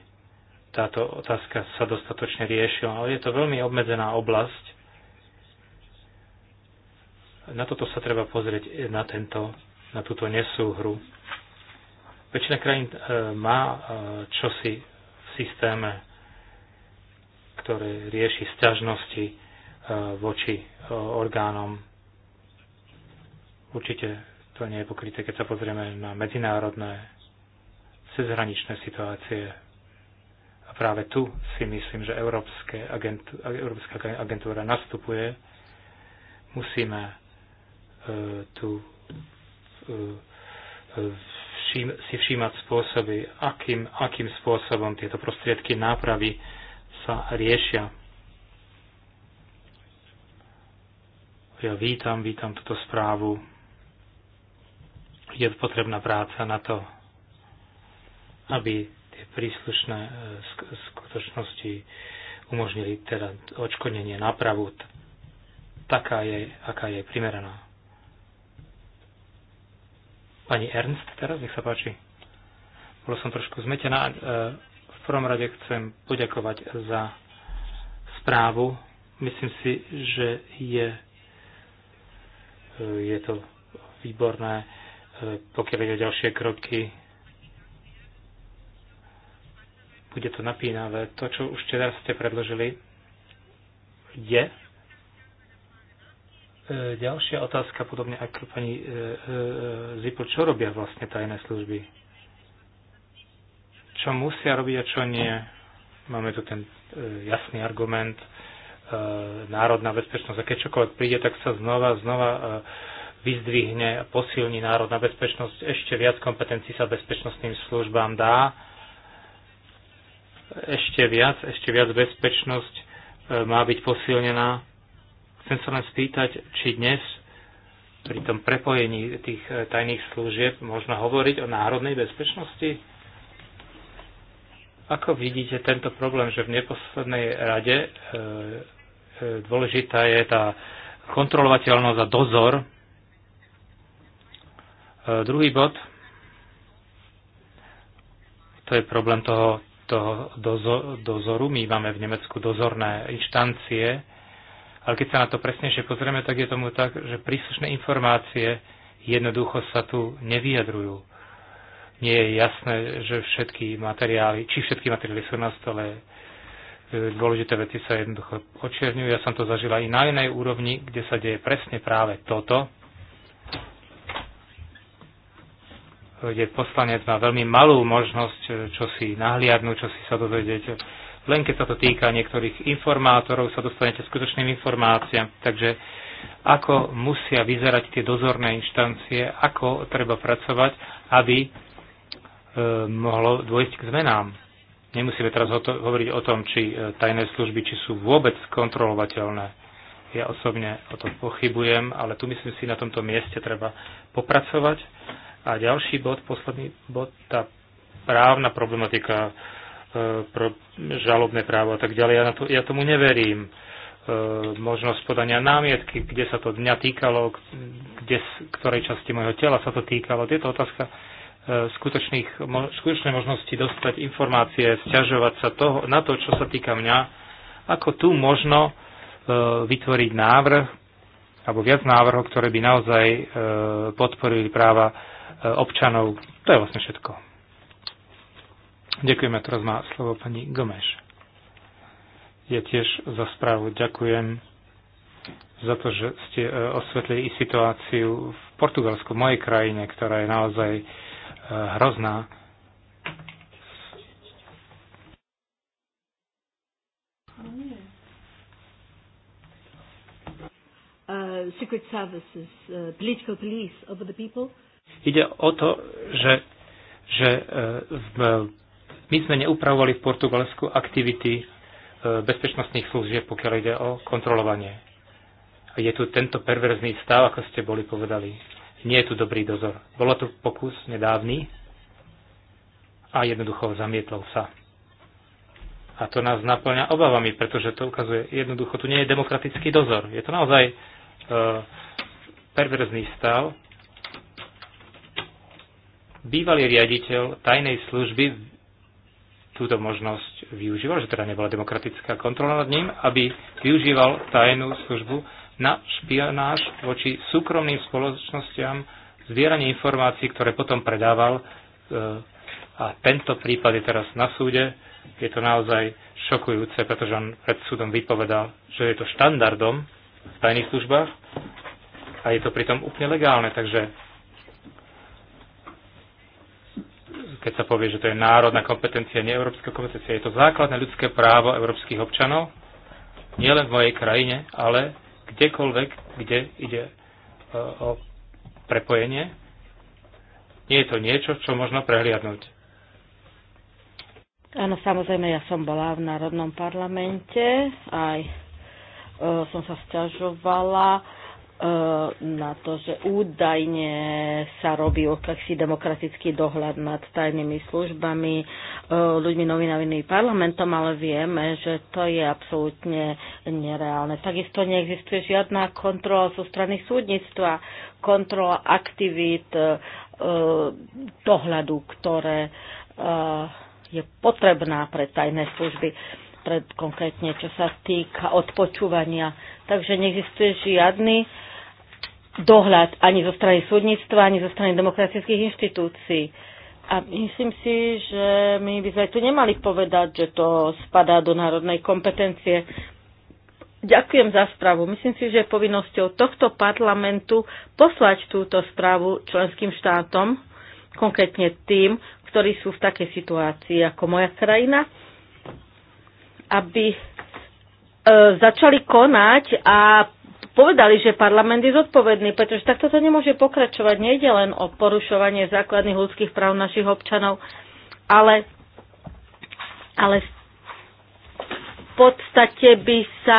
táto otázka sa dostatočne riešila. Ale je to veľmi obmedzená oblasť na toto sa treba pozrieť, na, tento, na túto nesúhru. Väčšina krajín e, má e, čosi v systéme, ktoré rieši sťažnosti e, voči orgánom. Určite to nie je pokryté, keď sa pozrieme na medzinárodné cezhraničné situácie. A práve tu si myslím, že Európska agentúra nastupuje. Musíme tu e, všim, si všímať spôsoby, akým, akým spôsobom tieto prostriedky nápravy sa riešia. Ja vítam, vítam túto správu. Je potrebná práca na to, aby tie príslušné e, skutočnosti umožnili teda odškodnenie nápravu taká je, aká je primeraná. Pani Ernst teraz, nech sa páči. Bolo som trošku zmetená. E, v prvom rade chcem poďakovať za správu. Myslím si, že je, e, je to výborné, e, pokiaľ ide o ďalšie kroky. Bude to napínavé. To, čo už teraz ste predložili, je E, ďalšia otázka, podobne ako pani e, e, Zipo, čo robia vlastne tajné služby? Čo musia robiť a čo nie? Máme tu ten jasný argument, národná bezpečnosť. A keď čokoľvek príde, tak sa znova, znova vyzdvihne a posilní národná bezpečnosť. Ešte viac kompetencií sa bezpečnostným službám dá. Ešte viac, ešte viac bezpečnosť má byť posilnená Chcem sa len spýtať, či dnes pri tom prepojení tých e, tajných služieb možno hovoriť o národnej bezpečnosti? Ako vidíte tento problém, že v neposlednej rade e, e, dôležitá je tá kontrolovateľnosť a dozor? druhý bod, to je problém toho, toho dozoru. My máme v Nemecku dozorné inštancie, ale keď sa na to presnejšie pozrieme, tak je tomu tak, že príslušné informácie jednoducho sa tu nevyjadrujú. Nie je jasné, že všetky materiály, či všetky materiály sú na stole, e, dôležité veci sa jednoducho očierňujú. Ja som to zažila i na inej úrovni, kde sa deje presne práve toto, kde poslanec má veľmi malú možnosť e, čo si nahliadnúť, čo si sa dozvedieť len keď sa to týka niektorých informátorov, sa dostanete skutočným informáciám. Takže ako musia vyzerať tie dozorné inštancie, ako treba pracovať, aby e, mohlo dôjsť k zmenám. Nemusíme teraz hovoriť o tom, či e, tajné služby či sú vôbec kontrolovateľné. Ja osobne o tom pochybujem, ale tu myslím si, na tomto mieste treba popracovať. A ďalší bod, posledný bod, tá právna problematika E, pro žalobné právo a tak ďalej. Ja, to, ja tomu neverím. E, možnosť podania námietky, kde sa to dňa týkalo, kde, ktorej časti môjho tela sa to týkalo. Tieto otázka e, mo, skutočnej možnosti dostať informácie, sťažovať sa toho, na to, čo sa týka mňa, ako tu možno e, vytvoriť návrh, alebo viac návrhov, ktoré by naozaj e, podporili práva e, občanov. To je vlastne všetko. Ďakujeme. Teraz má slovo pani Gomeš. Ja tiež za správu ďakujem za to, že ste e, osvetlili i situáciu v Portugalsku, v mojej krajine, ktorá je naozaj e, hrozná. Uh, secret services, uh, political police over the people? Ide o to, že, že uh, v my sme neupravovali v Portugalsku aktivity e, bezpečnostných služieb, pokiaľ ide o kontrolovanie. Je tu tento perverzný stav, ako ste boli povedali. Nie je tu dobrý dozor. Bolo tu pokus nedávny a jednoducho zamietol sa. A to nás naplňa obavami, pretože to ukazuje, jednoducho tu nie je demokratický dozor. Je to naozaj e, perverzný stav. Bývalý riaditeľ tajnej služby túto možnosť využíval, že teda nebola demokratická kontrola nad ním, aby využíval tajnú službu na špionáž voči súkromným spoločnostiam, zbieranie informácií, ktoré potom predával. Eh, a tento prípad je teraz na súde. Je to naozaj šokujúce, pretože on pred súdom vypovedal, že je to štandardom v tajných službách a je to pritom úplne legálne. Takže keď sa povie, že to je národná kompetencia, nie európska kompetencia. Je to základné ľudské právo európskych občanov, nielen v mojej krajine, ale kdekoľvek, kde ide e, o prepojenie. Nie je to niečo, čo možno prehliadnúť. Áno, samozrejme, ja som bola v Národnom parlamente, aj e, som sa sťažovala E, na to, že údajne sa robí akýsi demokratický dohľad nad tajnými službami, e, ľuďmi, novinovými parlamentom, ale vieme, že to je absolútne nereálne. Takisto neexistuje žiadna kontrola zo strany súdnictva, kontrola aktivít e, dohľadu, ktoré je potrebná pre tajné služby pred konkrétne, čo sa týka odpočúvania. Takže neexistuje žiadny dohľad ani zo strany súdnictva, ani zo strany demokratických inštitúcií. A myslím si, že my by sme tu nemali povedať, že to spadá do národnej kompetencie. Ďakujem za správu. Myslím si, že je povinnosťou tohto parlamentu poslať túto správu členským štátom, konkrétne tým, ktorí sú v takej situácii ako moja krajina aby e, začali konať a povedali, že parlament je zodpovedný, pretože takto to nemôže pokračovať. Nejde len o porušovanie základných ľudských práv našich občanov, ale, ale v podstate by sa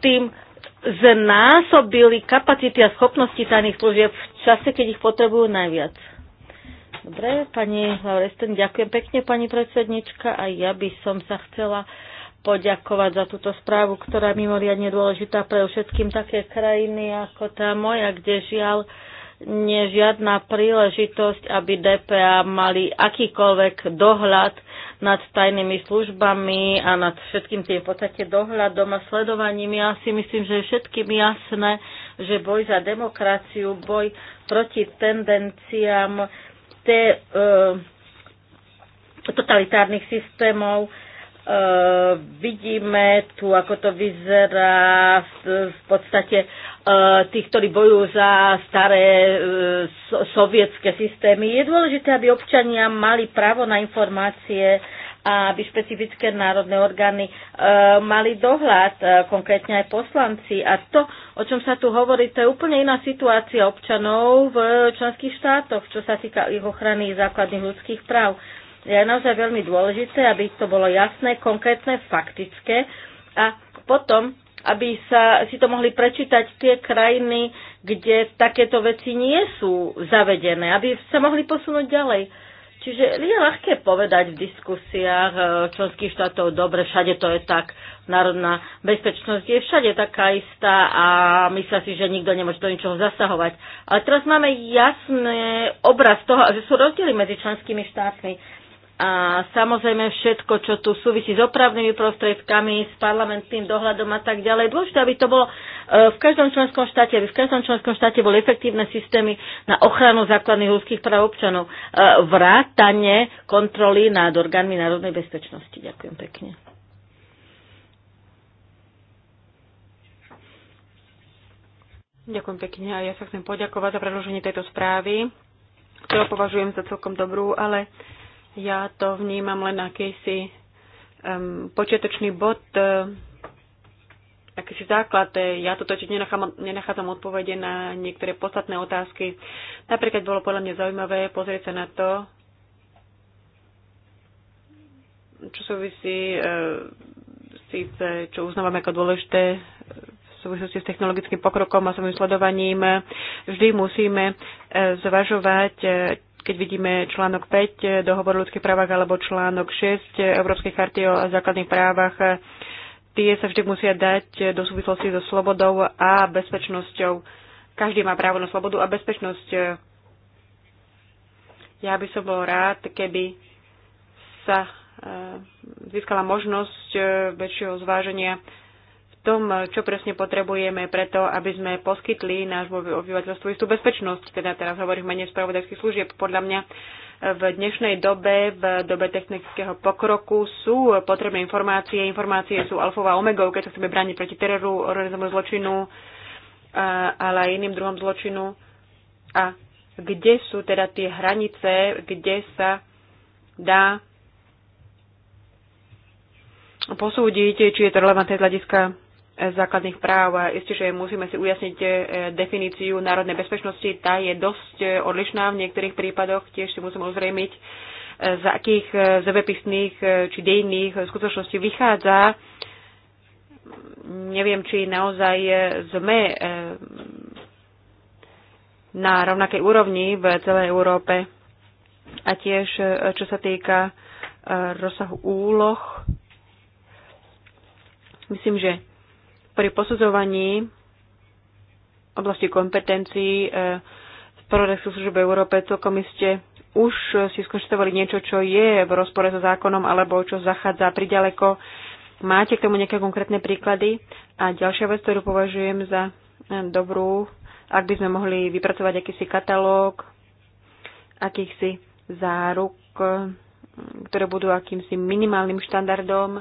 tým znásobili kapacity a schopnosti tajných služieb v čase, keď ich potrebujú najviac. Dobre, pani Lauresten, ďakujem pekne, pani predsednička. A ja by som sa chcela poďakovať za túto správu, ktorá je mimoriadne dôležitá pre všetkým také krajiny ako tá moja, kde žiaľ nie žiadna príležitosť, aby DPA mali akýkoľvek dohľad nad tajnými službami a nad všetkým tým v podstate dohľadom a sledovaním. Ja si myslím, že je všetkým jasné, že boj za demokraciu, boj proti tendenciám te, eh, totalitárnych systémov. Eh, vidíme tu, ako to vyzerá v, v podstate eh, tých, ktorí bojujú za staré sovietské systémy. Je dôležité, aby občania mali právo na informácie aby špecifické národné orgány e, mali dohľad, e, konkrétne aj poslanci. A to, o čom sa tu hovorí, to je úplne iná situácia občanov v členských štátoch, čo sa týka ich ochrany základných ľudských práv. Je naozaj veľmi dôležité, aby to bolo jasné, konkrétne, faktické a potom, aby sa, si to mohli prečítať tie krajiny, kde takéto veci nie sú zavedené, aby sa mohli posunúť ďalej Čiže je ľahké povedať v diskusiách e, členských štátov, dobre, všade to je tak, národná bezpečnosť je všade taká istá a myslia si, že nikto nemôže do ničoho zasahovať. Ale teraz máme jasný obraz toho, že sú rozdiely medzi členskými štátmi. A samozrejme všetko, čo tu súvisí s opravnými prostriedkami, s parlamentným dohľadom a tak ďalej. Dôležité, aby to bolo e, v každom členskom štáte, aby v každom členskom štáte boli efektívne systémy na ochranu základných ľudských práv občanov. E, Vrátanie kontroly nad orgánmi národnej bezpečnosti. Ďakujem pekne. Ďakujem pekne a ja sa chcem poďakovať za predloženie tejto správy, ktorú považujem za celkom dobrú, ale ja to vnímam len akýsi um, počiatočný bod, um, akýsi základ. E, ja tu totiž nenachádzam odpovede na niektoré podstatné otázky. Napríklad bolo podľa mňa zaujímavé pozrieť sa na to, čo súvisí uh, síce, čo uznávame ako dôležité v súvislosti s technologickým pokrokom a svojim sledovaním, vždy musíme zvažovať, keď vidíme článok 5 eh, dohovor o ľudských právach alebo článok 6 eh, Európskej charty o základných právach, eh, tie sa vždy musia dať do súvislosti so slobodou a bezpečnosťou. Každý má právo na slobodu a bezpečnosť. Ja by som bol rád, keby sa získala možnosť väčšieho zváženia tom, čo presne potrebujeme preto, aby sme poskytli nášmu obyvateľstvu istú bezpečnosť. Teda teraz hovorím menej spravodajských služieb. Podľa mňa v dnešnej dobe, v dobe technického pokroku sú potrebné informácie. Informácie sú alfová omegou, keď sa chceme brániť proti teroru, organizovanému zločinu, ale aj iným druhom zločinu. A kde sú teda tie hranice, kde sa dá posúdiť, či je to relevantné z hľadiska základných práv. A isté, že musíme si ujasniť e, definíciu národnej bezpečnosti. Tá je dosť e, odlišná v niektorých prípadoch. Tiež si musíme ozrejmiť, e, z akých zemepisných či dejných skutočností vychádza. Neviem, či naozaj sme na rovnakej úrovni v celej Európe. A tiež, čo sa týka rozsahu úloh, myslím, že pri posudzovaní oblasti kompetencií e, v Prodexu služby Európe celkom iste už si skonštatovali niečo, čo je v rozpore so zákonom alebo čo zachádza priďaleko. Máte k tomu nejaké konkrétne príklady? A ďalšia vec, ktorú považujem za e, dobrú, ak by sme mohli vypracovať akýsi katalóg, akýchsi záruk, e, ktoré budú akýmsi minimálnym štandardom,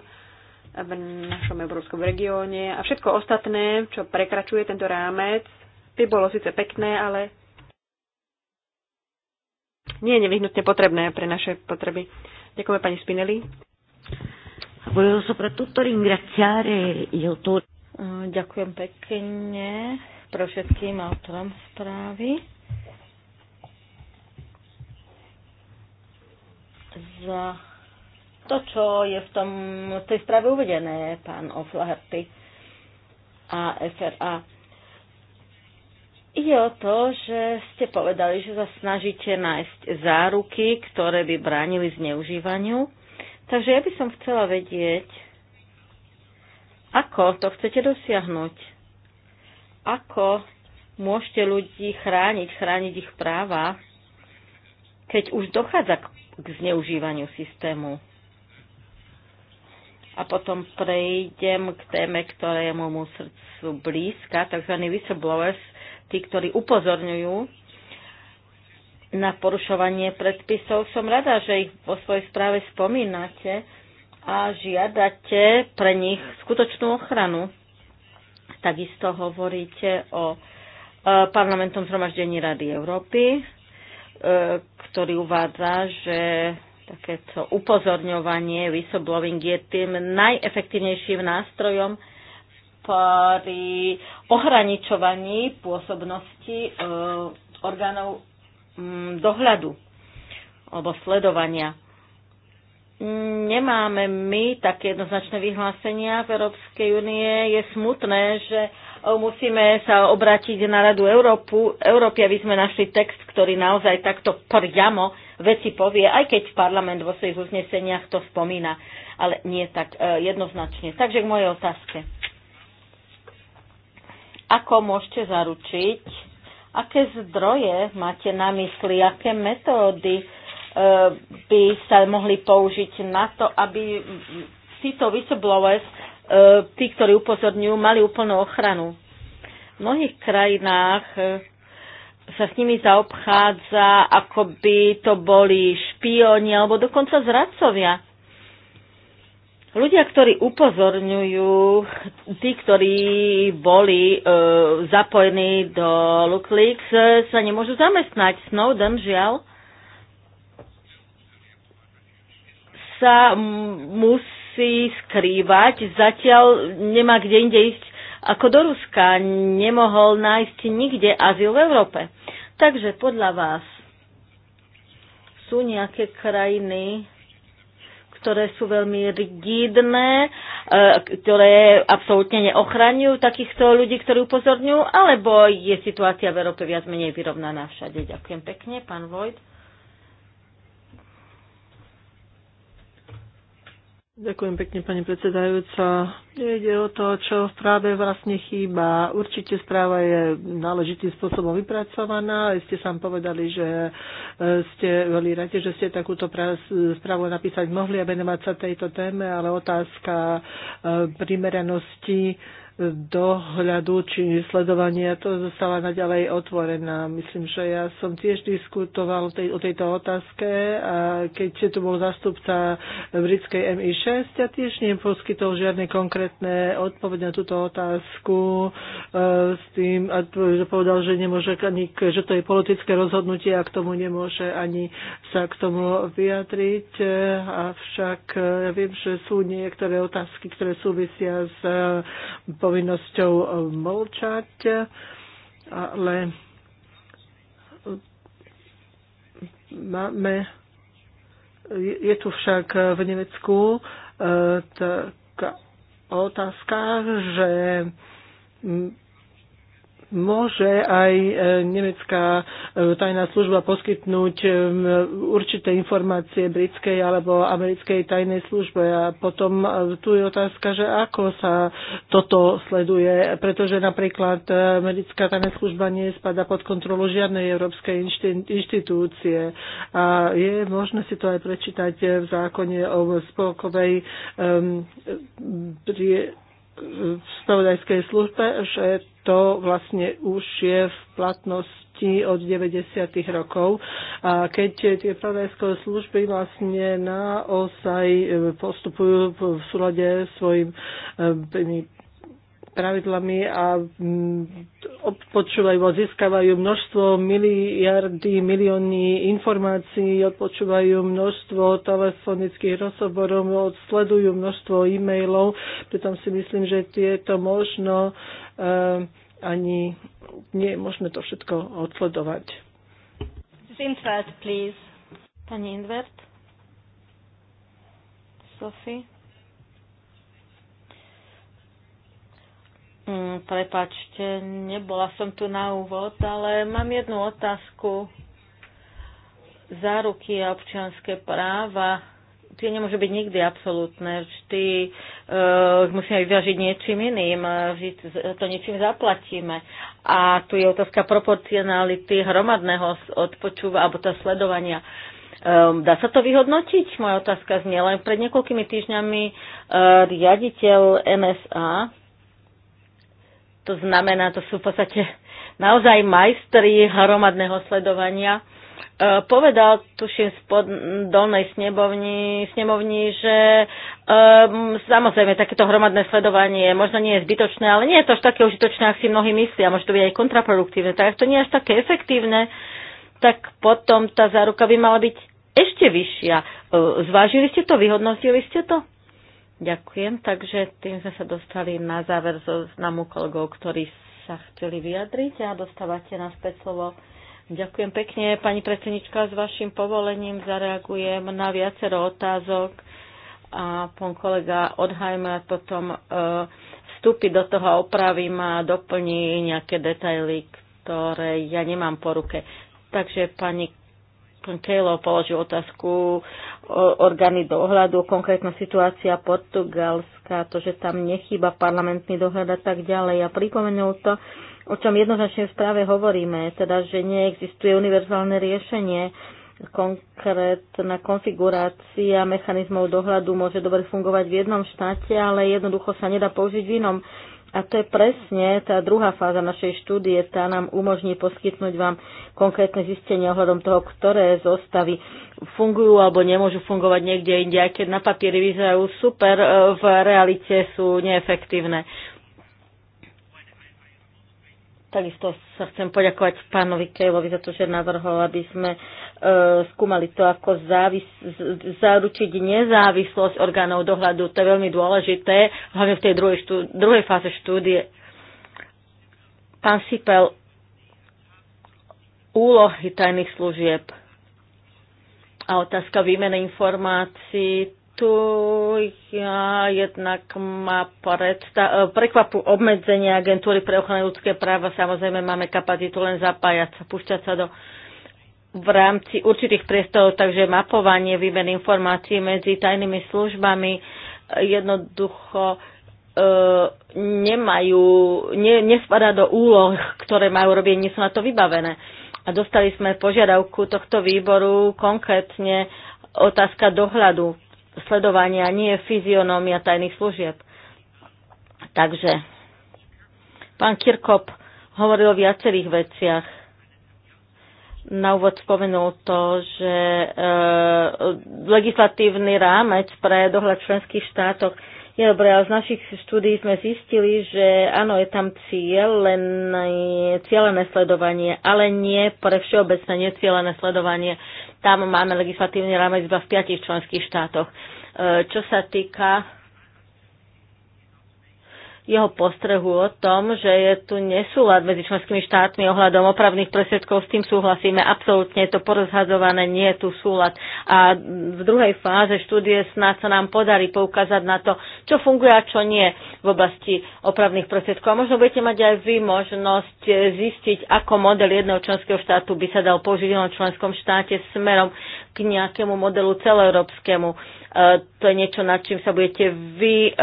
v našom európskom regióne a všetko ostatné, čo prekračuje tento rámec, by bolo síce pekné, ale nie je nevyhnutne potrebné pre naše potreby. Ďakujeme pani Spinelli. Ďakujem pekne pro všetkým autorom správy za to, čo je v, tom, v tej správe uvedené, pán O'Flaherty a FRA. Ide o to, že ste povedali, že sa snažíte nájsť záruky, ktoré by bránili zneužívaniu. Takže ja by som chcela vedieť, ako to chcete dosiahnuť. Ako môžete ľudí chrániť, chrániť ich práva, keď už dochádza k zneužívaniu systému a potom prejdem k téme, ktoré je môjmu srdcu blízka, tzv. whistleblowers, tí, ktorí upozorňujú na porušovanie predpisov. Som rada, že ich vo svojej správe spomínate a žiadate pre nich skutočnú ochranu. Takisto hovoríte o e, parlamentom zhromaždení Rady Európy, e, ktorý uvádza, že takéto upozorňovanie, whistleblowing je tým najefektívnejším nástrojom pri ohraničovaní pôsobnosti e, orgánov mm, dohľadu alebo sledovania. Nemáme my také jednoznačné vyhlásenia v Európskej únie. Je smutné, že musíme sa obrátiť na Radu Európu, Európy, aby sme našli text, ktorý naozaj takto priamo veci povie, aj keď parlament vo svojich uzneseniach to spomína, ale nie tak e, jednoznačne. Takže k mojej otázke. Ako môžete zaručiť, aké zdroje máte na mysli, aké metódy e, by sa mohli použiť na to, aby títo whistleblowers E, tí, ktorí upozorňujú, mali úplnú ochranu. V mnohých krajinách e, sa s nimi zaobchádza, ako by to boli špioni alebo dokonca zradcovia. Ľudia, ktorí upozorňujú, tí, ktorí boli e, zapojení do LuxLeaks, e, sa nemôžu zamestnať. Snowden, žiaľ, sa musí si skrývať, zatiaľ nemá kde inde ísť ako do Ruska, nemohol nájsť nikde azyl v Európe. Takže podľa vás sú nejaké krajiny, ktoré sú veľmi rigidné, e, ktoré absolútne neochraňujú takýchto ľudí, ktorí upozorňujú, alebo je situácia v Európe viac menej vyrovnaná všade. Ďakujem pekne, pán Vojt. Ďakujem pekne, pani predsedajúca. Ide o to, čo v správe vlastne chýba. Určite správa je náležitým spôsobom vypracovaná. Ste sám povedali, že e, ste veľmi radi, že ste takúto správu napísať mohli a venovať sa tejto téme, ale otázka e, primeranosti dohľadu či sledovania, to zostáva naďalej otvorená. Myslím, že ja som tiež diskutoval tej, o tejto otázke, a keď tu bol zastupca britskej MI6 a ja tiež neposkytol žiadne konkrétne odpovede na túto otázku e, s tým, a povedal, že nemôže ani, že to je politické rozhodnutie a k tomu nemôže ani sa k tomu vyjadriť. E, avšak e, ja viem, že sú niektoré otázky, ktoré súvisia s e, povinnosťou eh, mlčať, ale máme, je tu však v Nemecku eh, taká otázka, že hm, môže aj e, nemecká e, tajná služba poskytnúť e, určité informácie britskej alebo americkej tajnej službe. A potom tu je otázka, že ako sa toto sleduje, pretože napríklad americká tajná služba spada pod kontrolu žiadnej európskej inštitúcie. A je možné si to aj prečítať v zákone o spolkovej um, pri spravodajskej službe, že to vlastne už je v platnosti od 90. rokov. A keď tie pravajské služby vlastne naozaj e, postupujú v súlade svojim e, pravidlami a mm, odpočúvajú a získavajú množstvo miliardy, milióny informácií, odpočúvajú množstvo telefonických rozhovorov, odsledujú množstvo e-mailov, pritom si myslím, že tieto možno uh, ani nie je možné to všetko odsledovať. Invert, please. Pani Invert. Sophie. Mm, prepačte, nebola som tu na úvod, ale mám jednu otázku. Záruky a občianské práva, tie nemôžu byť nikdy absolútne. Vždy uh, musíme vyvážiť niečím iným, vždy to niečím zaplatíme. A tu je otázka proporcionality hromadného odpočúva alebo to sledovania. Um, dá sa to vyhodnotiť? Moja otázka znie len pred niekoľkými týždňami uh, riaditeľ NSA to znamená, to sú v podstate naozaj majstri hromadného sledovania. E, povedal, tuším, spod dolnej snebovni, snebovni že um, samozrejme takéto hromadné sledovanie možno nie je zbytočné, ale nie je to až také užitočné, ak si mnohí myslia, môže to byť aj kontraproduktívne. Tak ak to nie je až také efektívne, tak potom tá záruka by mala byť ešte vyššia. E, zvážili ste to, vyhodnotili ste to? Ďakujem. Takže tým sme sa dostali na záver zo znamu kolegov, ktorí sa chceli vyjadriť a dostávate späť slovo. Ďakujem pekne, pani predsednička, s vašim povolením zareagujem na viacero otázok a pán kolega Odhajmer potom e, vstúpi do toho a opraví ma a doplní nejaké detaily, ktoré ja nemám po ruke. Takže pani pán Kejlo položil otázku orgány dohľadu, konkrétna situácia Portugalska, to, že tam nechýba parlamentný dohľad a tak ďalej. A pripomenul to, o čom jednoznačne v správe hovoríme, teda, že neexistuje univerzálne riešenie, konkrétna konfigurácia mechanizmov dohľadu môže dobre fungovať v jednom štáte, ale jednoducho sa nedá použiť v inom. A to je presne tá druhá fáza našej štúdie, tá nám umožní poskytnúť vám konkrétne zistenie ohľadom toho, ktoré zostavy fungujú alebo nemôžu fungovať niekde inde, aj keď na papieri vyzerajú super, e, v realite sú neefektívne. Takisto sa chcem poďakovať pánovi Kejlovi za to, že navrhol, aby sme e, skúmali to, ako závis, zaručiť nezávislosť orgánov dohľadu. To je veľmi dôležité, hlavne v tej druhej, štú, druhej fáze štúdie. Pán Sipel, úlohy tajných služieb a otázka výmeny informácií, tu Ja jednak ma predsta- e, prekvapu obmedzenie agentúry pre ochranu ľudské práva. Samozrejme máme kapacitu len zapájať sa, púšťať sa do v rámci určitých priestorov, takže mapovanie, výmen informácií medzi tajnými službami jednoducho e, nemajú, ne, nespadá do úloh, ktoré majú robiť, nie sú na to vybavené. A dostali sme požiadavku tohto výboru konkrétne otázka dohľadu sledovania, nie fyzionómia tajných služieb. Takže pán Kirkop hovoril o viacerých veciach. Na úvod spomenul to, že e, legislatívny rámec pre dohľad členských štátoch je dobré, ale z našich štúdí sme zistili, že áno, je tam cieľené, cieľené sledovanie, ale nie pre všeobecné necielené sledovanie. Tam máme legislatívny rámec iba v piatich členských štátoch. E, čo sa týka jeho postrehu o tom, že je tu nesúlad medzi členskými štátmi ohľadom opravných prostriedkov, s tým súhlasíme, absolútne je to porozhadzované, nie je tu súlad. A v druhej fáze štúdie snad sa nám podarí poukázať na to, čo funguje a čo nie v oblasti opravných prostriedkov. A možno budete mať aj vy možnosť zistiť, ako model jedného členského štátu by sa dal použiť v členskom štáte smerom k nejakému modelu celoeurópskemu Eh, to je niečo, nad čím sa budete vy eh,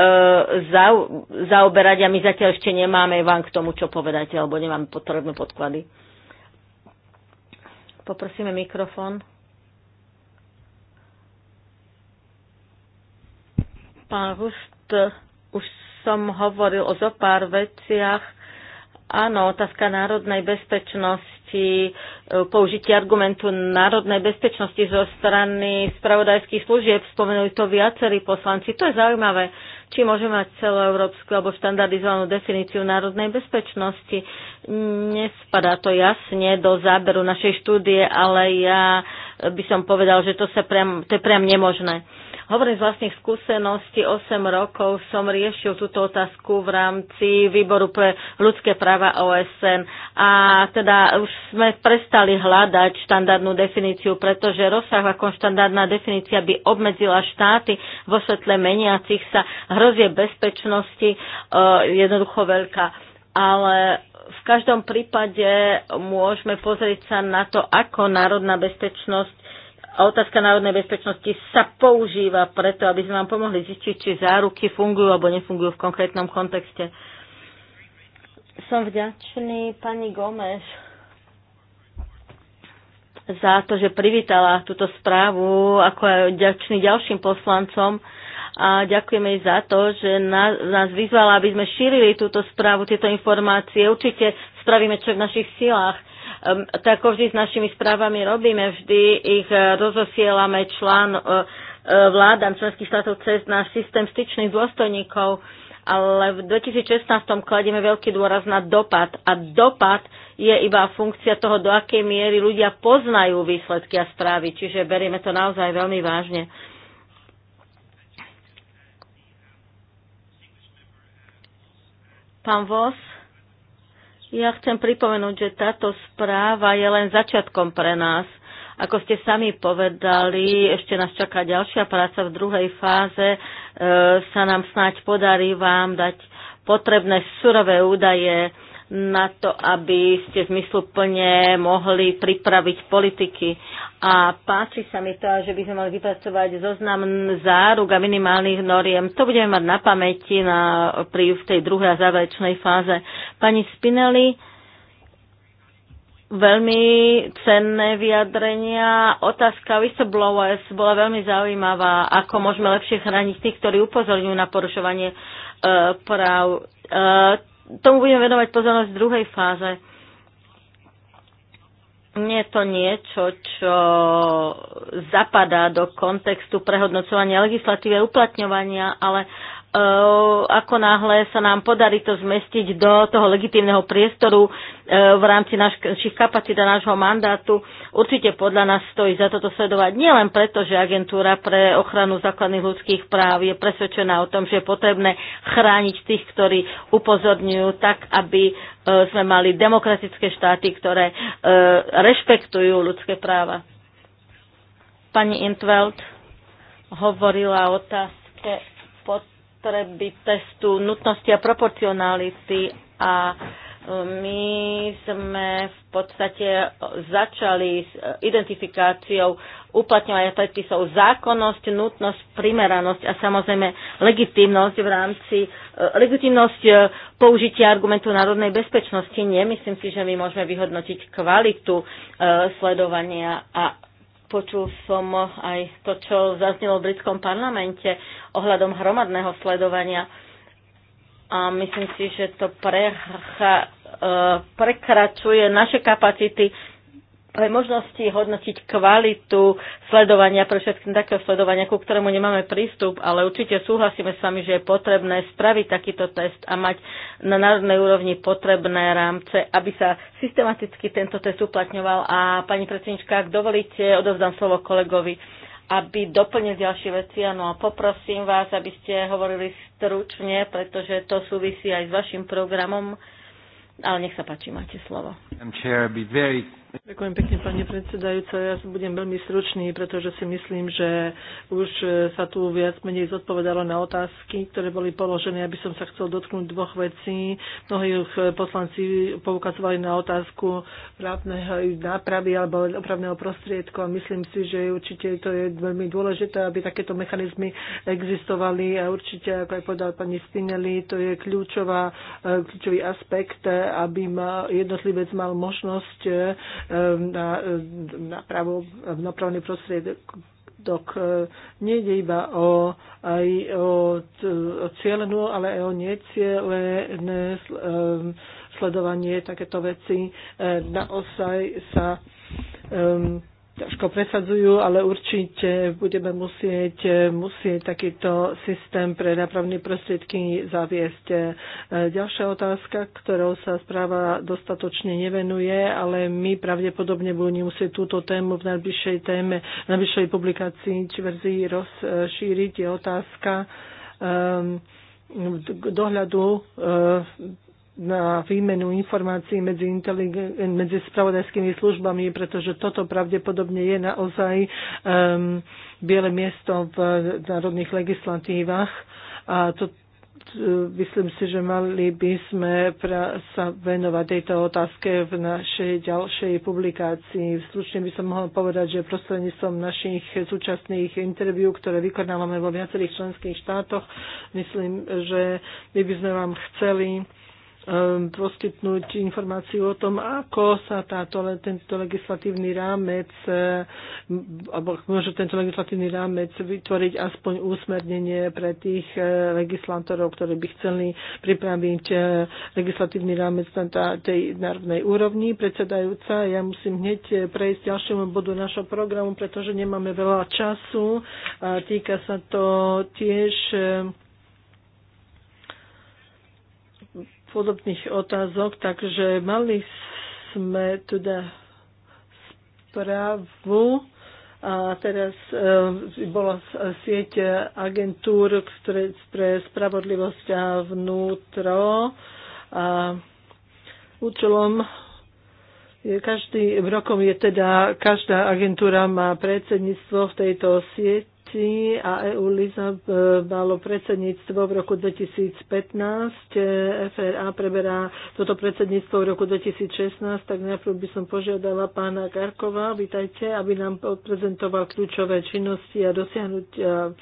zaoberať a my zatiaľ ešte nemáme vám k tomu, čo povedať, alebo nemáme potrebné podklady. Poprosíme mikrofón. Pán Rust, už som hovoril o zo pár veciach, Áno, otázka národnej bezpečnosti, e, použitie argumentu národnej bezpečnosti zo strany spravodajských služieb, spomenuli to viacerí poslanci. To je zaujímavé, či môžeme mať celoeurópsku alebo štandardizovanú definíciu národnej bezpečnosti. Nespadá to jasne do záberu našej štúdie, ale ja by som povedal, že to, sa priam, to je priam nemožné. Hovorím z vlastných skúseností, 8 rokov som riešil túto otázku v rámci Výboru pre ľudské práva OSN a teda už sme prestali hľadať štandardnú definíciu, pretože rozsah ako štandardná definícia by obmedzila štáty vo svetle meniacich sa hrozie bezpečnosti e, jednoducho veľká. Ale v každom prípade môžeme pozrieť sa na to, ako národná bezpečnosť a otázka národnej bezpečnosti sa používa preto, aby sme vám pomohli zistiť, či záruky fungujú alebo nefungujú v konkrétnom kontexte. Som vďačný pani Gomez za to, že privítala túto správu, ako aj vďačný ďalším poslancom a ďakujeme jej za to, že nás vyzvala, aby sme šírili túto správu, tieto informácie. Určite spravíme, čo v našich silách Ehm, tak ako vždy s našimi správami robíme, vždy ich eh, rozosielame člán eh, eh, vládam členských štátov cez náš systém styčných dôstojníkov, ale v 2016 kladieme veľký dôraz na dopad a dopad je iba funkcia toho, do akej miery ľudia poznajú výsledky a správy, čiže berieme to naozaj veľmi vážne. Pán Vos? Ja chcem pripomenúť, že táto správa je len začiatkom pre nás. Ako ste sami povedali, ešte nás čaká ďalšia práca v druhej fáze. E, sa nám snáď podarí vám dať potrebné surové údaje na to, aby ste zmysluplne mohli pripraviť politiky. A páči sa mi to, že by sme mali vypracovať zoznam záruk a minimálnych noriem. To budeme mať na pamäti na, pri, v tej druhej a záverečnej fáze. Pani Spinelli, veľmi cenné vyjadrenia. Otázka whistleblowers bola veľmi zaujímavá, ako môžeme lepšie chrániť tých, ktorí upozorňujú na porušovanie e, práv. E, tomu budeme venovať pozornosť v druhej fáze. Nie je to niečo, čo zapadá do kontextu prehodnocovania legislatívy a uplatňovania, ale Eh, ako náhle sa nám podarí to zmestiť do toho legitímneho priestoru eh, v rámci našich kapacít a nášho mandátu, určite podľa nás stojí za toto sledovať. Nielen preto, že agentúra pre ochranu základných ľudských práv je presvedčená o tom, že je potrebné chrániť tých, ktorí upozorňujú tak, aby eh, sme mali demokratické štáty, ktoré rešpektujú ľudské práva. Pani Intveld hovorila o otázke pod potreby testu nutnosti a proporcionality a e, my sme v podstate začali s identifikáciou uplatňovania predpisov zákonnosť, nutnosť, primeranosť a samozrejme legitimnosť v rámci e, legitimnosť e, použitia argumentu národnej bezpečnosti. nemyslím si, že my môžeme vyhodnotiť kvalitu sledovania a Počul som aj to, čo zaznelo v britskom parlamente ohľadom hromadného sledovania. A myslím si, že to precha, eh, prekračuje naše kapacity aj možnosti hodnotiť kvalitu sledovania, pre všetkým takého sledovania, ku ktorému nemáme prístup, ale určite súhlasíme s vami, že je potrebné spraviť takýto test a mať na národnej úrovni potrebné rámce, aby sa systematicky tento test uplatňoval. A pani predsednička, ak dovolíte, odovzdám slovo kolegovi aby doplnil ďalšie veci. Áno, a poprosím vás, aby ste hovorili stručne, pretože to súvisí aj s vašim programom. Ale nech sa páči, máte slovo. Ďakujem pekne, pani predsedajúca. Ja si budem veľmi stručný, pretože si myslím, že už sa tu viac menej zodpovedalo na otázky, ktoré boli položené. Ja by som sa chcel dotknúť dvoch vecí. Mnohí poslanci poukazovali na otázku právneho nápravy alebo opravného prostriedku a myslím si, že určite to je veľmi dôležité, aby takéto mechanizmy existovali a určite, ako aj povedal pani Spinelli, to je kľúčová, kľúčový aspekt, aby jednotlivec mal možnosť Ehm, na, ehm, na, pravo, na právny prostriedok dok ehm, nejde iba o, aj o, o cieľenú, ale aj o necieľené sledovanie takéto veci. Naozaj sa um, ťažko presadzujú, ale určite budeme musieť, e, musieť takýto systém pre nápravné prostriedky zaviesť. E, ďalšia otázka, ktorou sa správa dostatočne nevenuje, ale my pravdepodobne budeme musieť túto tému v najbližšej téme, v najbližšej publikácii či verzii rozšíriť, je otázka um, dohľadu e, na výmenu informácií medzi, medzi spravodajskými službami, pretože toto pravdepodobne je naozaj um, biele miesto v národných legislatívach. A to, myslím si, že mali by sme pra, sa venovať tejto otázke v našej ďalšej publikácii. Stručne by som mohol povedať, že prostredníctvom našich súčasných interviú, ktoré vykonávame vo viacerých členských štátoch, myslím, že my by sme vám chceli Um, poskytnúť informáciu o tom, ako sa táto, tento legislatívny rámec, um, alebo môže tento legislatívny rámec vytvoriť aspoň úsmernenie pre tých uh, legislátorov, ktorí by chceli pripraviť uh, legislatívny rámec na tej národnej úrovni. Predsedajúca, ja musím hneď prejsť ďalšiemu bodu našho programu, pretože nemáme veľa času. Týka sa to tiež um, podobných otázok, takže mali sme teda správu, a teraz e, bola sieť agentúr pre, pre spravodlivosť a vnútro a účelom je, každý rokom je teda, každá agentúra má predsedníctvo v tejto sieť oblasti a EU Liza malo e, predsedníctvo v roku 2015. E, FRA preberá toto predsedníctvo v roku 2016, tak najprv by som požiadala pána Karkova, vítajte, aby nám prezentoval kľúčové činnosti a dosiahnutia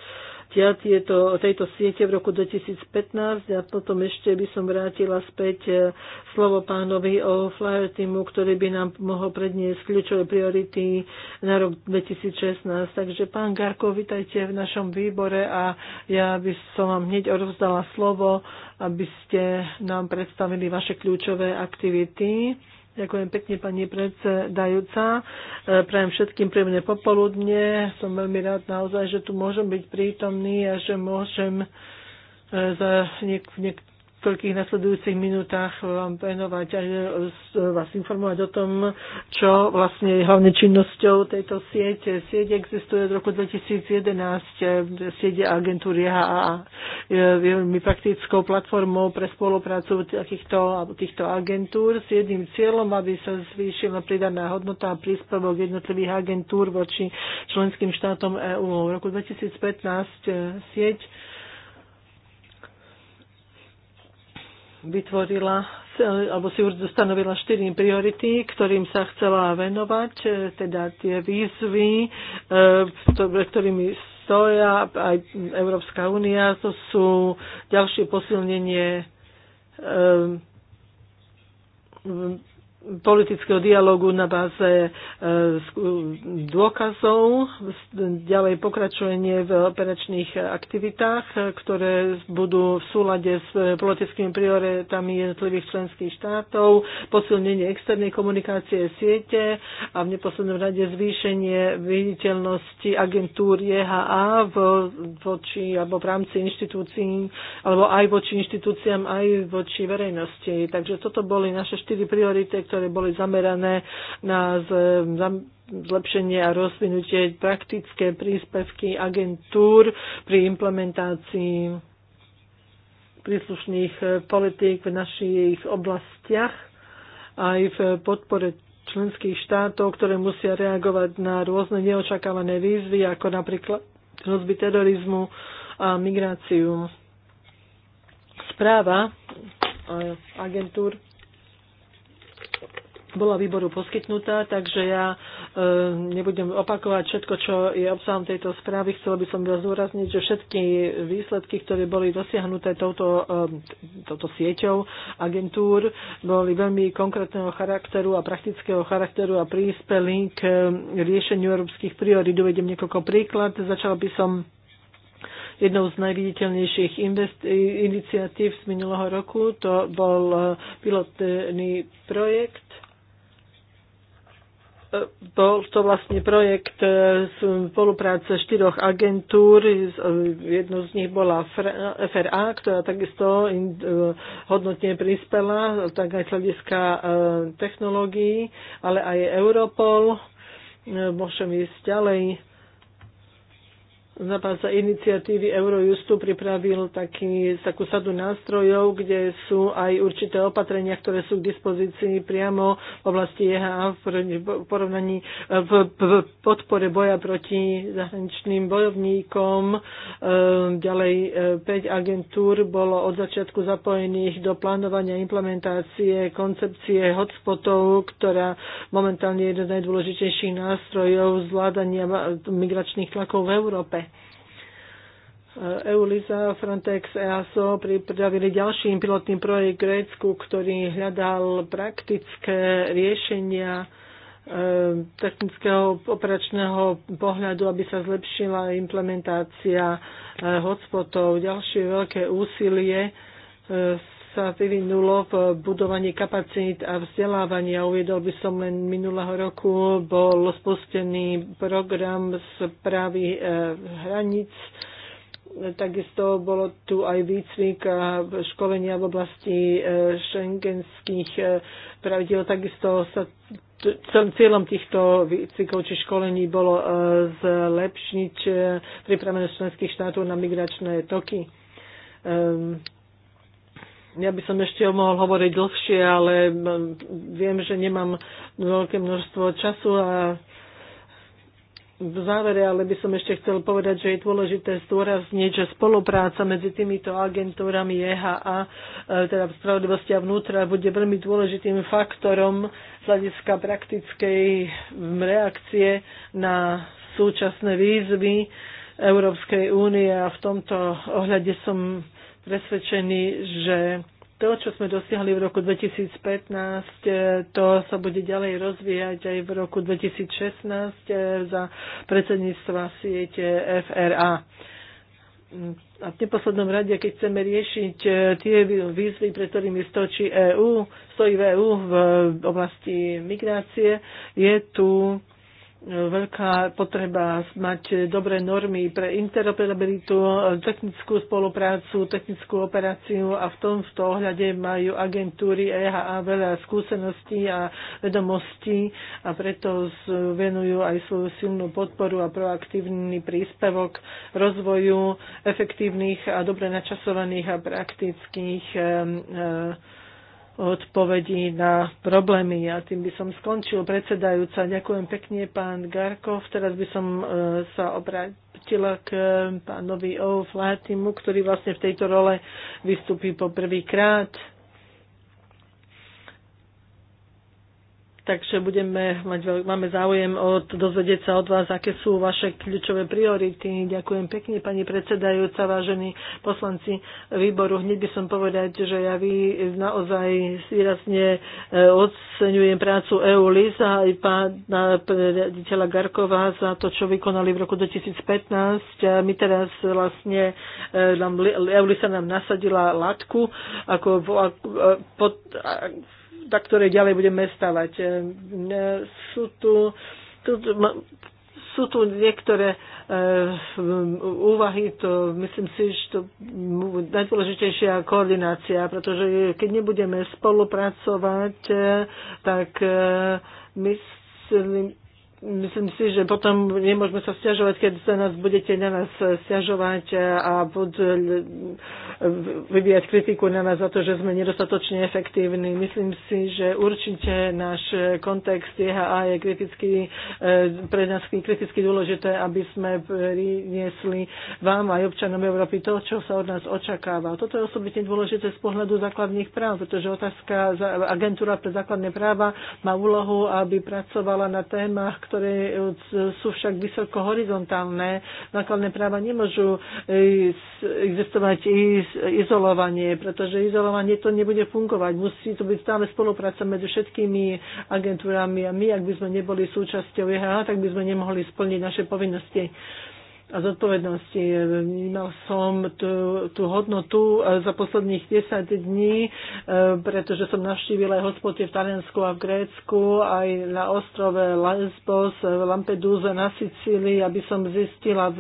tieto, tejto siete v roku 2015 a potom ešte by som vrátila späť e, slovo pánovi o Flyer Teamu, ktorý by nám mohol predniesť kľúčové priority na rok 2016. Takže pán Garko, vitajte v našom výbore a ja by som vám hneď odovzdala slovo, aby ste nám predstavili vaše kľúčové aktivity. Ďakujem pekne, pani predsedajúca. E, prajem všetkým príjemné popoludne. Som veľmi rád naozaj, že tu môžem byť prítomný a že môžem e, za niek- niek- niekoľkých nasledujúcich minútach vám venovať a e, vás informovať o tom, čo vlastne je hlavne činnosťou tejto siete. Sieť existuje od roku 2011, e, sieť agentúry HAA je veľmi praktickou platformou pre spoluprácu týchto, týchto agentúr s jedným cieľom, aby sa zvýšila pridaná hodnota a príspevok jednotlivých agentúr voči členským štátom EÚ. V roku 2015 e, sieť vytvorila, alebo si už stanovila štyri priority, ktorým sa chcela venovať, e, teda tie výzvy, e, ktorými stoja aj Európska únia, to sú ďalšie posilnenie e, politického dialogu na báze e, dôkazov, ďalej pokračovanie v operačných aktivitách, ktoré budú v súlade s politickými prioritami jednotlivých členských štátov, posilnenie externej komunikácie siete a v neposlednom rade zvýšenie viditeľnosti agentúr JHA voči alebo v rámci inštitúcií, alebo aj voči inštitúciám, aj voči verejnosti. Takže toto boli naše štyri priority, ktoré boli zamerané na zlepšenie a rozvinutie praktické príspevky agentúr pri implementácii príslušných eh, politík v našich oblastiach aj v podpore členských štátov, ktoré musia reagovať na rôzne neočakávané výzvy, ako napríklad hrozby terorizmu a migráciu. Správa eh, agentúr bola výboru poskytnutá, takže ja e, nebudem opakovať všetko, čo je obsahom tejto správy. Chcela by som iba zdôrazniť, že všetky výsledky, ktoré boli dosiahnuté touto, e, touto sieťou agentúr, boli veľmi konkrétneho charakteru a praktického charakteru a prispeli k e, riešeniu európskych priorít. Uvediem niekoľko príklad. Začala by som jednou z najviditeľnejších iniciatív z minulého roku. To bol e, pilotný projekt bol to vlastne projekt e, spolupráce štyroch agentúr. Jednou z nich bola FRA, ktorá takisto e, hodnotne prispela, tak aj z hľadiska e, technológií, ale aj Europol. Môžem ísť ďalej za iniciatívy Eurojustu pripravil taký, takú sadu nástrojov, kde sú aj určité opatrenia, ktoré sú k dispozícii priamo v oblasti EHA v porovnaní v, podpore boja proti zahraničným bojovníkom. E, ďalej 5 e, agentúr bolo od začiatku zapojených do plánovania implementácie koncepcie hotspotov, ktorá momentálne je jeden z najdôležitejších nástrojov zvládania migračných tlakov v Európe. EULISA, Frontex, EASO pripravili ďalší pilotný projekt Grécku, ktorý hľadal praktické riešenia e, technického operačného pohľadu, aby sa zlepšila implementácia e, hotspotov. Ďalšie veľké úsilie e, sa vyvinulo v budovaní kapacít a vzdelávania. Uviedol by som len minulého roku, bol spustený program správy hraníc, hraníc Takisto bolo tu aj výcvik a školenia v oblasti e, šengenských e, pravidel. Takisto sa cieľom týchto výcvikov či školení bolo e, zlepšiť pripravenosť členských štátov na migračné toky. Ehm, ja by som ešte mohol hovoriť dlhšie, ale viem, že nemám veľké množstvo času a v závere, ale by som ešte chcel povedať, že je dôležité zdôrazniť, že spolupráca medzi týmito agentúrami EHA, e, teda spravodlivosti a vnútra, bude veľmi dôležitým faktorom z hľadiska praktickej reakcie na súčasné výzvy Európskej únie a v tomto ohľade som presvedčený, že to, čo sme dosiahli v roku 2015, e, to sa bude ďalej rozvíjať aj v roku 2016 e, za predsedníctva siete FRA. A v neposlednom rade, keď chceme riešiť e, tie výzvy, pre ktorými stočí EU, stojí v EU v oblasti migrácie, je tu veľká potreba mať dobré normy pre interoperabilitu, technickú spoluprácu, technickú operáciu a v tomto ohľade majú agentúry EHA veľa skúseností a vedomostí a preto venujú aj svoju silnú podporu a proaktívny príspevok rozvoju efektívnych a dobre načasovaných a praktických e, odpovedí na problémy. A tým by som skončil predsedajúca. Ďakujem pekne, pán Garkov. Teraz by som e, sa obrátila k e, pánovi O'Flatimu, ktorý vlastne v tejto role vystúpi po prvýkrát. takže budeme mať, máme záujem od, dozvedieť sa od vás, aké sú vaše kľúčové priority. Ďakujem pekne, pani predsedajúca, vážení poslanci výboru. Hneď by som povedať, že ja vy naozaj výrazne e, oceňujem prácu EULIS a aj pána riaditeľa Garkova za to, čo vykonali v roku 2015. A my teraz vlastne e, nám, EULISA e nám nasadila latku ako, pod, na ktoré ďalej budeme stavať. E, e, sú tu, tu sú tu niektoré e, úvahy, to myslím si, že to najdôležitejšia koordinácia, pretože keď nebudeme spolupracovať, tak myslím, myslím si, že potom nemôžeme sa stiažovať, keď sa nás budete na nás stiažovať a bud, vyvíjať kritiku na nás za to, že sme nedostatočne efektívni. Myslím si, že určite náš kontext a je kriticky, eh, pre nás kriticky dôležité, aby sme priniesli vám aj občanom Európy to, čo sa od nás očakáva. Toto je osobitne dôležité z pohľadu základných práv, pretože otázka agentúra pre základné práva má úlohu, aby pracovala na témach, ktoré e, sú však vysoko horizontálne. nákladné práva nemôžu e, existovať izolovanie, pretože izolovanie to nebude fungovať. Musí to byť stále spolupráca medzi všetkými agentúrami a my, ak by sme neboli súčasťou EHA, tak by sme nemohli splniť naše povinnosti a zodpovednosti. Vnímal som tú, tú hodnotu e, za posledných 10 dní, e, pretože som navštívil aj hospody v Taliansku a v Grécku, aj na ostrove Lesbos, e, v Lampedúze, na Sicílii, aby som zistila,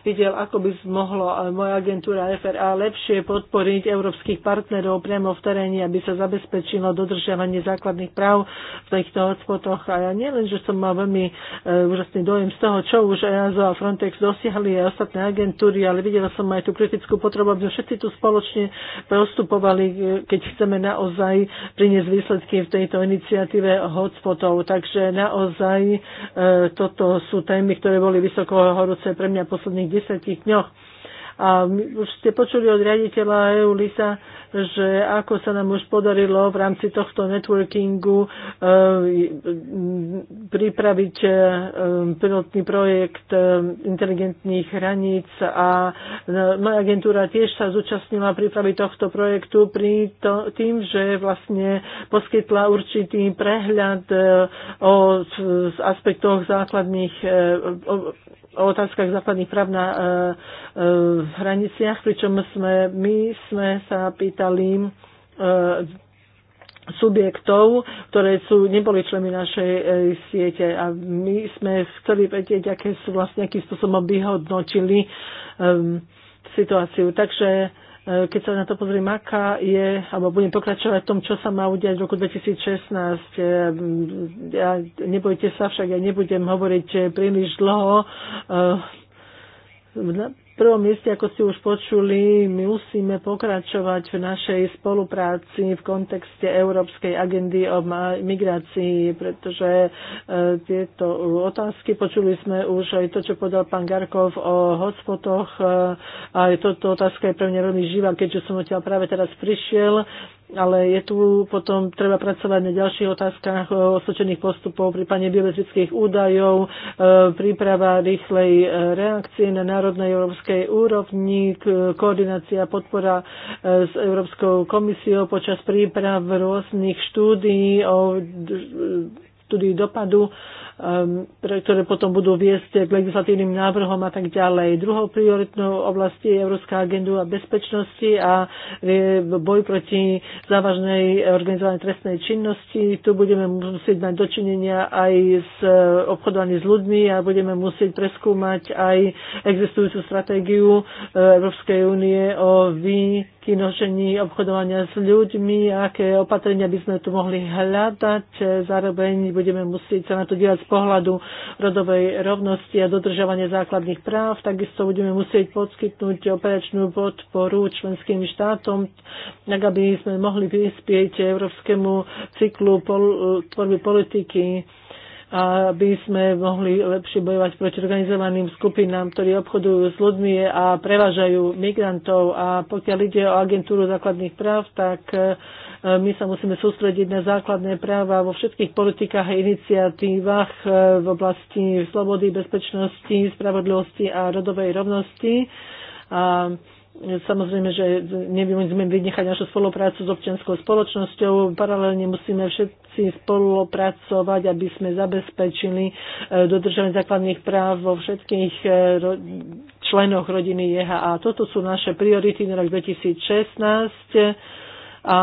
videl, ako by mohlo moja agentúra FRA lepšie podporiť európskych partnerov priamo v teréne, aby sa zabezpečilo dodržiavanie základných práv v týchto hotspotoch. A ja nielen, že som mal veľmi úžasný dojem z toho, čo už EASO a Frontex dosiahli, zlyhali aj ostatné agentúry, ale videla som aj tú kritickú potrebu, aby sme všetci tu spoločne postupovali, keď chceme naozaj priniesť výsledky v tejto iniciatíve hotspotov. Takže naozaj e, toto sú témy, ktoré boli vysoko horúce pre mňa v posledných desiatich dňoch a už ste počuli od riaditeľa EULISA, že ako sa nám už podarilo v rámci tohto networkingu e, pripraviť e, pilotný projekt e, inteligentných hraníc a moja agentúra tiež sa zúčastnila prípravy tohto projektu pri to, tým, že vlastne poskytla určitý prehľad o aspektoch základných o, o otázkach základných práv na e, e, hraniciach, pričom sme, my sme sa pýtali e, subjektov, ktoré sú, neboli členmi našej e, siete a my sme chceli vedieť, aké sú vlastne, akým spôsobom vyhodnotili e, situáciu. Takže E, keď sa na to pozriem, aká je, alebo budem pokračovať v tom, čo sa má udiať v roku 2016. E, ja, nebojte sa však, ja nebudem hovoriť e, príliš dlho prvom mieste, ako ste už počuli, my musíme pokračovať v našej spolupráci v kontexte Európskej agendy o migrácii, pretože e, tieto otázky, počuli sme už aj to, čo podal pán Garkov o hotspotoch, e, a toto otázka je pre mňa veľmi živá, keďže som odtiaľ práve teraz prišiel ale je tu potom treba pracovať na ďalších otázkach osvedčených postupov, prípadne biometrických údajov, e, príprava rýchlej e, reakcie na národnej európskej úrovni, koordinácia, podpora e, s Európskou komisiou počas príprav rôznych štúdií o štúdii dopadu Um, ktoré potom budú viesť k legislatívnym návrhom a tak ďalej. Druhou prioritnou oblasti je Európska agendu a bezpečnosti a e, boj proti závažnej organizovanej trestnej činnosti. Tu budeme musieť mať dočinenia aj s e, obchodovaním s ľuďmi a budeme musieť preskúmať aj existujúcu stratégiu e, Európskej únie o kinožení obchodovania s ľuďmi, aké opatrenia by sme tu mohli hľadať. Zároveň budeme musieť sa na to dívať pohľadu rodovej rovnosti a dodržovania základných práv. Takisto budeme musieť podskytnúť operačnú podporu členským štátom, tak aby sme mohli vyspieť európskemu cyklu pol, tvorby politiky aby sme mohli lepšie bojovať proti organizovaným skupinám, ktorí obchodujú s ľuďmi a prevážajú migrantov. A pokiaľ ide o agentúru základných práv, tak E, my sa musíme sústrediť na základné práva vo všetkých politikách a iniciatívach e, v oblasti slobody, bezpečnosti, spravodlivosti a rodovej rovnosti. A e, Samozrejme, že nemôžeme vynechať našu spoluprácu s občianskou spoločnosťou. Paralelne musíme všetci spolupracovať, aby sme zabezpečili dodržanie základných práv vo všetkých členoch rodiny JHA. Toto sú naše priority na rok 2016. A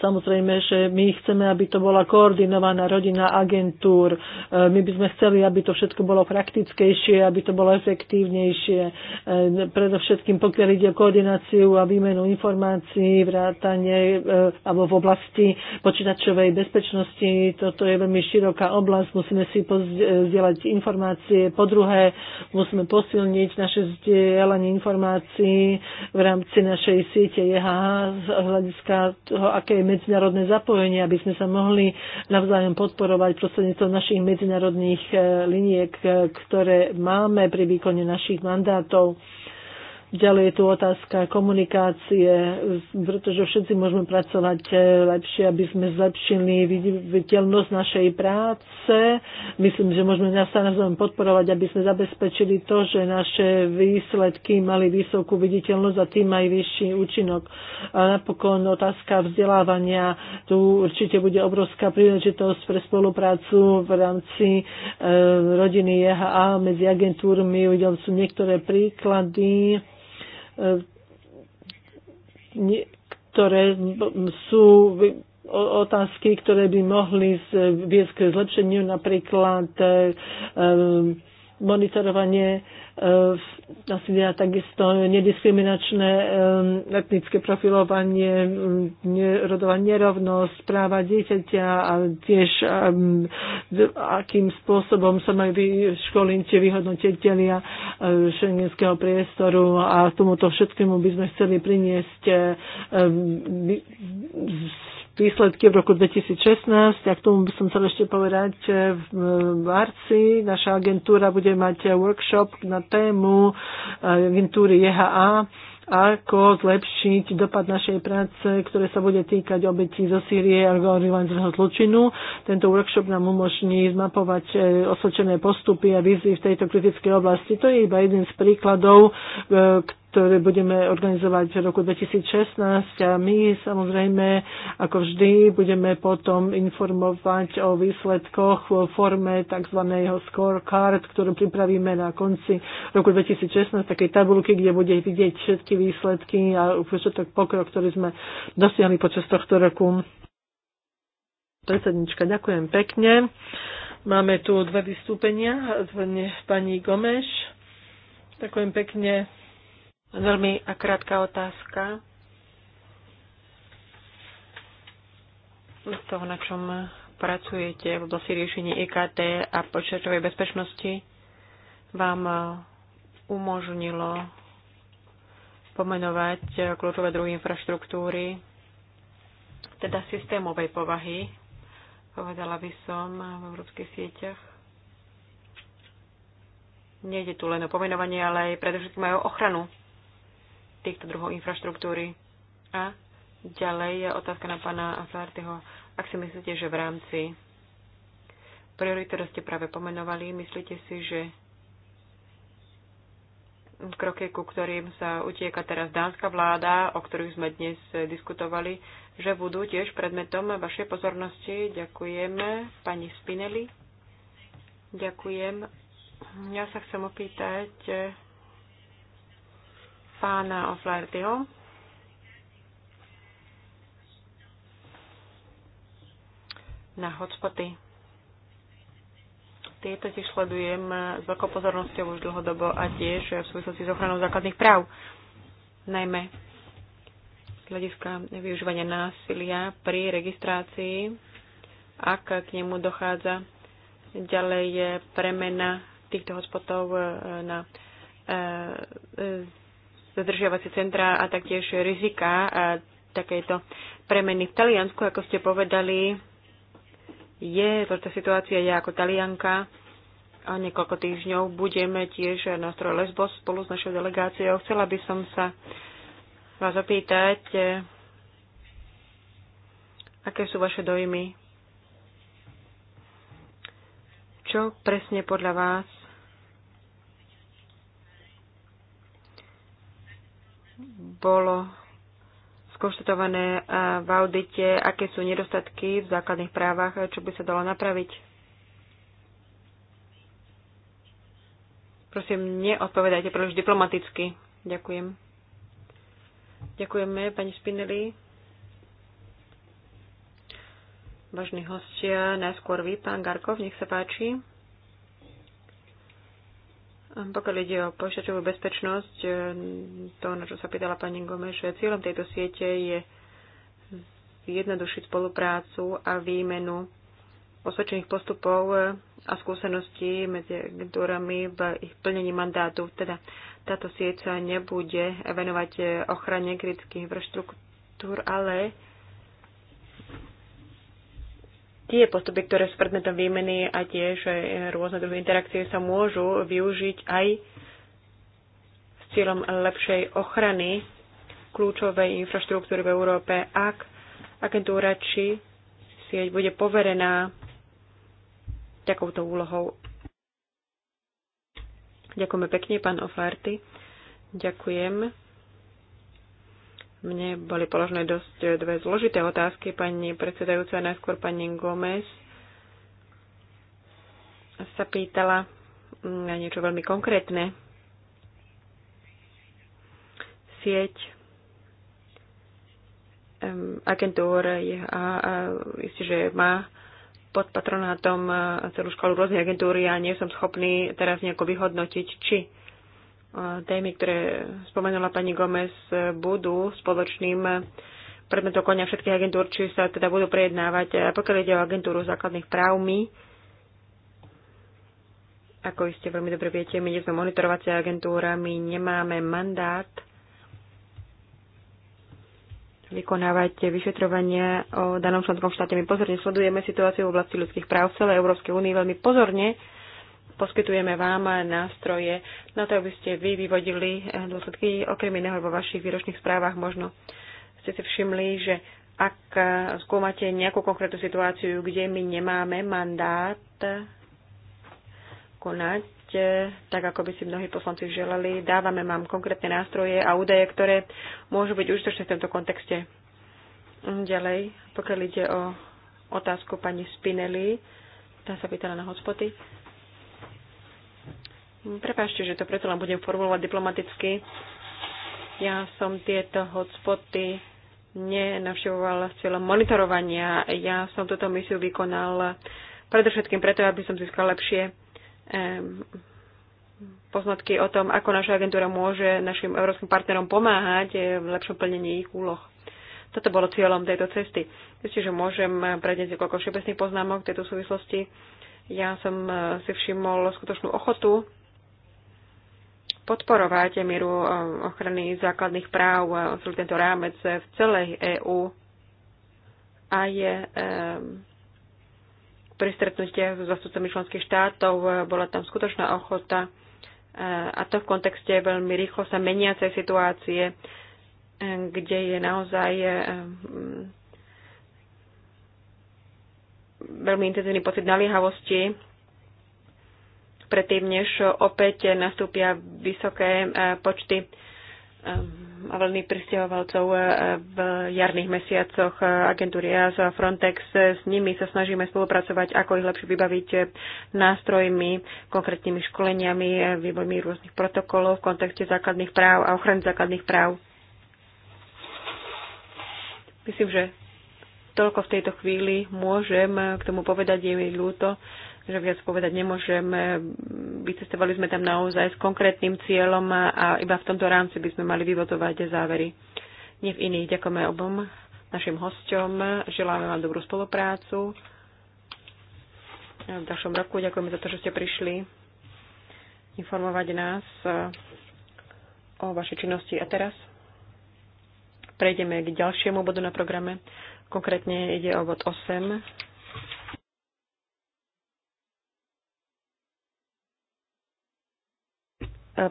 Samozrejme, že my chceme, aby to bola koordinovaná rodina agentúr. E, my by sme chceli, aby to všetko bolo praktickejšie, aby to bolo efektívnejšie. E, predovšetkým, pokiaľ ide o koordináciu a výmenu informácií, vrátanie e, alebo v oblasti počítačovej bezpečnosti, toto je veľmi široká oblasť, musíme si pozdieľať informácie. Po druhé, musíme posilniť naše zdieľanie informácií v rámci našej siete JHH z hľadiska toho, aké je medzinárodné zapojenie, aby sme sa mohli navzájom podporovať prostredníctvom našich medzinárodných eh, liniek, eh, ktoré máme pri výkone našich mandátov. Ďalej je tu otázka komunikácie, pretože všetci môžeme pracovať eh, lepšie, aby sme zlepšili viditeľnosť našej práce. Myslím, že môžeme nás navzájom podporovať, aby sme zabezpečili to, že naše výsledky mali vysokú viditeľnosť a tým aj vyšší účinok. A napokon otázka vzdelávania. Tu určite bude obrovská príležitosť pre spoluprácu v rámci e, rodiny EHA medzi agentúrmi. Uvidel som niektoré príklady E, ktoré sú otázky, ktoré by mohli viesť k zlepšeniu napríklad e, e, monitorovanie násilia, e, takisto nediskriminačné e, etnické profilovanie, rodová nerovnosť, práva dieťaťa a tiež akým spôsobom sa majú vyškoliť vyhodnotiteľia e, šengenského priestoru a tomuto všetkému by sme chceli priniesť výsledky v roku 2016. A k tomu by som chcel ešte povedať, v marci naša agentúra bude mať workshop na tému eh, agentúry JHA ako zlepšiť dopad našej práce, ktoré sa bude týkať obetí zo Sýrie a organizovaného zločinu. Tento workshop nám umožní zmapovať eh, osvedčené postupy a vízy v tejto kritickej oblasti. To je iba jeden z príkladov, eh, ktoré budeme organizovať v roku 2016 a my samozrejme, ako vždy, budeme potom informovať o výsledkoch v forme tzv. scorecard, ktorú pripravíme na konci roku 2016, takej tabulky, kde bude vidieť všetky výsledky a všetok pokrok, ktorý sme dosiahli počas tohto roku. Predsednička, ďakujem pekne. Máme tu dve vystúpenia, pani Gomeš. Ďakujem pekne Veľmi krátka otázka. Z toho, na čom pracujete v oblasti riešenia IKT a počítačovej bezpečnosti, vám eh, umožnilo pomenovať eh, kľúčové druhy infraštruktúry, teda systémovej povahy, povedala by som eh, v európskych sieťach. Nejde tu len o pomenovanie, ale aj predovšetkým aj o ochranu týchto druhov infraštruktúry. A ďalej je otázka na pána Flartyho. Ak si myslíte, že v rámci priority, ktoré ste práve pomenovali, myslíte si, že kroky, ku ktorým sa utieka teraz dánska vláda, o ktorých sme dnes diskutovali, že budú tiež predmetom vašej pozornosti. Ďakujem Pani Spinelli. Ďakujem. Ja sa chcem opýtať, pána Oflartyho. na hotspoty. Tieto tiež sledujem s veľkou pozornosťou už dlhodobo a tiež v súvislosti s ochranou základných práv. Najmä z hľadiska využívania násilia pri registrácii, ak k nemu dochádza ďalej je premena týchto hotspotov eh, na eh, zadržiavacie centra a taktiež rizika takejto premeny. V Taliansku, ako ste povedali, je toto situácia, ja ako Talianka a niekoľko týždňov budeme tiež na ostrove Lesbos spolu s našou delegáciou. Chcela by som sa vás opýtať, e, aké sú vaše dojmy? Čo presne podľa vás bolo skonštatované eh, v audite, aké sú nedostatky v základných právach, eh, čo by sa dalo napraviť. Prosím, neodpovedajte príliš diplomaticky. Ďakujem. Ďakujeme, pani Spinelli. Vážni hostia, najskôr vy, pán Garkov, nech sa páči. Pokiaľ ide o počítačovú bezpečnosť, e, to, na čo sa pýtala pani Gomeš, cieľom tejto siete je zjednodušiť spoluprácu a výmenu osvedčených postupov e, a skúseností medzi agentúrami v ich plnení mandátu. Teda táto sieť sa nebude venovať e, ochrane kritických infraštruktúr, ale tie postupy, ktoré sú predmetom výmeny a tiež e, rôzne druhy interakcie sa môžu využiť aj s cieľom lepšej ochrany kľúčovej infraštruktúry v Európe, ak agentúra či sieť bude poverená takouto úlohou. Ďakujeme pekne, pán Ofarty. Ďakujem. Mne boli položené dosť e, dve zložité otázky. Pani predsedajúca, najskôr pani Gomez sa pýtala na niečo veľmi konkrétne. Sieť agentúr je, a, a isté, že má pod patronátom e, celú školu rôznych agentúry a nie som schopný teraz nejako vyhodnotiť, či témy, ktoré spomenula pani Gomez, budú spoločným predmetom konia všetkých agentúr, či sa teda budú prejednávať. A pokiaľ ide o agentúru základných práv, my, ako iste veľmi dobre viete, my nie sme monitorovacia agentúra, my nemáme mandát vykonávať vyšetrovania o danom členskom štáte. My pozorne sledujeme situáciu v oblasti ľudských práv v celej Európskej únii veľmi pozorne poskytujeme vám nástroje na to, aby ste vy vyvodili eh, dôsledky okrem iného vo vašich výročných správach. Možno ste si všimli, že ak eh, skúmate nejakú konkrétnu situáciu, kde my nemáme mandát eh, konať, tak ako by si mnohí poslanci želali, dávame vám konkrétne nástroje a údaje, ktoré môžu byť užitočné v tomto kontexte. Ďalej, pokiaľ ide o otázku pani Spinelli, tá sa pýtala na hotspoty. Prepašte, že to preto len budem formulovať diplomaticky. Ja som tieto hotspoty nenavštevovala s cieľom monitorovania. Ja som túto misiu vykonal predovšetkým preto, aby som získal lepšie poznatky o tom, ako naša agentúra môže našim európskym partnerom pomáhať eh, v lepšom plnení ich úloh. Toto bolo cieľom tejto cesty. Myslím, že môžem predniesť niekoľko všeobecných poznámok v tejto súvislosti. Ja som eh, si všimol skutočnú ochotu podporovať mieru eh, ochrany základných práv, eh, celý tento rámec eh, v celej EÚ a je pri stretnutie s zastupcami členských štátov bola tam skutočná ochota a to v kontexte veľmi rýchlo sa meniacej situácie, kde je naozaj mm, veľmi intenzívny pocit naliehavosti predtým, než opäť nastúpia vysoké e, počty e, a vlny pristahovalcov e, v jarných mesiacoch agentúry a Frontex. S nimi sa snažíme spolupracovať, ako ich lepšie vybaviť nástrojmi, konkrétnymi školeniami, vývojmi rôznych protokolov v kontexte základných práv a ochrany základných práv. Myslím, že toľko v tejto chvíli môžem k tomu povedať, je mi ľúto, že viac povedať nemôžeme. Vycestovali sme tam naozaj s konkrétnym cieľom a iba v tomto rámci by sme mali vyvodovať závery. Nie v iných. Ďakujeme obom našim hosťom. Želáme vám dobrú spoluprácu v ďalšom roku. Ďakujeme za to, že ste prišli informovať nás e, o vašej činnosti. A teraz prejdeme k ďalšiemu bodu na programe. Konkrétne ide o bod 8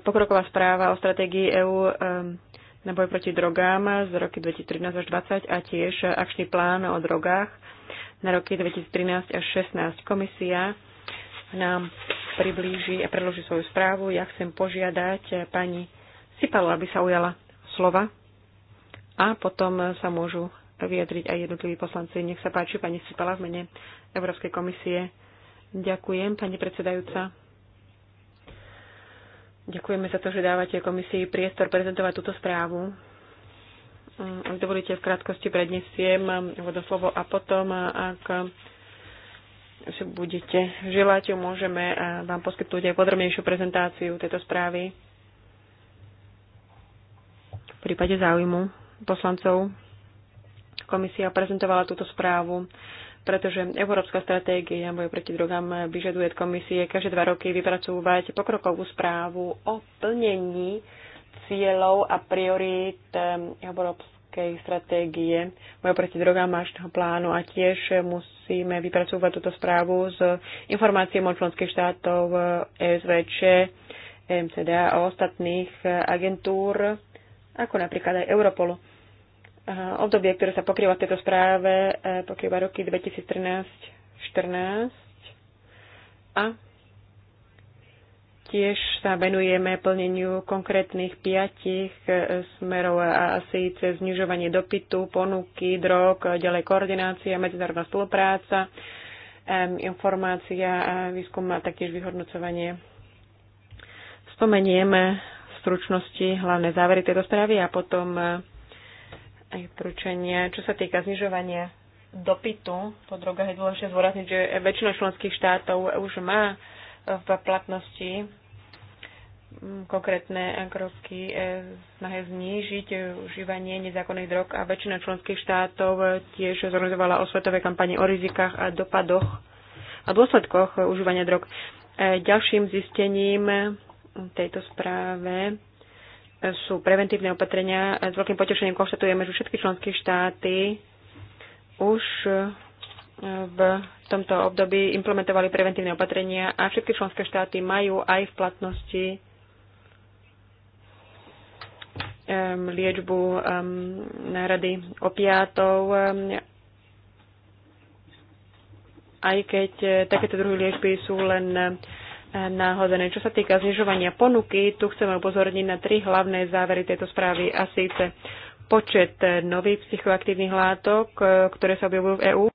Pokroková správa o stratégii EÚ na boj proti drogám z roky 2013 až 2020 a tiež akčný plán o drogách na roky 2013 až 16. Komisia nám priblíži a predloží svoju správu. Ja chcem požiadať pani Sipalu, aby sa ujala slova a potom sa môžu vyjadriť aj jednotliví poslanci. Nech sa páči, pani Sipala v mene Európskej komisie. Ďakujem, pani predsedajúca. Ďakujeme za to, že dávate komisii priestor prezentovať túto správu. Ak dovolíte, v krátkosti prednesiem vodoslovo a potom, ak si budete želať, môžeme vám poskytnúť aj podrobnejšiu prezentáciu tejto správy v prípade záujmu poslancov. Komisia prezentovala túto správu pretože Európska stratégia boja proti drogám vyžaduje od komisie každé dva roky vypracúvať pokrokovú správu o plnení cieľov a priorít ehm, Európskej stratégie boja proti drogám a plánu a tiež musíme vypracovať túto správu s informáciami od členských štátov ESVČ, eh, MCDA a ostatných eh, agentúr, ako napríklad aj Europolu. Eh, obdobie, ktoré sa pokrýva v tejto správe, eh, pokrýva roky 2013-2014 a tiež sa venujeme plneniu konkrétnych piatich eh, smerov a cez znižovanie dopytu, ponuky, drog, ďalej koordinácia, medzinárodná spolupráca, informácia a výskum a taktiež vyhodnocovanie. Spomenieme v stručnosti hlavné závery tejto správy a potom aj odporúčania. Čo sa týka znižovania dopytu po drogách, je dôležité zvorazniť, že väčšina členských štátov už má e, v platnosti konkrétne kroky e, snahe znížiť užívanie nezákonných drog a väčšina členských štátov tiež zorganizovala osvetové kampane o rizikách a dopadoch a dôsledkoch užívania drog. E, ďalším zistením tejto správe sú preventívne opatrenia. S veľkým potešením konštatujeme, že všetky členské štáty už e, v tomto období implementovali preventívne opatrenia a všetky členské štáty majú aj v platnosti liečbu náhrady opiátov, aj keď e, takéto druhy liečby sú len náhodené. Čo sa týka znižovania ponuky, tu chceme upozorniť na tri hlavné závery tejto správy a síce počet nových psychoaktívnych látok, e, ktoré sa objavujú v EÚ.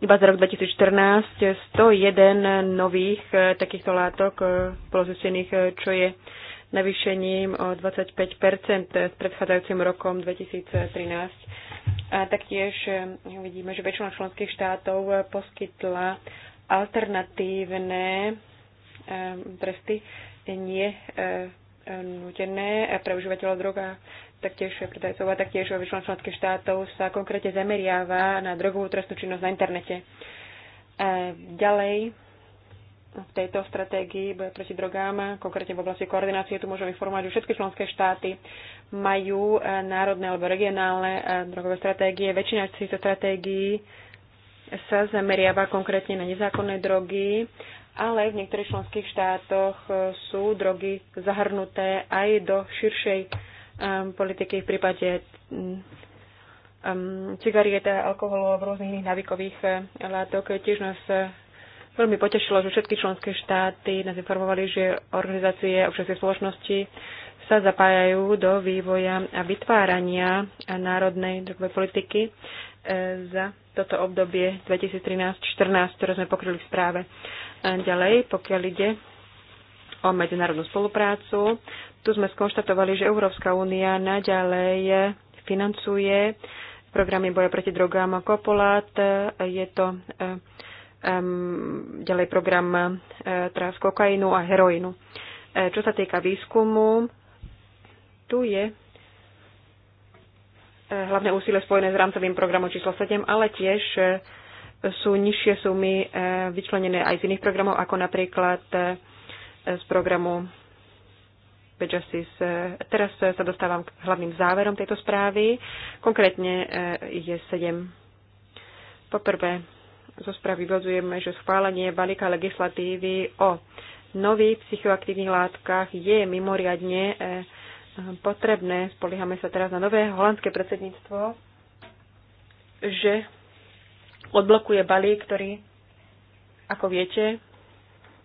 Iba za rok 2014 101 nových e, takýchto látok e, bolo zistených, čo je navýšením o 25 s predchádzajúcim rokom 2013. A taktiež vidíme, že väčšina členských štátov poskytla alternatívne eh, tresty nie eh, nutené pre užívateľov drog a taktiež predajcov a taktiež väčšina členských štátov sa konkrétne zameriava na drogovú trestnú činnosť na internete. Ďalej v tejto stratégii boja proti drogám, konkrétne v oblasti koordinácie, tu môžem informovať, že všetky členské štáty majú eh, národné alebo regionálne drogové stratégie. Väčšina z týchto stratégií sa zameriava konkrétne na nezákonné drogy, ale v niektorých členských štátoch e, sú drogy zahrnuté aj do širšej e, politiky v prípade um, cigariet, alkoholu a rôznych iných navikových e, látok. Tiež nás veľmi potešilo, že všetky členské štáty nás informovali, že organizácie všetky spoločnosti sa zapájajú do vývoja a vytvárania národnej drogovej politiky e, za toto obdobie 2013-2014, ktoré sme pokryli v správe. E, ďalej, pokiaľ ide o medzinárodnú spoluprácu, tu sme skonštatovali, že Európska únia naďalej financuje programy boja proti drogám a Kopolat. Je to um, ďalej program uh, teraz kokainu a heroinu. čo sa týka výskumu, tu je e, hlavné úsilie spojené s rámcovým programom číslo 7, ale tiež e, sú nižšie sumy e, vyčlenené aj z iných programov, ako napríklad z programu Justice. Teraz sa dostávam k hlavným záverom tejto správy. Konkrétne je 7. Poprvé, zo správy vyvodzujeme, že schválenie balíka legislatívy o nových psychoaktívnych látkach je mimoriadne potrebné, spoliehame sa teraz na nové holandské predsedníctvo, že odblokuje balík, ktorý, ako viete,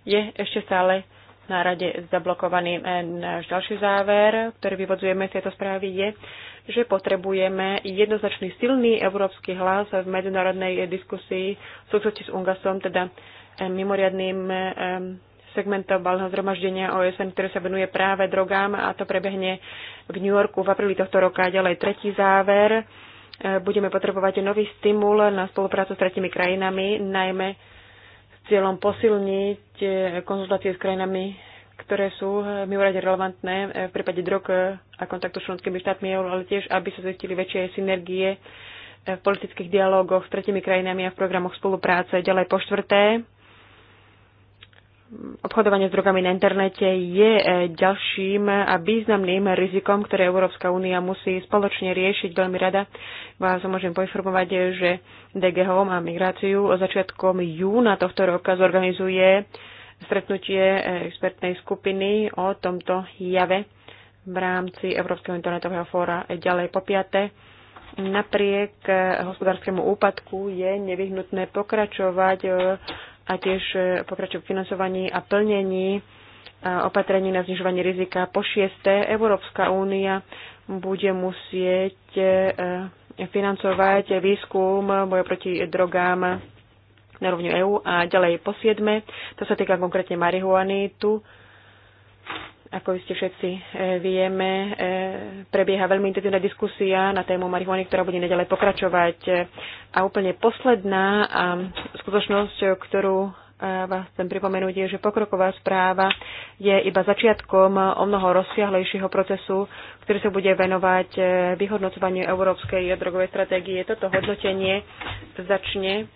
je ešte stále na rade zablokovaný. E, náš ďalší záver, ktorý vyvodzujeme z tejto správy, je, že potrebujeme jednoznačný silný európsky hlas v medzinárodnej diskusii v súvislosti s UNGASom, teda e, mimoriadným e, segmentovalného zhromaždenia OSN, ktoré sa venuje práve drogám a to prebehne v New Yorku v apríli tohto roka. Ďalej tretí záver. E, budeme potrebovať nový stimul na spoluprácu s tretimi krajinami, najmä s cieľom posilniť e, konzultácie s krajinami, ktoré sú e, mimoriadne relevantné v prípade drog a kontaktu s členskými štátmi, ale tiež, aby sa zistili väčšie synergie v politických dialógoch s tretimi krajinami a v programoch spolupráce. Ďalej po štvrté, obchodovanie s drogami na internete je e, ďalším e, a významným rizikom, ktoré Európska únia musí spoločne riešiť. Veľmi rada vás môžem poinformovať, e, že DG Home a migráciu začiatkom júna tohto roka zorganizuje stretnutie expertnej skupiny o tomto jave v rámci Európskeho internetového fóra. Ďalej po piate, napriek hospodárskému úpadku je nevyhnutné pokračovať a tiež e, pokračujú v financovaní a plnení e, opatrení na znižovanie rizika. Po šiesté, Európska únia bude musieť e, financovať výskum boja proti drogám na rovni EÚ a ďalej po siedme. To sa týka konkrétne marihuany. Tu ako ste všetci e, vieme, e, prebieha veľmi intenzívna diskusia na tému marihuany, ktorá bude nedalej pokračovať. E, a úplne posledná skutočnosť, ktorú vás chcem pripomenúť, je, že pokroková správa je iba začiatkom o mnoho rozsiahlejšieho procesu, ktorý sa bude venovať vyhodnocovaniu európskej drogovej stratégie. Toto hodnotenie začne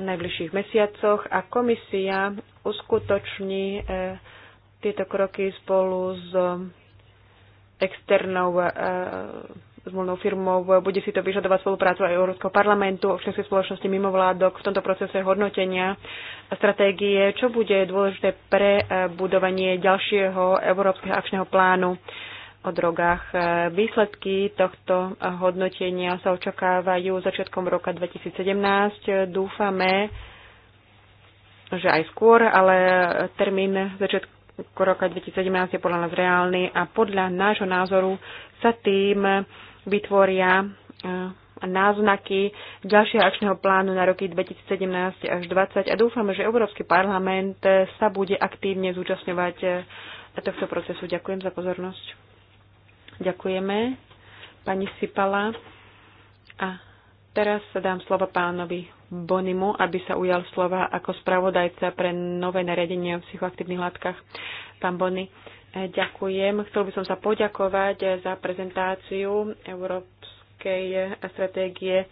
v najbližších mesiacoch a komisia uskutoční tieto kroky spolu s um, externou zmluvnou uh, firmou uh, bude si to vyžadovať spoluprácu aj Európskeho parlamentu, občianskej spoločnosti mimovládok v tomto procese hodnotenia a stratégie, čo bude dôležité pre uh, budovanie ďalšieho Európskeho akčného plánu o drogách. Výsledky tohto hodnotenia sa očakávajú začiatkom roka 2017. Dúfame, že aj skôr, ale termín začiatku roka 2017 je podľa nás reálny a podľa nášho názoru sa tým vytvoria e, náznaky ďalšieho akčného plánu na roky 2017 až 2020 a dúfame, že Európsky parlament sa bude aktívne zúčastňovať e, tohto procesu. Ďakujem za pozornosť. Ďakujeme pani Sipala a teraz sa dám slovo pánovi Bonimu, aby sa ujal slova ako spravodajca pre nové nariadenie o psychoaktívnych látkach. Pán Bony, eh, ďakujem. Chcel by som sa poďakovať eh, za prezentáciu Európskej eh, stratégie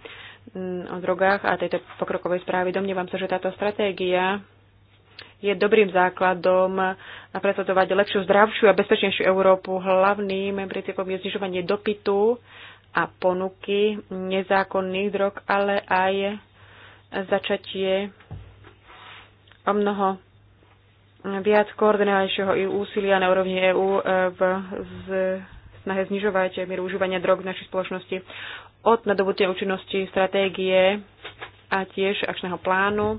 mm, o drogách a tejto pokrokovej správy. Domnievam sa, že táto stratégia je dobrým základom presadzovať lepšiu, zdravšiu a bezpečnejšiu Európu. Hlavným princípom je znižovanie dopytu a ponuky nezákonných drog, ale aj začatie o mnoho viac koordinálnejšieho úsilia na úrovni EÚ e, v snahe znižovať mieru užívania drog v našej spoločnosti od nadobudnutia účinnosti stratégie a tiež akčného plánu, e,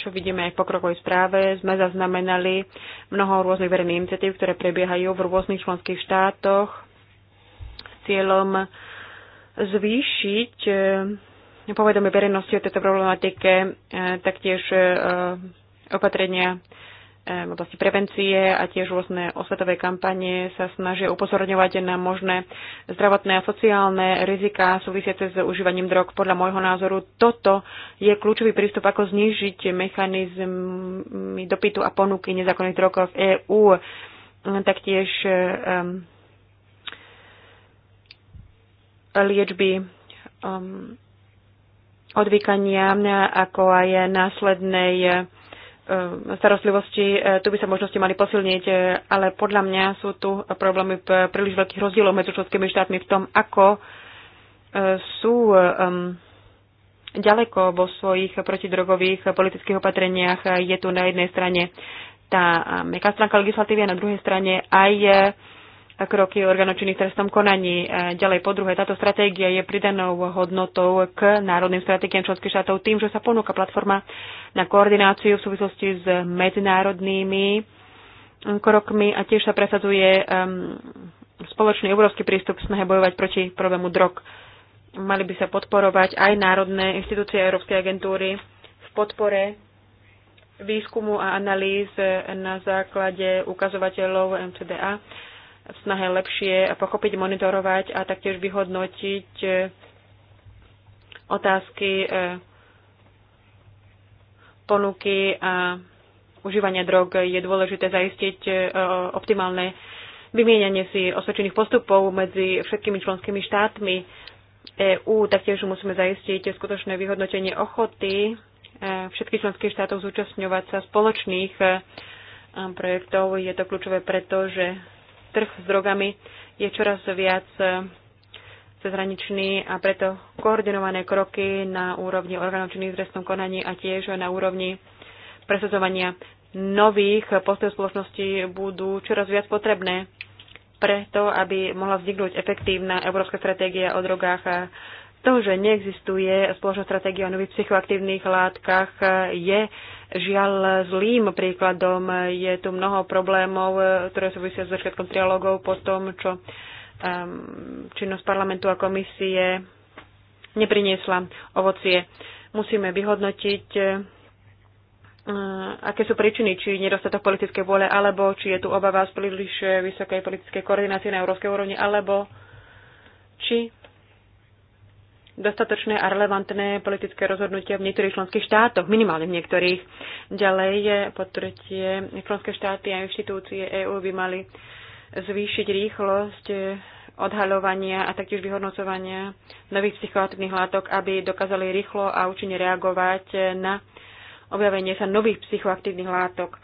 čo vidíme aj v pokrokovej správe, sme zaznamenali mnoho rôznych verejných iniciatív, ktoré prebiehajú v rôznych členských štátoch s cieľom zvýšiť e, povedomie verejnosti o tejto problematike, e, taktiež e, opatrenia e, v oblasti prevencie a tiež rôzne osvetové kampanie sa snažia upozorňovať na možné zdravotné a sociálne riziká súvisiace s užívaním drog. Podľa môjho názoru toto je kľúčový prístup, ako znížiť mechanizmy dopytu a ponuky nezákonných drog v EÚ. Taktiež um, liečby um, odvykania, ako aj následnej e, starostlivosti. E, tu by sa možnosti mali posilniť, e, ale podľa mňa sú tu problémy v príliš veľkých rozdielov medzi členskými štátmi v tom, ako sú ďaleko vo svojich protidrogových politických opatreniach. Je tu na jednej strane tá meká stránka legislatívy a na druhej strane aj kroky orgánov činných trestom konaní. E, ďalej po druhé, táto stratégia je pridanou hodnotou k národným stratégiám členských štátov tým, že sa ponúka platforma na koordináciu v súvislosti s medzinárodnými mm, krokmi a tiež sa presadzuje spoločný európsky prístup snahe bojovať proti problému drog. Mali by sa podporovať aj národné inštitúcie Európskej agentúry v podpore výskumu a analýz na základe ukazovateľov MCDA v snahe lepšie pochopiť, monitorovať a taktiež vyhodnotiť e, otázky e, ponuky a užívania drog. Je dôležité zaistiť e, optimálne vymienianie si osvedčených postupov medzi všetkými členskými štátmi EÚ. Taktiež musíme zaistiť skutočné vyhodnotenie ochoty všetkých členských štátov zúčastňovať sa spoločných projektov. Je to kľúčové preto, že trh s drogami je čoraz viac eh, cezhraničný a preto koordinované kroky na úrovni orgánov činných trestnom konaní a tiež na úrovni presadzovania nových postojov spoločnosti budú čoraz viac potrebné preto, aby mohla vzniknúť efektívna európska stratégia o drogách a. To, že neexistuje spoločná stratégia o nových psychoaktívnych látkach, je žiaľ zlým príkladom. Je tu mnoho problémov, ktoré súvisia s začiatkom trialogov po tom, čo činnosť parlamentu a komisie nepriniesla ovocie. Musíme vyhodnotiť, eh, aké sú príčiny, či nedostatok politickej vôle, alebo či je tu obava z príliš vysokej politickej koordinácie na európskej úrovni, alebo či dostatočné a relevantné politické rozhodnutia v niektorých členských štátoch, minimálne v niektorých. Ďalej je potretie členské štáty a inštitúcie EÚ by mali zvýšiť rýchlosť odhaľovania a taktiež vyhodnocovania nových psychoaktívnych látok, aby dokázali rýchlo a účinne reagovať na objavenie sa nových psychoaktívnych látok.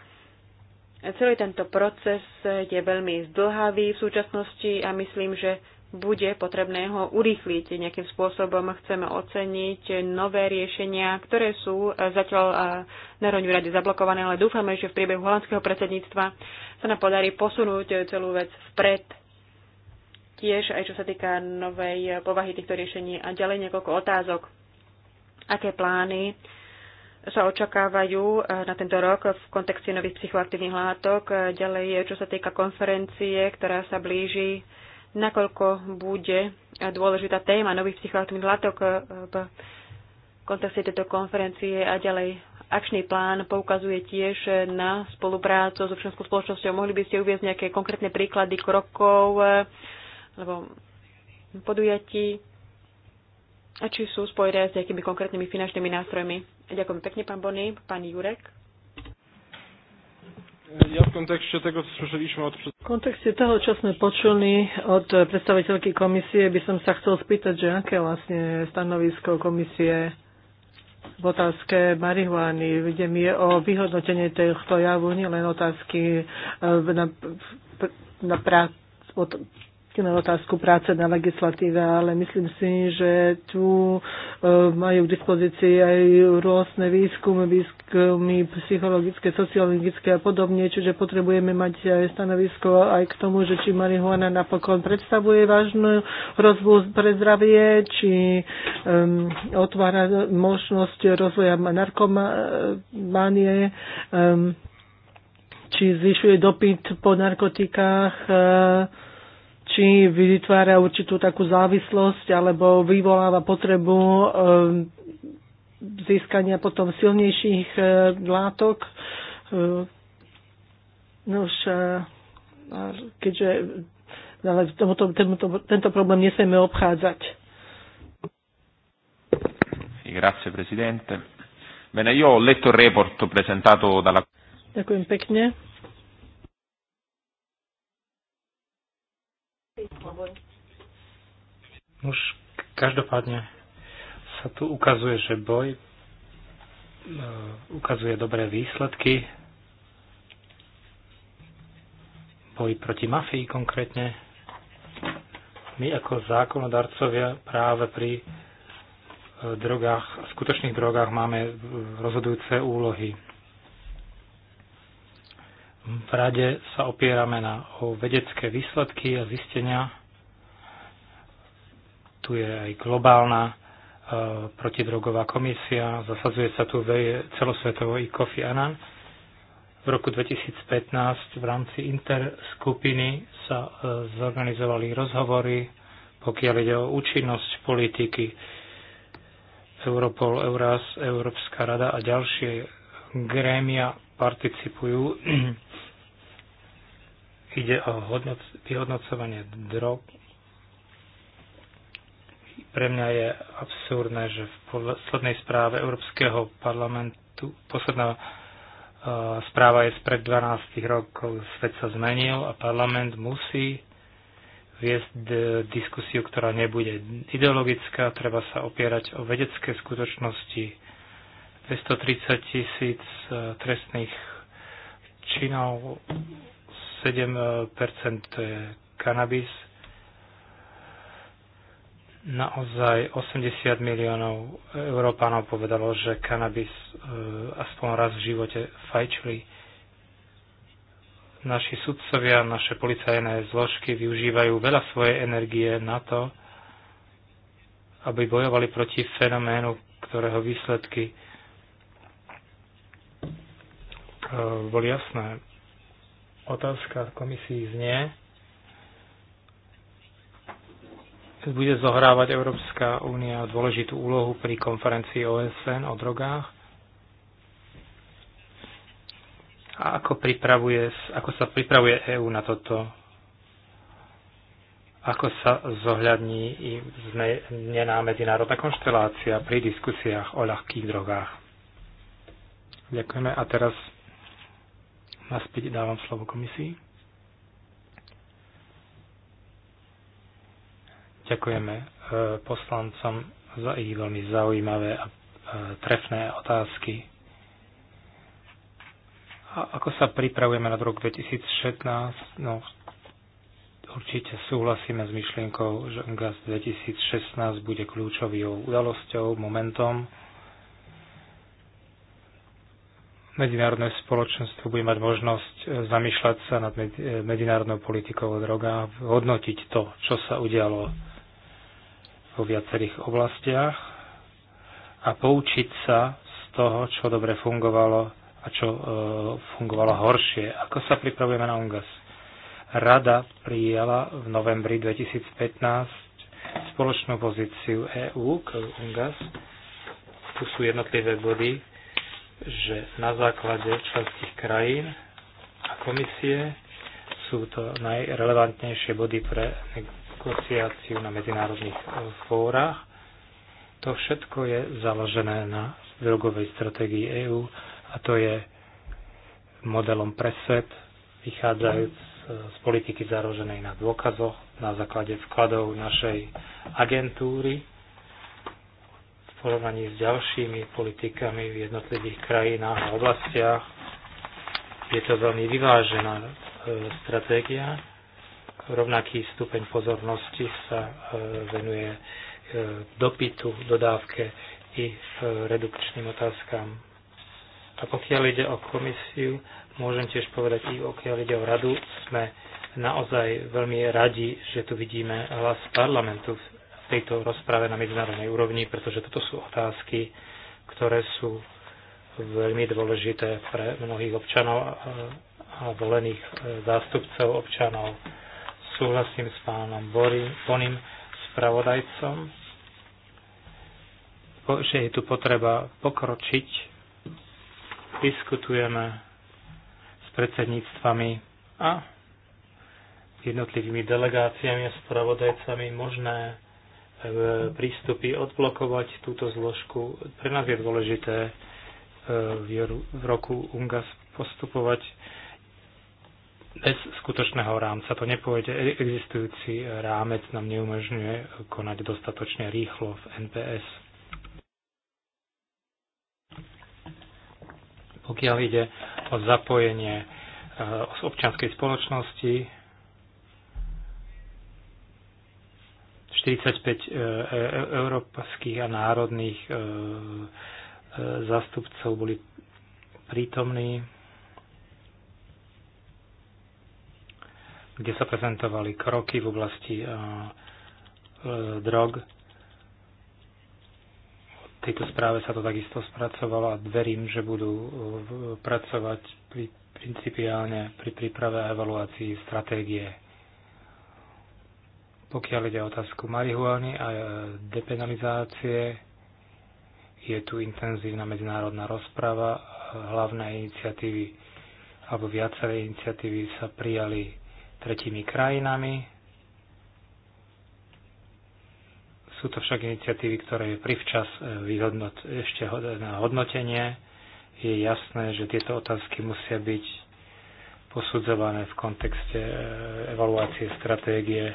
Celý tento proces je veľmi zdlhavý v súčasnosti a myslím, že bude potrebné ho urýchliť nejakým spôsobom. Chceme oceniť nové riešenia, ktoré sú eh, zatiaľ eh, na roňu rade zablokované, ale dúfame, že v priebehu holandského predsedníctva sa nám podarí posunúť eh, celú vec vpred. Tiež aj čo sa týka novej povahy týchto riešení a ďalej niekoľko otázok. Aké plány sa očakávajú na tento rok v kontexte nových psychoaktívnych látok? Ďalej, čo sa týka konferencie, ktorá sa blíži nakoľko bude dôležitá téma nových psychoaktívnych látok eh, v kontexte tejto konferencie a ďalej. Akčný plán poukazuje tiež na spoluprácu s občianskou spoločnosťou. Mohli by ste uviezť nejaké konkrétne príklady krokov eh, alebo podujatí a či sú spojené s nejakými konkrétnymi finančnými nástrojmi. Ďakujem pekne, pán Bonny, pán Jurek. Ja v kontexte tego, co słyszeliśmy od... W kontekście toho, čo sme počuli od predstaviteľky komisie, by som sa chcel spýtať, že aké vlastne stanovisko komisie v otázke marihuany, Ide mi o vyhodnotenie tohto javu, nielen otázky eh, na, na prác na otázku práce na legislatíve, ale myslím si, že tu e, majú k dispozícii aj rôzne výskumy, výskumy psychologické, sociologické a podobne, čiže potrebujeme mať aj stanovisko aj k tomu, že či marihuana napokon predstavuje vážnu rozvoj pre zdravie, či um, otvára možnosť rozvoja narkománie. Um, či zvyšuje dopyt po narkotikách, e, či vytvára určitú takú závislosť alebo vyvoláva potrebu e, získania potom silnejších e, látok. E, no už e, keďže ale tomuto, tomuto, tento problém nesmieme obchádzať. Grazie Presidente. Bene, io ho letto il report presentato dalla... Ďakujem pekne Už každopádne sa tu ukazuje, že boj e, ukazuje dobré výsledky. Boj proti mafii konkrétne. My ako zákonodarcovia práve pri e, drogách, skutočných drogách máme rozhodujúce úlohy. V rade sa opierame na o vedecké výsledky a zistenia. Tu je aj globálna e, protidrogová komisia, zasadzuje sa tu celosvetovo i Kofi Annan. V roku 2015 v rámci interskupiny sa e, zorganizovali rozhovory, pokiaľ ide o účinnosť politiky Europol, Euras, Európska rada a ďalšie grémia participujú Ide o hodnoc, vyhodnocovanie drog. Pre mňa je absurdné, že v poslednej správe Európskeho parlamentu, posledná uh, správa je spred 12 rokov, svet sa zmenil a parlament musí viesť diskusiu, ktorá nebude ideologická, treba sa opierať o vedecké skutočnosti. 230 tisíc e, trestných činov 7% kanabis, naozaj 80 miliónov Európanov povedalo, že kanabis e, aspoň raz v živote fajčili. Naši sudcovia, naše policajné zložky využívajú veľa svojej energie na to, aby bojovali proti fenoménu, ktorého výsledky e, boli jasné. Otázka komisii znie, bude zohrávať Európska únia dôležitú úlohu pri konferencii OSN o drogách a ako, pripravuje, ako sa pripravuje EÚ na toto ako sa zohľadní i zmenená medzinárodná konštelácia pri diskusiách o ľahkých drogách. Ďakujeme a teraz Naspäť dávam slovo komisii. Ďakujeme e, poslancom za ich veľmi zaujímavé a e, trefné otázky. A ako sa pripravujeme na rok 2016? No, určite súhlasíme s myšlienkou, že GAS 2016 bude kľúčovou udalosťou, momentom, medzinárodné spoločenstvo bude mať možnosť e, zamýšľať sa nad e, medzinárodnou politikou o drogách, hodnotiť to, čo sa udialo vo viacerých oblastiach a poučiť sa z toho, čo dobre fungovalo a čo e, fungovalo horšie. Ako sa pripravujeme na UNGAS? Rada prijala v novembri 2015 spoločnú pozíciu EÚ k UNGAS. Tu sú jednotlivé body, že na základe členských krajín a komisie sú to najrelevantnejšie body pre negociáciu na medzinárodných e, fórach. To všetko je založené na drogovej stratégii EÚ a to je modelom pre vychádzajúc e, z politiky založenej na dôkazoch na základe vkladov našej agentúry porovnaní s ďalšími politikami v jednotlivých krajinách a oblastiach je to veľmi vyvážená e, stratégia. Rovnaký stupeň pozornosti sa e, venuje e, dopytu, dodávke i e, redukčným otázkam. A pokiaľ ide o komisiu, môžem tiež povedať, i pokiaľ ide o radu, sme naozaj veľmi radi, že tu vidíme hlas parlamentu v tejto rozprave na medzinárodnej úrovni, pretože toto sú otázky, ktoré sú veľmi dôležité pre mnohých občanov a volených e, zástupcov občanov. Súhlasím s pánom Bonim, spravodajcom, že je tu potreba pokročiť. Diskutujeme s predsedníctvami a jednotlivými delegáciami a spravodajcami možné E, prístupy, odblokovať túto zložku. Pre nás je dôležité e, v roku UNGAS postupovať bez skutočného rámca. To nepôjde. E, existujúci rámec nám neumožňuje konať dostatočne rýchlo v NPS. Pokiaľ ide o zapojenie občianskej spoločnosti, 45 e, e, európskych a národných e, zástupcov boli prítomní, kde sa prezentovali kroky v oblasti drog. V tejto správe sa to takisto spracovalo a verím, že budú pracovať pri, principiálne pri príprave a evaluácii stratégie pokiaľ ide o otázku marihuany a e, depenalizácie, je tu intenzívna medzinárodná rozprava. Hlavné iniciatívy alebo viaceré iniciatívy sa prijali tretími krajinami. Sú to však iniciatívy, ktoré je privčas e, vyhodnot, ešte na hodnotenie. Je jasné, že tieto otázky musia byť posudzované v kontexte e, evaluácie stratégie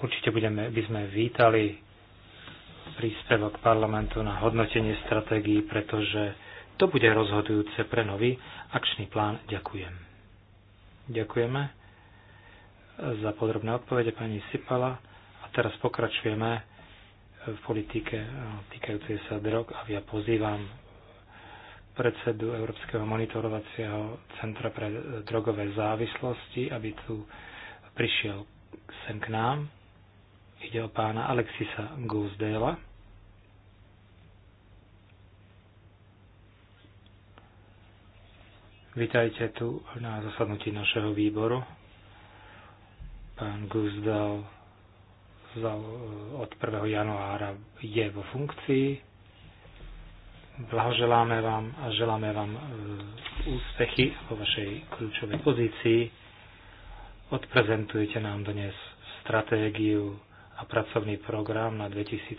Určite budeme, by sme vítali príspevok parlamentu na hodnotenie stratégií, pretože to bude rozhodujúce pre nový akčný plán. Ďakujem. Ďakujeme za podrobné odpovede pani Sipala a teraz pokračujeme v politike eh, týkajúcej sa drog a ja pozývam predsedu Európskeho monitorovacieho centra pre eh, drogové závislosti, aby tu prišiel sem k nám Ide o pána Alexisa Goosdela. Vítajte tu na zasadnutí našeho výboru. Pán Goosdel eh, od 1. januára je vo funkcii. Blahoželáme vám a želáme vám eh, úspechy vo vašej kľúčovej pozícii. Odprezentujete nám dnes stratégiu a pracovný program na 2016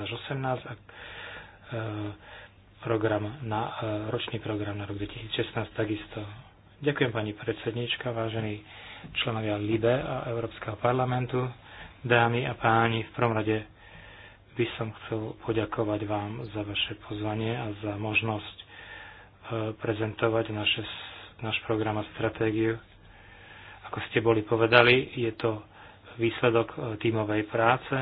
až 2018 a e, program na, e, ročný program na rok 2016 takisto. Ďakujem pani predsednička, vážení členovia LIBE a Európskeho parlamentu, dámy a páni, v prvom rade by som chcel poďakovať vám za vaše pozvanie a za možnosť e, prezentovať naše, náš program a stratégiu. Ako ste boli povedali, je to výsledok e, tímovej práce,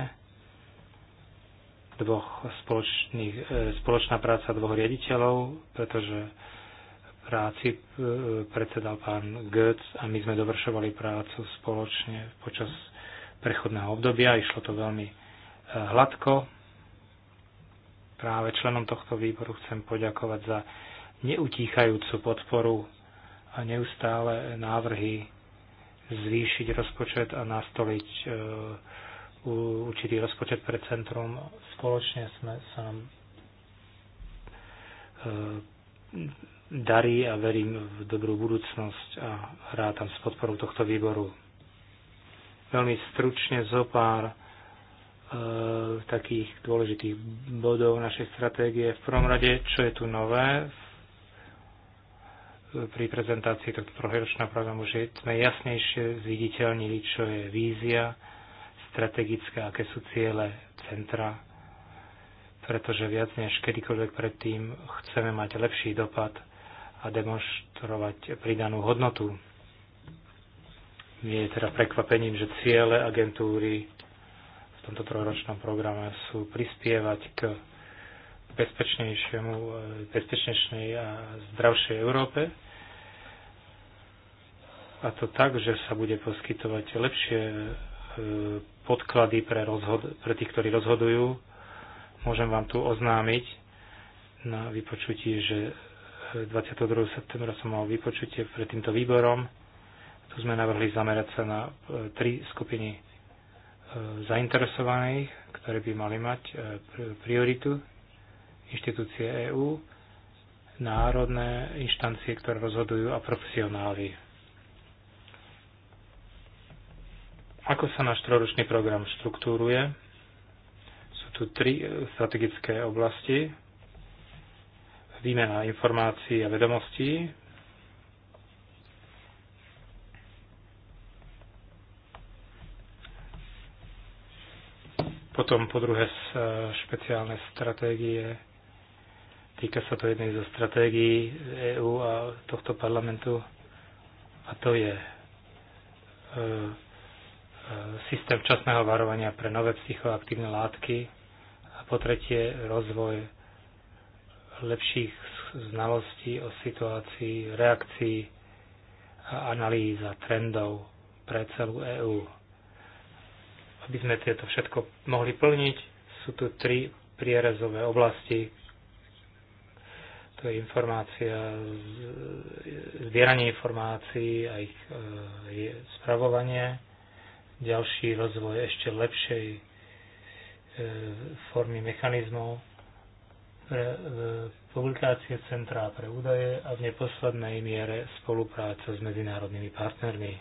dvoch spoločných, e, spoločná práca dvoch riaditeľov, pretože práci e, predsedal pán Goetz a my sme dovršovali prácu spoločne počas prechodného obdobia. Išlo to veľmi hladko. Práve členom tohto výboru chcem poďakovať za neutíchajúcu podporu a neustále návrhy zvýšiť rozpočet a nastoliť e, určitý rozpočet pre centrum. Spoločne sme sa nám e, darí a verím v dobrú budúcnosť a rátam s podporou tohto výboru. Veľmi stručne zo pár e, takých dôležitých bodov našej stratégie. V prvom rade, čo je tu nové v pri prezentácii tohto trojročného programu, že sme jasnejšie zviditeľnili, čo je vízia strategická, aké sú ciele centra, pretože viac než kedykoľvek predtým chceme mať lepší dopad a demonstrovať pridanú hodnotu. Nie je teda prekvapením, že ciele agentúry v tomto trojročnom programe sú prispievať k bezpečnejšiemu, bezpečnejšej a zdravšej Európe, a to tak, že sa bude poskytovať lepšie e, podklady pre, rozhod- pre tých, ktorí rozhodujú. Môžem vám tu oznámiť na vypočutí, že 22. E, septembra som mal vypočutie pred týmto výborom. Tu sme navrhli zamerať sa na e, tri skupiny zainteresovaných, ktoré by mali mať prioritu inštitúcie EÚ, národné inštancie, ktoré rozhodujú a profesionáli. Ako sa náš troročný program štruktúruje? Sú tu tri e, strategické oblasti. Výmena informácií a vedomostí, Potom po druhé e, špeciálne stratégie. Týka sa to jednej zo stratégií EÚ a tohto parlamentu. A to je e, E, systém včasného varovania pre nové psychoaktívne látky a po tretie rozvoj lepších znalostí o situácii, reakcií a analýza trendov pre celú EÚ. Aby sme tieto všetko mohli plniť, sú tu tri prierezové oblasti. To je informácia, e, zbieranie informácií a ich e, spravovanie, ďalší rozvoj ešte lepšej e, formy mechanizmov pre publikácie centrá pre údaje a v neposlednej miere spolupráca s medzinárodnými partnermi.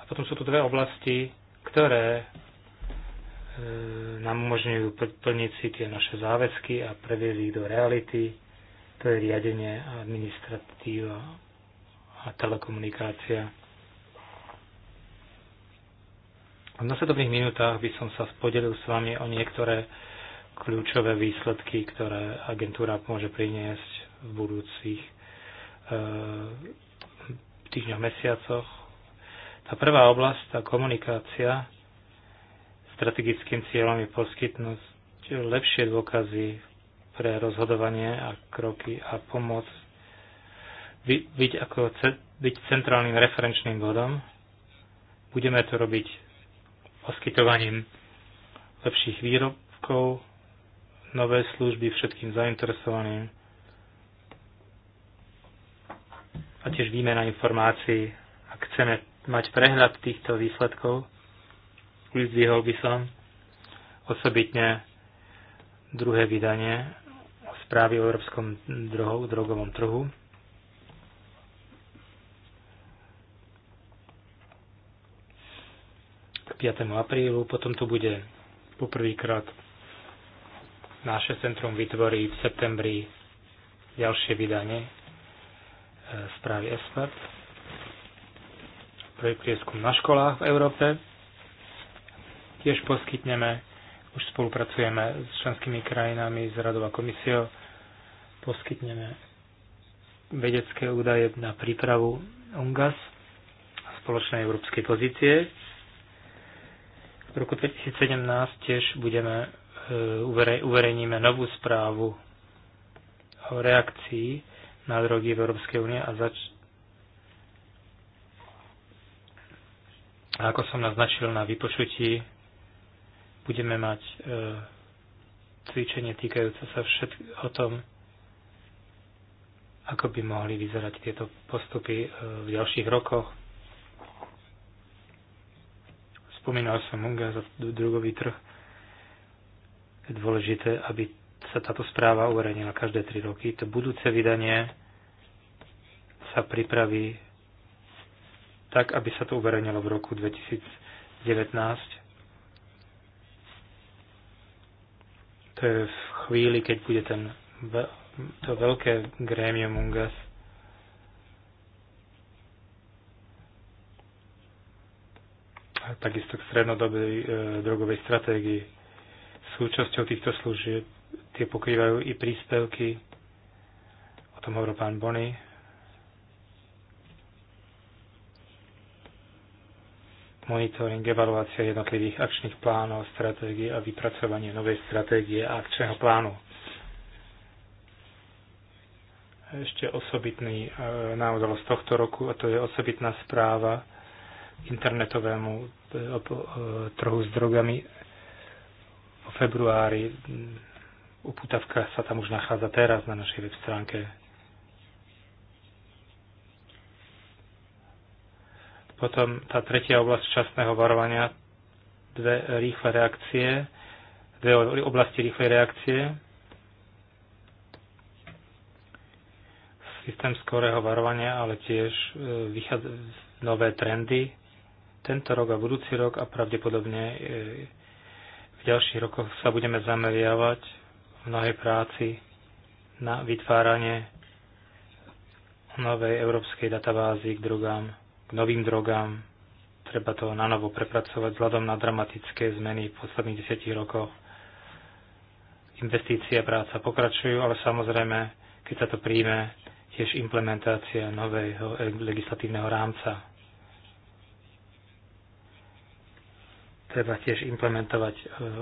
A potom sú tu dve oblasti, ktoré e, nám umožňujú plniť si tie naše záväzky a previesť ich do reality. To je riadenie administratíva a telekomunikácia. V nasledovných minútach by som sa spodelil s vami o niektoré kľúčové výsledky, ktoré agentúra môže priniesť v budúcich e, týždňoch, mesiacoch. Tá prvá oblasť, tá komunikácia, strategickým cieľom je poskytnúť lepšie dôkazy pre rozhodovanie a kroky a pomoc by, byť, ako, byť centrálnym referenčným bodom. Budeme to robiť poskytovaním lepších výrobkov, nové služby všetkým zainteresovaným a tiež výmena informácií. Ak chceme mať prehľad týchto výsledkov, vyzvihol by som osobitne druhé vydanie správy o európskom drogovom trhu, 5. aprílu. Potom tu bude poprvýkrát naše centrum vytvorí v septembri ďalšie vydanie e, správy ESMEP pre prieskum na školách v Európe. Tiež poskytneme, už spolupracujeme s členskými krajinami, s Radou a komisiou, poskytneme vedecké údaje na prípravu UNGAS a spoločnej európskej pozície v roku 2017 tiež budeme, e, uverejníme novú správu o reakcii na drogy v Európskej únie a zač... A ako som naznačil na vypočutí, budeme mať e, cvičenie týkajúce sa všetk o tom, ako by mohli vyzerať tieto postupy e, v ďalších rokoch. Spomínal som Munga za drogový trh. Je dôležité, aby sa táto správa uverejnila každé tri roky. To budúce vydanie sa pripraví tak, aby sa to uverejnilo v roku 2019. To je v chvíli, keď bude ten, to veľké grémium UNGAS takisto k strednodobej e, drogovej stratégii. Súčasťou týchto služieb tie pokrývajú i príspevky, o tom hovoril pán Bony, monitoring, evaluácia jednotlivých akčných plánov, stratégie a vypracovanie novej stratégie a akčného plánu. Ešte osobitný e, náudol z tohto roku, a to je osobitná správa internetovému e, e, trhu s drogami v februári. Uputavka sa tam už nachádza teraz na našej web stránke. Potom tá tretia oblasť časného varovania, dve rýchle reakcie, dve oblasti rýchlej reakcie. Systém skorého varovania, ale tiež e, vychádza nové trendy, tento rok a budúci rok a pravdepodobne e, v ďalších rokoch sa budeme zameriavať v mnohej práci na vytváranie novej európskej databázy k drogám, k novým drogám. Treba to na novo prepracovať vzhľadom na dramatické zmeny v posledných desiatich rokoch. Investície a práca pokračujú, ale samozrejme, keď sa to príjme, tiež implementácia nového legislatívneho rámca treba tiež implementovať e,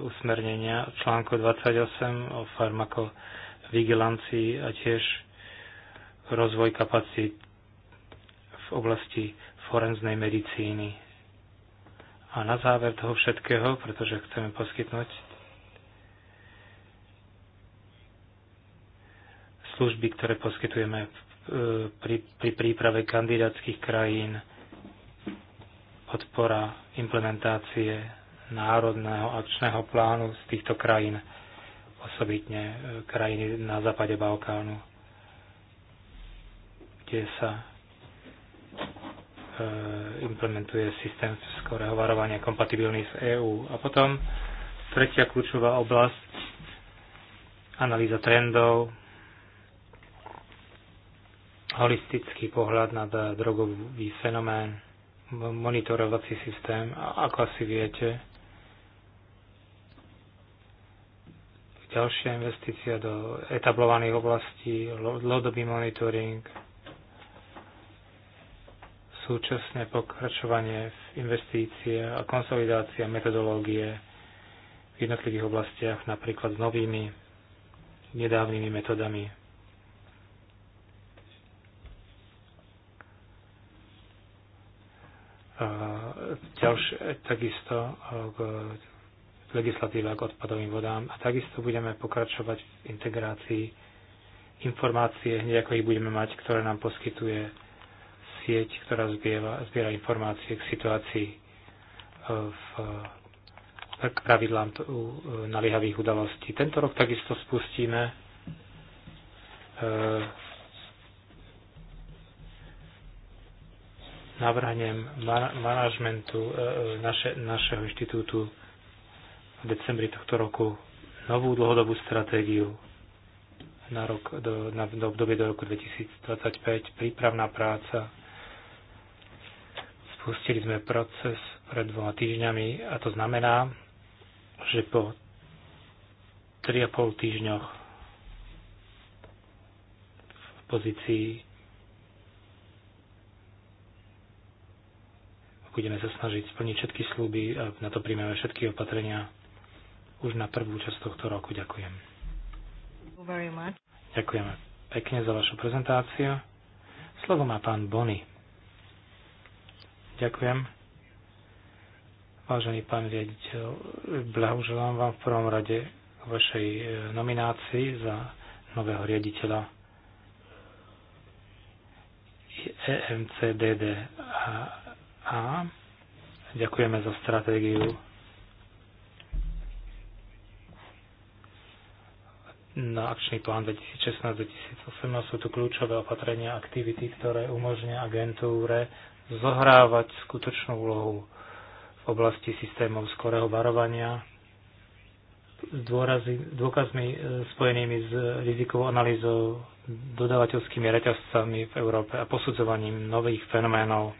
usmernenia článku 28 o farmakovigilancii a tiež rozvoj kapacít v oblasti forenznej medicíny. A na záver toho všetkého, pretože chceme poskytnúť služby, ktoré poskytujeme e, pri, pri príprave kandidátskych krajín, podpora implementácie národného akčného plánu z týchto krajín, osobitne e, krajiny na západe Balkánu, kde sa e, implementuje systém skorého varovania kompatibilný s EÚ. A potom tretia kľúčová oblasť, analýza trendov, holistický pohľad na e, drogový fenomén, monitorovací systém. A ako asi viete, ďalšia investícia do etablovaných oblastí, dlhodobý monitoring, súčasné pokračovanie v investície a konsolidácia metodológie v jednotlivých oblastiach, napríklad s novými nedávnymi metodami. Ďalšie, takisto k legislatíve k odpadovým vodám a takisto budeme pokračovať v integrácii informácie, hneď ako ich budeme mať, ktoré nám poskytuje sieť, ktorá zbiera, zbiera informácie k situácii e, v e, k pravidlám e, naliehavých udalostí. Tento rok takisto spustíme navrhnem manažmentu naše, našeho inštitútu v decembri tohto roku novú dlhodobú stratégiu na, rok, do, na do obdobie do roku 2025, prípravná práca. Spustili sme proces pred dvoma týždňami a to znamená, že po 3,5 týždňoch v pozícii budeme sa snažiť splniť všetky slúby a na to príjmeme všetky opatrenia už na prvú časť tohto roku. Ďakujem. Ďakujeme pekne za vašu prezentáciu. Slovo má pán Bony. Ďakujem. Vážený pán riaditeľ, blahoželám vám v prvom rade k vašej e, nominácii za nového riaditeľa EMCDDA. Ďakujeme za stratégiu na akčný plán 2016-2018 sú tu kľúčové opatrenia aktivity, ktoré umožnia agentúre zohrávať skutočnú úlohu v oblasti systémov skorého varovania s dôrazy, dôkazmi e, spojenými s rizikovou analýzou, dodávateľskými reťazcami v Európe a posudzovaním nových fenoménov,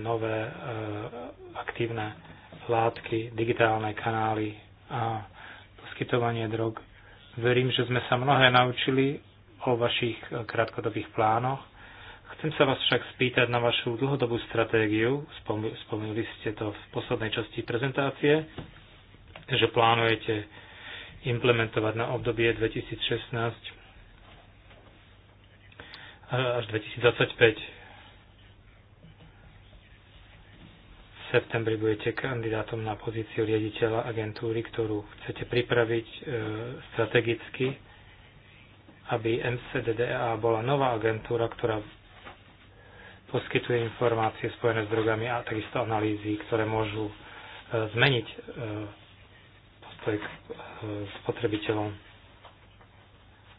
nové e, aktívne látky, digitálne kanály a poskytovanie drog. Verím, že sme sa mnohé naučili o vašich krátkodobých plánoch. Chcem sa vás však spýtať na vašu dlhodobú stratégiu. Spomínali ste to v poslednej časti prezentácie, že plánujete implementovať na obdobie 2016 až 2025 septembri budete kandidátom na pozíciu riaditeľa agentúry, ktorú chcete pripraviť e, strategicky, aby MCDDA bola nová agentúra, ktorá poskytuje informácie spojené s drogami a takisto analýzy, ktoré môžu e, zmeniť e, postoj k e, spotrebiteľom,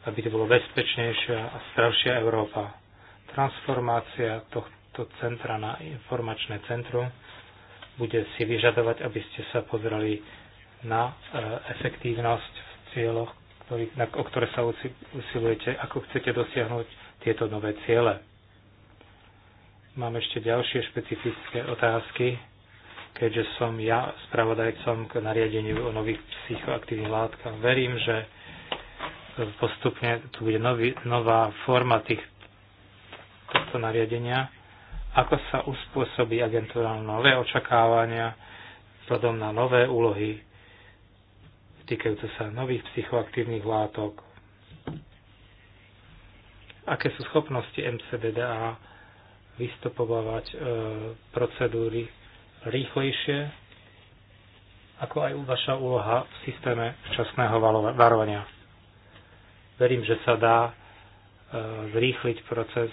aby to bolo bezpečnejšia a zdravšia Európa. Transformácia tohto centra na informačné centrum bude si vyžadovať, aby ste sa pozreli na e, efektívnosť v cieľoch, ktorý, na, o ktoré sa usilujete, ako chcete dosiahnuť tieto nové ciele. Mám ešte ďalšie špecifické otázky, keďže som ja spravodajcom k nariadeniu o nových psychoaktívnych látkach. Verím, že postupne tu bude nový, nová forma tých, tohto nariadenia ako sa uspôsobí agentúra na nové očakávania, vzhľadom na nové úlohy týkajúce sa nových psychoaktívnych látok, aké sú schopnosti MCDDA vystupovať e, procedúry rýchlejšie, ako aj vaša úloha v systéme včasného varovania. Verím, že sa dá e, zrýchliť proces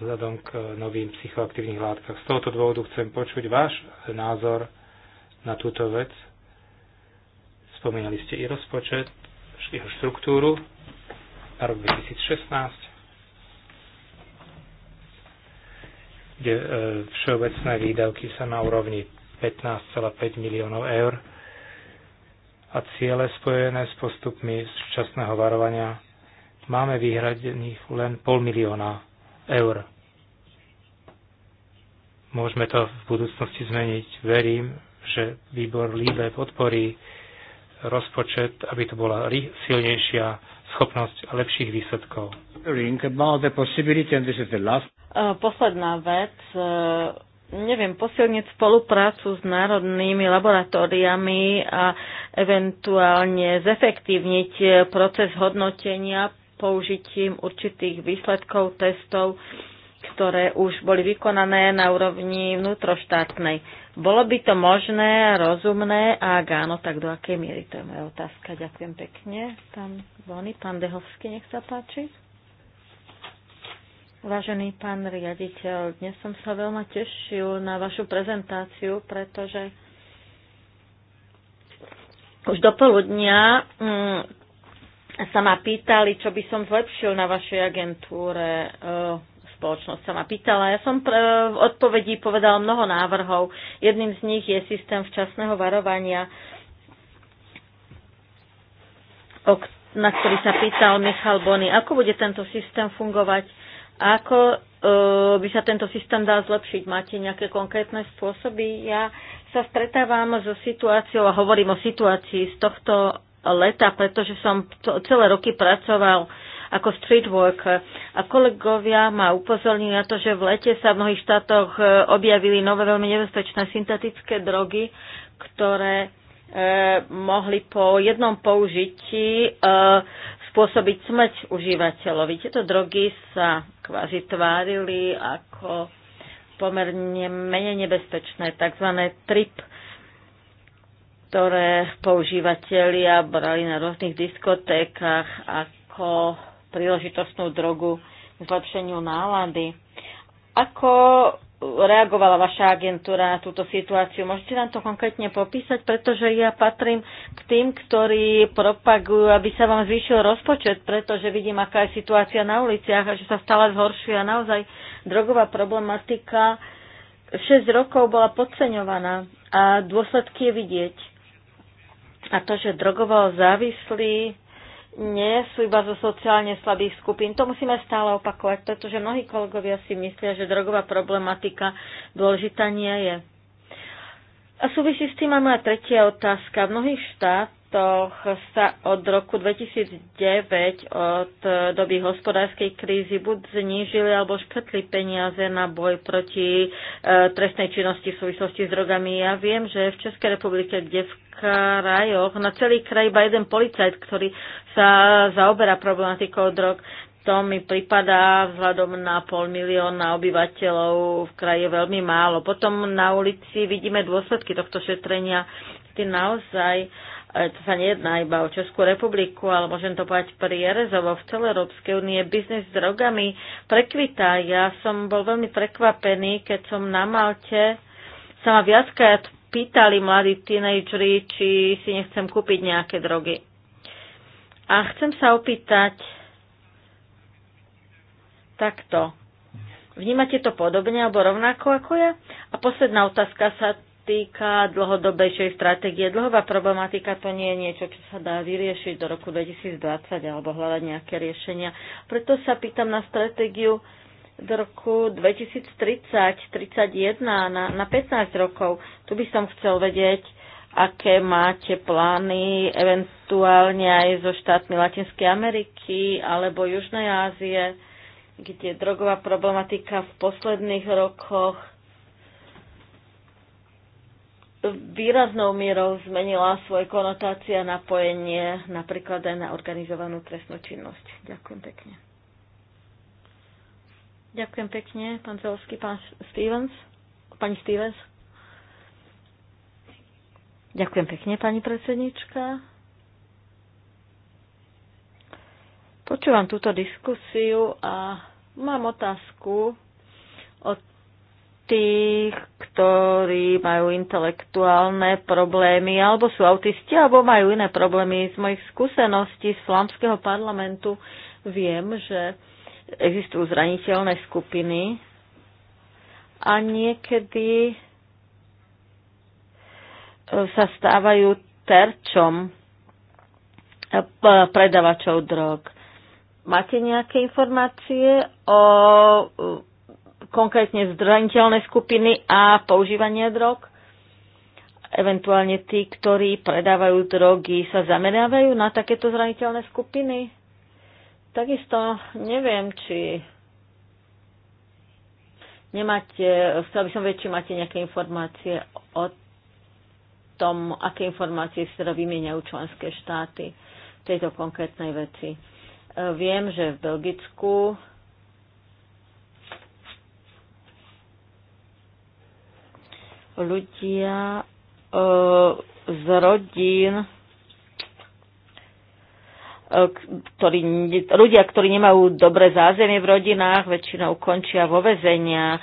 vzhľadom k novým psychoaktívnych látkach. Z tohoto dôvodu chcem počuť váš názor na túto vec. Spomínali ste i rozpočet, jeho štruktúru na rok 2016, kde e, všeobecné výdavky sa na úrovni 15,5 miliónov eur a ciele spojené s postupmi z časného varovania máme vyhradených len pol milióna eur. Môžeme to v budúcnosti zmeniť. Verím, že výbor Líbe podporí rozpočet, aby to bola silnejšia schopnosť lepších výsledkov. E, posledná vec. E, neviem, posilniť spoluprácu s národnými laboratóriami a eventuálne zefektívniť e, proces hodnotenia použitím určitých výsledkov testov, ktoré už boli vykonané na úrovni vnútroštátnej. Bolo by to možné, a rozumné a ak áno, tak do akej miery? To je moja otázka. Ďakujem pekne. Pán Bony, pán Dehovský, nech sa páči. Vážený pán riaditeľ, dnes som sa veľmi tešil na vašu prezentáciu, pretože už do poludnia mm, sa ma pýtali, čo by som zlepšil na vašej agentúre. E, spoločnosť sa ma pýtala. Ja som e, v odpovedi povedal mnoho návrhov. Jedným z nich je systém včasného varovania, na ktorý sa pýtal Michal Bony. Ako bude tento systém fungovať? Ako e, by sa tento systém dal zlepšiť? Máte nejaké konkrétne spôsoby? Ja sa stretávam so situáciou a hovorím o situácii z tohto leta, pretože som celé roky pracoval ako street worker. A kolegovia ma upozornili na to, že v lete sa v mnohých štátoch e, objavili nové veľmi nebezpečné syntetické drogy, ktoré e, mohli po jednom použití e, spôsobiť smrť užívateľovi. Tieto drogy sa kvázi tvárili ako pomerne menej nebezpečné, tzv. trip ktoré používateľia brali na rôznych diskotékach ako príležitostnú drogu k zlepšeniu nálady. Ako reagovala vaša agentúra na túto situáciu. Môžete nám to konkrétne popísať, pretože ja patrím k tým, ktorí propagujú, aby sa vám zvýšil rozpočet, pretože vidím, aká je situácia na uliciach a že sa stále zhoršuje a naozaj drogová problematika 6 rokov bola podceňovaná a dôsledky je vidieť. A to, že drogovo závislí nie sú iba zo sociálne slabých skupín. To musíme stále opakovať, pretože mnohí kolegovia si myslia, že drogová problematika dôležitá nie je. A súvisí s tým aj moja tretia otázka. V mnohých štát štátoch sa od roku 2009, od doby hospodárskej krízy, buď znížili alebo škrtli peniaze na boj proti e, trestnej činnosti v súvislosti s drogami. Ja viem, že v Českej republike, kde v krajoch, na celý kraj iba jeden policajt, ktorý sa zaoberá problematikou drog, to mi pripadá vzhľadom na pol milióna obyvateľov v kraji veľmi málo. Potom na ulici vidíme dôsledky tohto šetrenia, Ty naozaj uh, to sa nejedná iba o Českú republiku, ale môžem to povedať pri Jerezovo, v celej Európskej únie biznis s drogami prekvitá. Ja som bol veľmi prekvapený, keď som na Malte sa ma viackrát pýtali mladí tínejdžeri, či si nechcem kúpiť nejaké drogy. A chcem sa opýtať takto. Vnímate to podobne alebo rovnako ako ja? A posledná otázka sa týka dlhodobejšej stratégie. Dlhová problematika to nie je niečo, čo sa dá vyriešiť do roku 2020 alebo hľadať nejaké riešenia. Preto sa pýtam na stratégiu do roku 2030, 31 na, na 15 rokov. Tu by som chcel vedieť, aké máte plány eventuálne aj so štátmi Latinskej Ameriky alebo Južnej Ázie, kde drogová problematika v posledných rokoch výraznou mierou zmenila svoje konotácie a napojenie napríklad aj na organizovanú trestnú činnosť. Ďakujem pekne. Ďakujem pekne, pán Zelovský, pán Stevens, pani Stevens. Ďakujem pekne, pani predsednička. Počúvam túto diskusiu a mám otázku od tých, ktorí majú intelektuálne problémy, alebo sú autisti, alebo majú iné problémy. Z mojich skúseností z flámskeho parlamentu viem, že existujú zraniteľné skupiny a niekedy e, sa stávajú terčom e, predavačov drog. Máte nejaké informácie o e, konkrétne zraniteľné skupiny a používanie drog. Eventuálne tí, ktorí predávajú drogy, sa zameriavajú na takéto zraniteľné skupiny. Takisto neviem, či nemáte, chcel by som vedieť, či máte nejaké informácie o tom, aké informácie si teda vymieňajú členské štáty v tejto konkrétnej veci. Viem, že v Belgicku ľudia e, z rodín, e, ktorí, ľudia, ktorí nemajú dobré zázemie v rodinách, väčšinou končia vo vezeniach.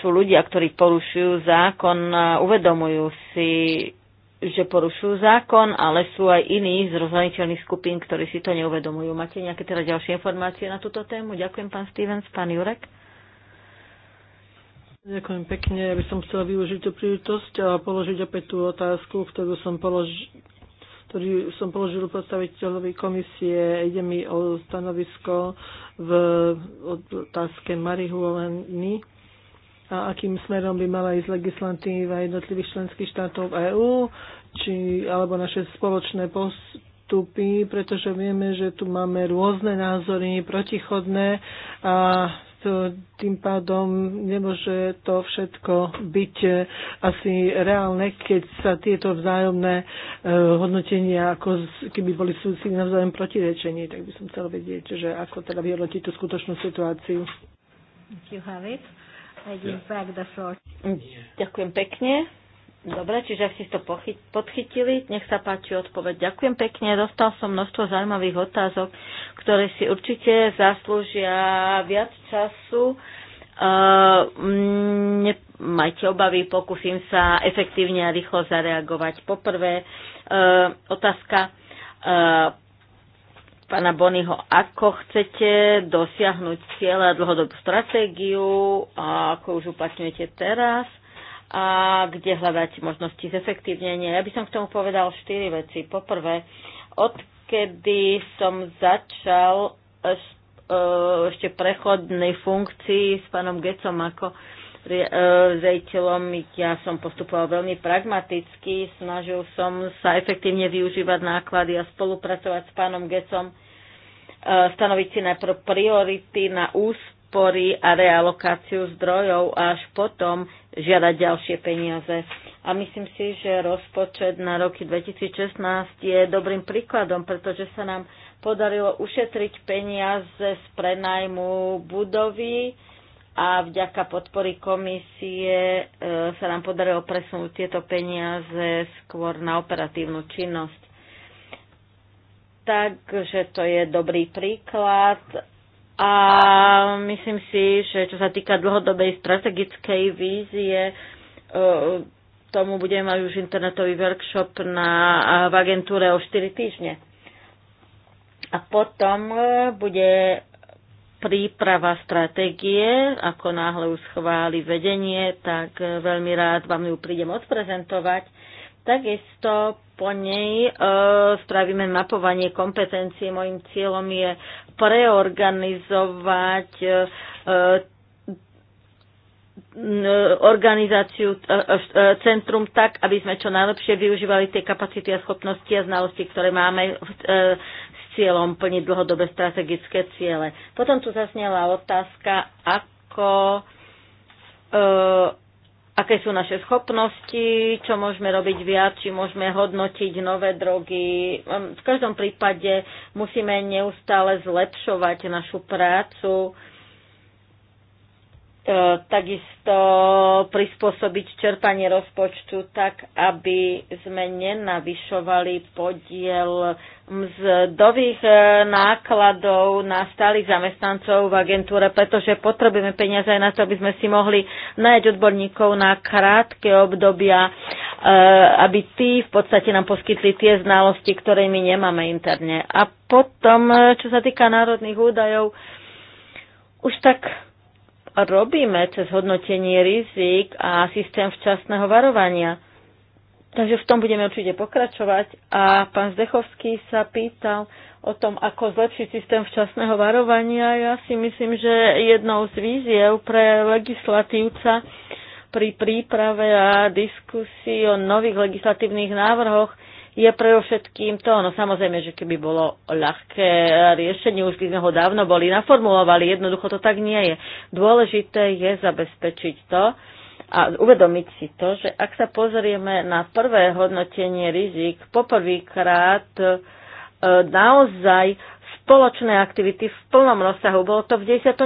sú ľudia, ktorí porušujú zákon a uvedomujú si, že porušujú zákon, ale sú aj iní z rozhraniteľných skupín, ktorí si to neuvedomujú. Máte nejaké teda ďalšie informácie na túto tému? Ďakujem, pán Stevens, pán Jurek. Ďakujem pekne. Ja by som chcela využiť tú príležitosť a položiť opäť tú otázku, ktorú som položil ktorý som položil predstaviteľovi komisie. Ide mi o stanovisko v otázke marihuany a akým smerom by mala ísť legislatíva jednotlivých členských štátov EÚ, či alebo naše spoločné postupy, pretože vieme, že tu máme rôzne názory, protichodné a tým pádom nemôže to všetko byť eh, asi reálne, keď sa tieto vzájomné eh, hodnotenia, ako keby boli súci navzájom protirečení, tak by som chcel vedieť, že ako teda vyhodnotiť tú skutočnú situáciu. Hm. Ďakujem pekne. Dobre, čiže ak si to podchytili, nech sa páči odpoveď. Ďakujem pekne, dostal som množstvo zaujímavých otázok, ktoré si určite zaslúžia viac času. Uh, mm, majte obavy, pokúsim sa efektívne a rýchlo zareagovať. Poprvé, uh, otázka uh, pána Bonyho, ako chcete dosiahnuť cieľa dlhodobú stratégiu, a ako už uplatňujete teraz a kde hľadať možnosti zefektívnenia. Ja by som k tomu povedal štyri veci. Poprvé, odkedy som začal eh, eh, ešte prechodnej funkcii s pánom Gecom ako eh, rejiteľom, ja som postupoval veľmi pragmaticky, snažil som sa efektívne využívať náklady a spolupracovať s pánom Gecom, stanoviť si najprv priority na úst podpory a realokáciu zdrojov a až potom žiadať ďalšie peniaze. A myslím si, že rozpočet na roky 2016 je dobrým príkladom, pretože sa nám podarilo ušetriť peniaze z prenajmu budovy a vďaka podpory komisie e, sa nám podarilo presunúť tieto peniaze skôr na operatívnu činnosť. Takže to je dobrý príklad a myslím si, že čo sa týka dlhodobej strategickej vízie, e, tomu budeme mať už internetový workshop na, v agentúre o 4 týždne. A potom e, bude príprava stratégie, ako náhle už schváli vedenie, tak e, veľmi rád vám ju prídem odprezentovať. Takisto po nej e, spravíme mapovanie kompetencie. Mojím cieľom je preorganizovať e, e organizáciu, e, e, centrum tak, aby sme čo najlepšie využívali tie kapacity a schopnosti a znalosti, ktoré máme s cieľom plniť dlhodobé strategické ciele. Potom tu zasnela otázka, ako aké sú naše schopnosti, čo môžeme robiť viac, či môžeme hodnotiť nové drogy. Hm, v každom prípade musíme neustále zlepšovať našu prácu E, takisto prispôsobiť čerpanie rozpočtu tak, aby sme nenavyšovali podiel mzdových e, nákladov na stálych zamestnancov v agentúre, pretože potrebujeme peniaze aj na to, aby sme si mohli nájať odborníkov na krátke obdobia, e, aby tí v podstate nám poskytli tie znalosti, ktoré my nemáme interne. A potom, čo sa týka národných údajov, už tak robíme cez hodnotenie rizik a systém včasného varovania. Takže v tom budeme určite pokračovať. A pán Zdechovský sa pýtal o tom, ako zlepšiť systém včasného varovania. Ja si myslím, že jednou z víziev pre legislatívca pri príprave a diskusii o nových legislatívnych návrhoch je pre všetkým to. No samozrejme, že keby bolo ľahké riešenie, už by sme ho dávno boli naformulovali. Jednoducho to tak nie je. Dôležité je zabezpečiť to, a uvedomiť si to, že ak sa pozrieme na prvé hodnotenie rizik, poprvýkrát e, naozaj spoločné aktivity v plnom rozsahu. Bolo to v 19.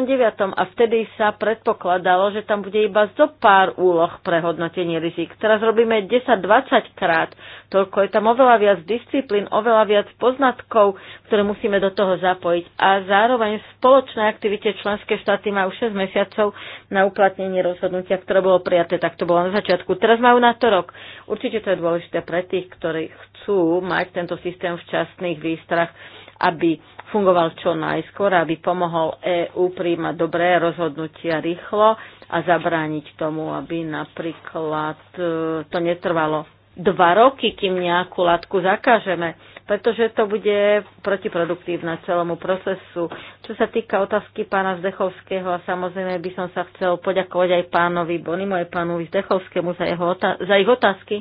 a vtedy sa predpokladalo, že tam bude iba zo pár úloh pre hodnotenie rizik. Teraz robíme 10-20 krát. Toľko je tam oveľa viac disciplín, oveľa viac poznatkov, ktoré musíme do toho zapojiť. A zároveň v spoločnej aktivite členské štáty majú 6 mesiacov na uplatnenie rozhodnutia, ktoré bolo prijaté. Tak to bolo na začiatku. Teraz majú na to rok. Určite to je dôležité pre tých, ktorí chcú mať tento systém včasných výstrach aby fungoval čo najskôr, aby pomohol EÚ príjmať dobré rozhodnutia rýchlo a zabrániť tomu, aby napríklad e, to netrvalo dva roky, kým nejakú látku zakážeme, pretože to bude protiproduktívne celému procesu. Čo sa týka otázky pána Zdechovského, a samozrejme by som sa chcel poďakovať aj pánovi Bonimo, aj pánovi Zdechovskému za, jeho, za ich otázky.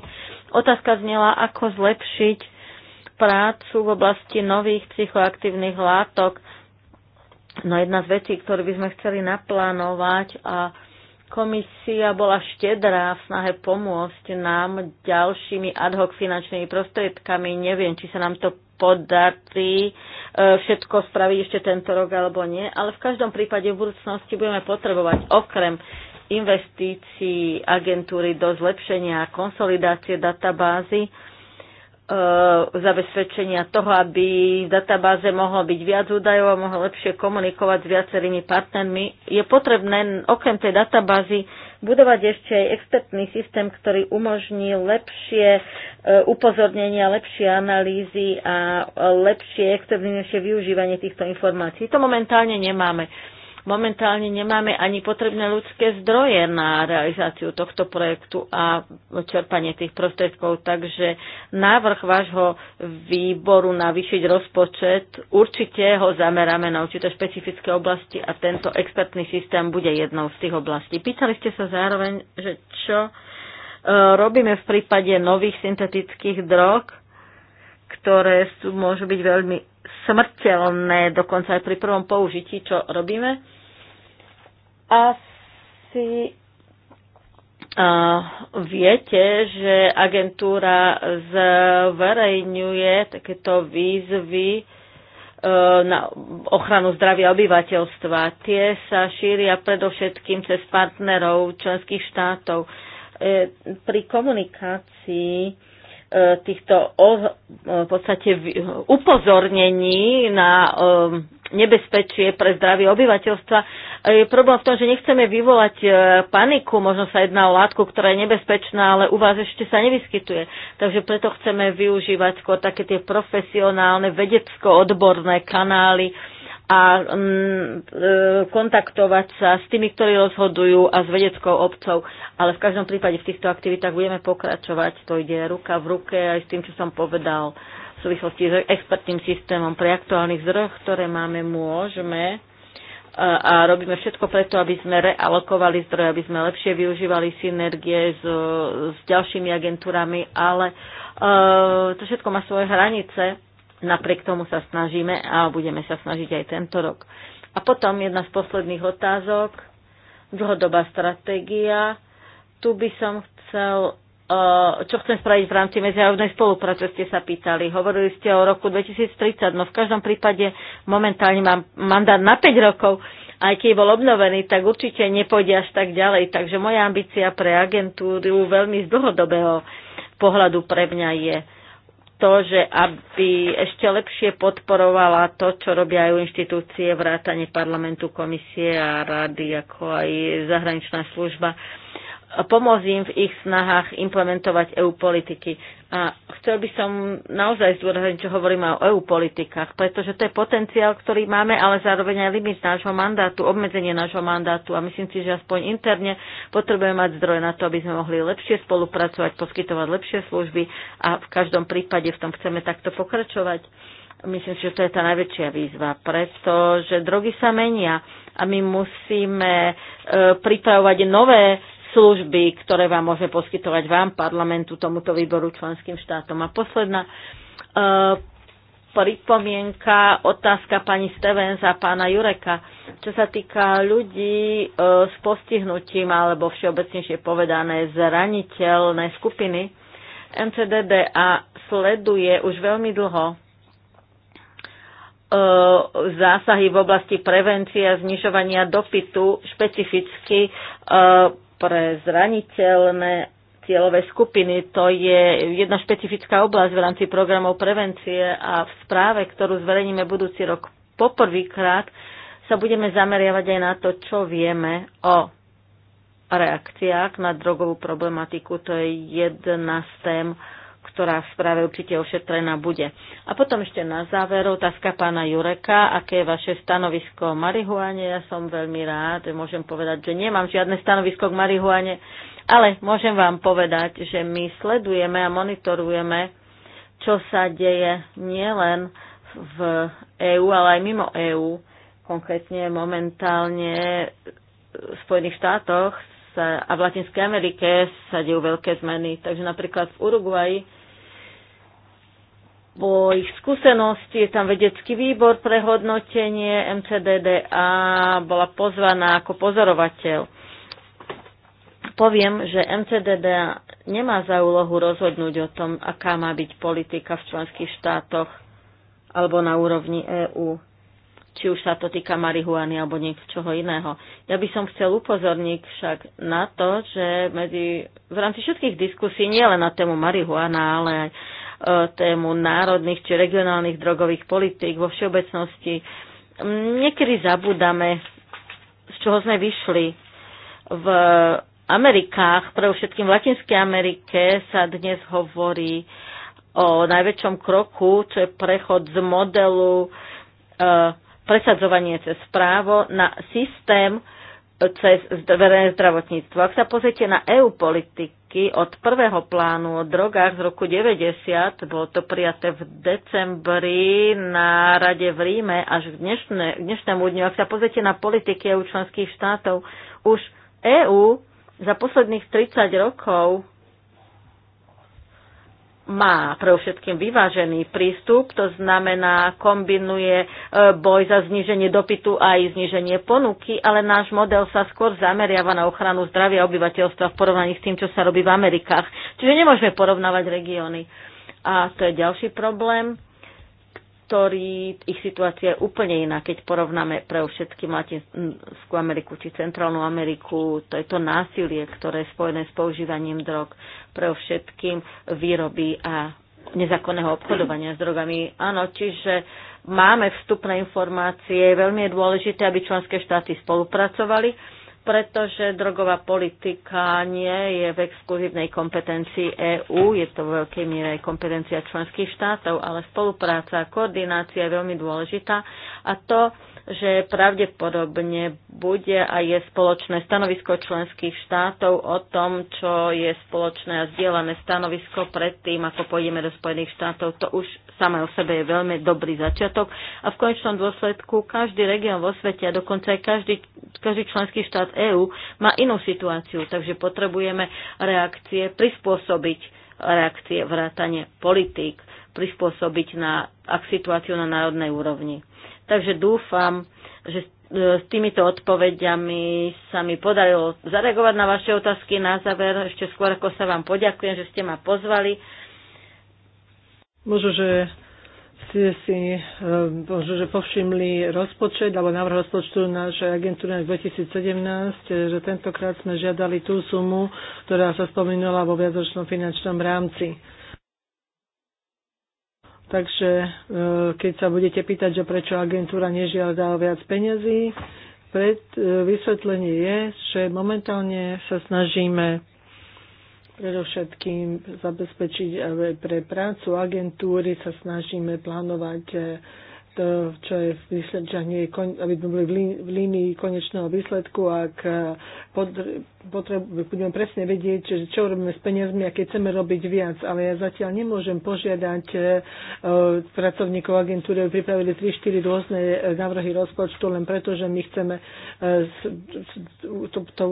Otázka znela, ako zlepšiť prácu v oblasti nových psychoaktívnych látok. No jedna z vecí, ktorú by sme chceli naplánovať a komisia bola štedrá v snahe pomôcť nám ďalšími ad hoc finančnými prostriedkami. Neviem, či sa nám to podarí e, všetko spraviť ešte tento rok alebo nie, ale v každom prípade v budúcnosti budeme potrebovať okrem investícií agentúry do zlepšenia a konsolidácie databázy E, zabezpečenia toho, aby v databáze mohlo byť viac údajov a mohlo lepšie komunikovať s viacerými partnermi, je potrebné okrem tej databázy budovať ešte aj expertný systém, ktorý umožní lepšie e, upozornenia, lepšie analýzy a lepšie externejšie využívanie týchto informácií. To momentálne nemáme momentálne nemáme ani potrebné ľudské zdroje na realizáciu tohto projektu a čerpanie tých prostriedkov. Takže návrh vášho výboru navýšiť rozpočet, určite ho zameráme na určité špecifické oblasti a tento expertný systém bude jednou z tých oblastí. Pýtali ste sa zároveň, že čo e, robíme v prípade nových syntetických drog, ktoré sú, môžu byť veľmi smrteľné, dokonca aj pri prvom použití, čo robíme. Asi viete, že agentúra zverejňuje takéto výzvy e, na ochranu zdravia obyvateľstva. Tie sa šíria predovšetkým cez partnerov členských štátov. E, pri komunikácii týchto v podstate upozornení na um, nebezpečie pre zdravie obyvateľstva. Je problém v tom, že nechceme vyvolať e, paniku, možno sa jedná o látku, ktorá je nebezpečná, ale u vás ešte sa nevyskytuje. Takže preto chceme využívať skôr také tie profesionálne, vedecko-odborné kanály, a mm, e, kontaktovať sa s tými, ktorí rozhodujú a s vedeckou obcov. Ale v každom prípade v týchto aktivitách budeme pokračovať. To ide ruka v ruke aj s tým, čo som povedal v súvislosti s expertným systémom pre aktuálnych zdrojoch, ktoré máme, môžeme e, a robíme všetko preto, aby sme realokovali zdroje, aby sme lepšie využívali synergie s, s ďalšími agentúrami, ale uh, to všetko má svoje hranice Napriek tomu sa snažíme a budeme sa snažiť aj tento rok. A potom jedna z posledných otázok, dlhodobá stratégia. Tu by som chcel e, čo chcem spraviť v rámci medzinárodnej spolupráce, ste sa pýtali. Hovorili ste o roku 2030, no v každom prípade momentálne mám mandát na 5 rokov, aj keď bol obnovený, tak určite nepôjde až tak ďalej. Takže moja ambícia pre agentúru veľmi z dlhodobého pohľadu pre mňa je to, že aby ešte lepšie podporovala to, čo robia aj inštitúcie, vrátanie parlamentu, komisie a rady, ako aj zahraničná služba. Pomôcť im v ich snahách implementovať EU politiky. A chcel by som naozaj zdôrazniť, čo hovoríme o EU politikách, pretože to je potenciál, ktorý máme, ale zároveň aj limit nášho mandátu, obmedzenie nášho mandátu a myslím si, že aspoň interne potrebujeme mať zdroje na to, aby sme mohli lepšie spolupracovať, poskytovať lepšie služby a v každom prípade v tom chceme takto pokračovať. Myslím si, že to je tá najväčšia výzva, pretože drogy sa menia a my musíme e, pripravovať nové služby, ktoré vám môže poskytovať vám, parlamentu, tomuto výboru, členským štátom. A posledná e, pripomienka, otázka pani Stevens a pána Jureka. Čo sa týka ľudí e, s postihnutím alebo všeobecnejšie povedané zraniteľné skupiny, MCDDA sleduje už veľmi dlho e, zásahy v oblasti prevencie a znižovania dopytu špecificky e, pre zraniteľné cieľové skupiny. To je jedna špecifická oblasť v rámci programov prevencie a v správe, ktorú zverejníme budúci rok poprvýkrát, sa budeme zameriavať aj na to, čo vieme o reakciách na drogovú problematiku. To je jedna z tém, ktorá v správe určite ošetrená bude. A potom ešte na záver otázka pána Jureka, aké je vaše stanovisko o marihuane. Ja som veľmi rád, že môžem povedať, že nemám žiadne stanovisko k marihuane, ale môžem vám povedať, že my sledujeme a monitorujeme, čo sa deje nielen v EÚ, ale aj mimo EÚ. Konkrétne momentálne v Spojených štátoch sa, a v Latinskej Amerike sa dejú veľké zmeny. Takže napríklad v Uruguaji po ich skúsenosti, je tam vedecký výbor pre hodnotenie, a bola pozvaná ako pozorovateľ. Poviem, že MCDDA nemá za úlohu rozhodnúť o tom, aká má byť politika v členských štátoch alebo na úrovni EÚ, či už sa to týka marihuany alebo niečoho iného. Ja by som chcel upozorniť však na to, že medzi, v rámci všetkých diskusí, nie len na tému marihuana, ale aj tému národných či regionálnych drogových politík vo všeobecnosti. Niekedy zabúdame, z čoho sme vyšli. V Amerikách, pre všetkým v Latinskej Amerike sa dnes hovorí o najväčšom kroku, čo je prechod z modelu e, presadzovanie cez právo na systém, cez verejné zdravotníctvo. Ak sa pozrite na EU politiky od prvého plánu o drogách z roku 90, bolo to prijaté v decembri na Rade v Ríme až k dnešné, dnešnému dňu. Ak sa pozrite na politiky EU členských štátov, už EÚ za posledných 30 rokov má pre všetkým vyvážený prístup, to znamená kombinuje e, boj za zníženie dopytu a aj zníženie ponuky, ale náš model sa skôr zameriava na ochranu zdravia obyvateľstva v porovnaní s tým, čo sa robí v Amerikách. Čiže nemôžeme porovnávať regióny. A to je ďalší problém ktorí, ich situácia je úplne iná, keď porovnáme pre všetkým Latinskú Ameriku či Centrálnu Ameriku, to je to násilie, ktoré je spojené s používaním drog, pre všetkým výroby a nezákonného obchodovania s drogami. Áno, čiže máme vstupné informácie, veľmi je dôležité, aby členské štáty spolupracovali pretože drogová politika nie je v exkluzívnej kompetencii EÚ, je to v veľkej miere aj kompetencia členských štátov, ale spolupráca a koordinácia je veľmi dôležitá a to že pravdepodobne bude a je spoločné stanovisko členských štátov o tom, čo je spoločné a zdieľané stanovisko predtým, ako pôjdeme do Spojených štátov. To už samé o sebe je veľmi dobrý začiatok a v konečnom dôsledku každý región vo svete a dokonca aj každý, každý členský štát EÚ má inú situáciu, takže potrebujeme reakcie prispôsobiť reakcie, vrátane politík, prispôsobiť na ak situáciu na národnej úrovni. Takže dúfam, že e, s týmito odpovediami sa mi podarilo zareagovať na vaše otázky. Na záver, ešte skôr ako sa vám poďakujem, že ste ma pozvali. Možno, že ste si e, možno, že povšimli rozpočet alebo návrh rozpočtu našej agentúry na 2017, e, že tentokrát sme žiadali tú sumu, ktorá sa spomínala vo viacročnom finančnom rámci. Takže e, keď sa budete pýtať, že prečo agentúra nežiada viac peniazí, pred, e, vysvetlenie je, že momentálne sa snažíme predovšetkým zabezpečiť pre prácu agentúry, sa snažíme plánovať e, to, čo je v výsledčiach, nie je, aby sme boli v línii konečného výsledku, ak eh, potrebu, budeme presne vedieť, čo, čo robíme s peniazmi a keď chceme robiť viac. Ale ja zatiaľ nemôžem požiadať eh, eh, pracovníkov agentúry, aby pripravili 3-4 rôzne návrhy rozpočtu, len preto, že my chceme to, to,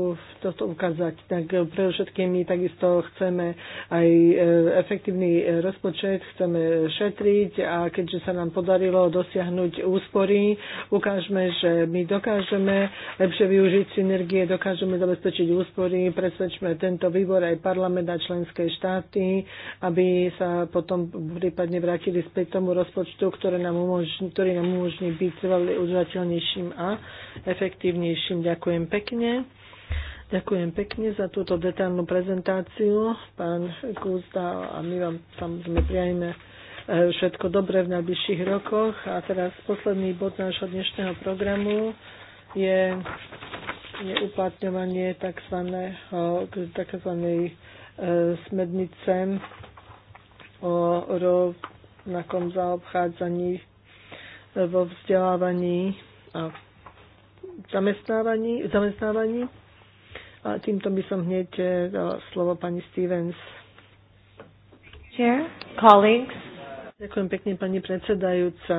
to, to ukázať. Tak pre všetky my takisto chceme aj efektívny rozpočet, chceme šetriť a keďže sa nám podarilo dosť dosiahnuť úspory. Ukážme, že my dokážeme lepšie využiť synergie, dokážeme zabezpečiť úspory, presvedčme tento výbor aj parlament a členské štáty, aby sa potom prípadne vrátili späť tomu rozpočtu, ktoré nám umožní, ktorý nám umožní byť veľmi udržateľnejším a efektívnejším. Ďakujem pekne. Ďakujem pekne za túto detailnú prezentáciu, pán Kústa, a my vám samozrejme prijajme všetko dobré v najbližších rokoch. A teraz posledný bod nášho dnešného programu je, je uplatňovanie tzv. tzv. E, smednice o rovnakom zaobchádzaní e, vo vzdelávaní a zamestnávaní, zamestnávaní. A týmto by som hneď e, dala slovo pani Stevens. Chair, colleagues, Ďakujem pekne, pani predsedajúca.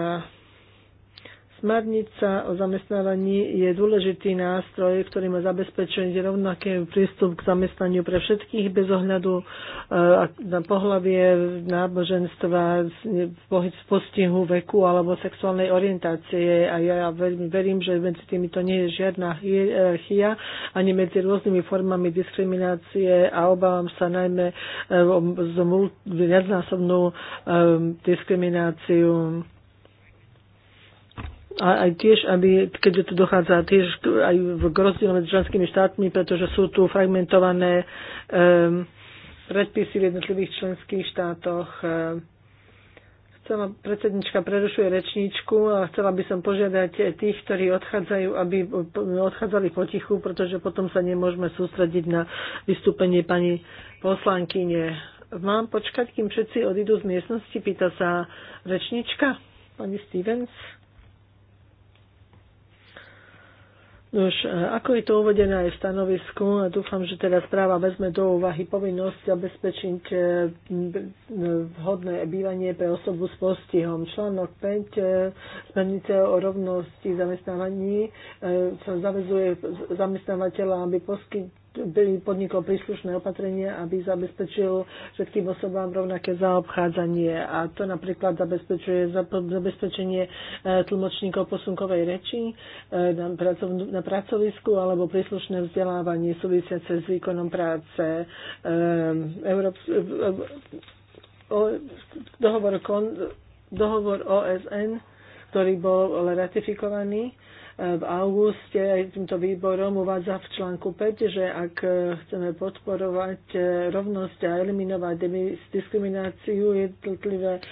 Smernica o zamestnávaní je dôležitý nástroj, ktorý má zabezpečiť rovnaký prístup k zamestnaniu pre všetkých bez ohľadu e, na pohlavie, náboženstva, postihu, veku alebo sexuálnej orientácie. A ja veľmi verím, že medzi týmito nie je žiadna hierarchia e, ani medzi rôznymi formami diskriminácie a obávam sa najmä e, z viacnásobnú diskrimináciu a aj tiež, aby, keďže tu dochádza tiež aj v rozdielu medzi členskými štátmi, pretože sú tu fragmentované um, predpisy v jednotlivých členských štátoch. Ehm, chcela, predsednička prerušuje rečníčku a chcela by som požiadať tých, ktorí odchádzajú, aby odchádzali potichu, pretože potom sa nemôžeme sústrediť na vystúpenie pani poslankyne. Mám počkať, kým všetci odídu z miestnosti, pýta sa rečníčka, pani Stevens. Nož, ako je to uvedené aj v stanovisku, dúfam, že teda správa vezme do úvahy povinnosť zabezpečiť e, vhodné bývanie pre osobu s postihom. Článok 5 e, smernice o rovnosti zamestnávaní e, sa zavezuje zamestnávateľa, aby poskyt podnikol príslušné opatrenia, aby zabezpečil všetkým osobám rovnaké zaobchádzanie. A to napríklad zabezpečuje zabezpečenie eh, tlmočníkov posunkovej reči eh, na, pracovisku alebo príslušné vzdelávanie súvisiace s výkonom práce. Eh, dohovor, kon, dohovor OSN, ktorý bol ratifikovaný, v auguste aj týmto výborom uvádza v článku 5, že ak e, chceme podporovať e, rovnosť a eliminovať diskrimináciu, jednotlivé e,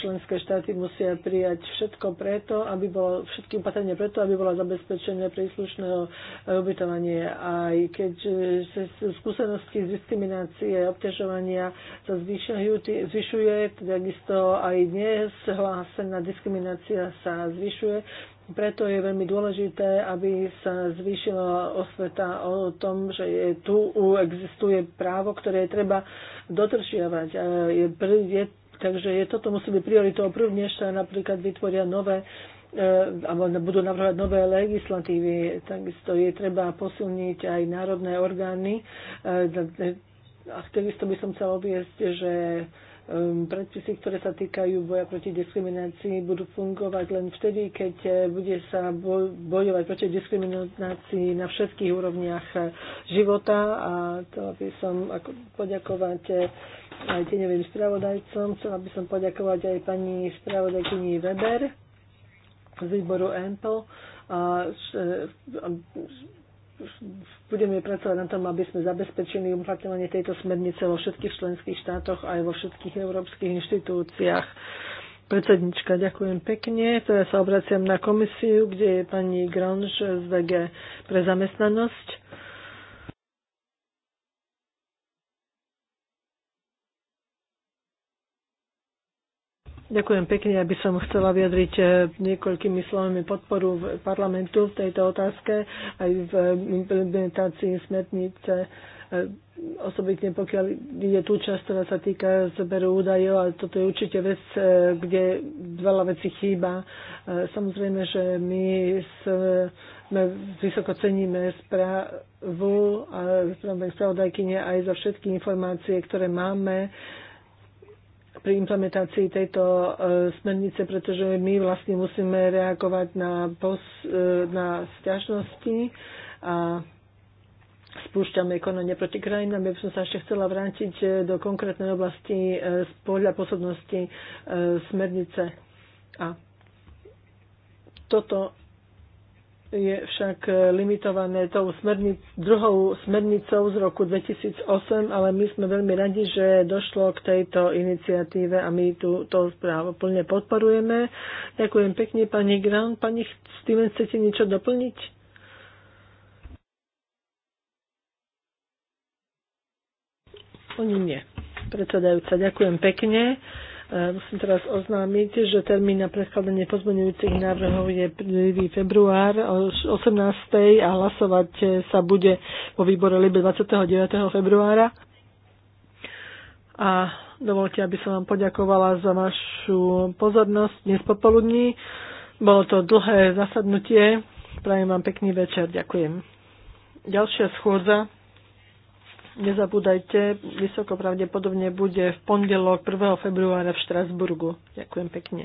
členské štáty musia prijať všetko preto, aby bolo všetky opatrenia preto, aby bolo zabezpečené príslušné ubytovanie. Aj keď skúsenosti z diskriminácie a obťažovania sa zvyšuje, takisto aj dnes hlásená diskriminácia sa zvyšuje, preto je veľmi dôležité, aby sa zvýšila osveta o tom, že je tu existuje právo, ktoré je treba dotržiavať. Je, je, takže je, toto musí byť prioritou prvne, že sa napríklad vytvoria nové e, alebo budú navrhovať nové legislatívy. Takisto je treba posilniť aj národné orgány. E, a takisto by som chcela obviesť, že Ehm, predpisy, ktoré sa týkajú boja proti diskriminácii, budú fungovať len vtedy, keď eh, bude sa bojovať proti diskriminácii na všetkých úrovniach eh, života. A to by som poďakovať eh, aj tieňovým spravodajcom, chcela by som poďakovať aj pani spravodajkyni Weber z výboru EMPL a budeme pracovať na tom, aby sme zabezpečili uplatňovanie tejto smernice vo všetkých členských štátoch aj vo všetkých európskych inštitúciách. Predsednička, ďakujem pekne. Teraz sa obraciam na komisiu, kde je pani Grange z VG pre zamestnanosť. Ďakujem pekne, aby som chcela vyjadriť eh, niekoľkými slovami podporu v parlamentu v tejto otázke aj v eh, implementácii smetnice eh, osobitne pokiaľ je tu časť, ktorá sa týka zberu údajov, ale toto je určite vec, kde veľa vecí chýba. Samozrejme, že my sme, vysoko ceníme správu a správodajkyne aj za všetky informácie, ktoré máme pri implementácii tejto e, smernice, pretože my vlastne musíme reagovať na, pos, e, na stiažnosti a spúšťame konanie proti krajinám. Ja by som sa ešte chcela vrátiť e, do konkrétnej oblasti podľa posobnosti smernice. A toto je však e, limitované tou smernic, druhou smernicou z roku 2008, ale my sme veľmi radi, že došlo k tejto iniciatíve a my tu to správu plne podporujeme. Ďakujem pekne, pani Grant. Pani Steven, chcete niečo doplniť? Oni nie. Predsedajúca, ďakujem pekne. Eh, musím teraz oznámiť, že termín na predkladanie pozmeňujúcich návrhov je 1. február 18. a hlasovať eh, sa bude vo výbore Libe 29. februára. A dovolte, aby som vám poďakovala za vašu pozornosť dnes popoludní. Bolo to dlhé zasadnutie. Prajem vám pekný večer. Ďakujem. Ďalšia schôdza Nezabúdajte, vysoko pravdepodobne bude v pondelok 1. februára v Štrasburgu. Ďakujem pekne.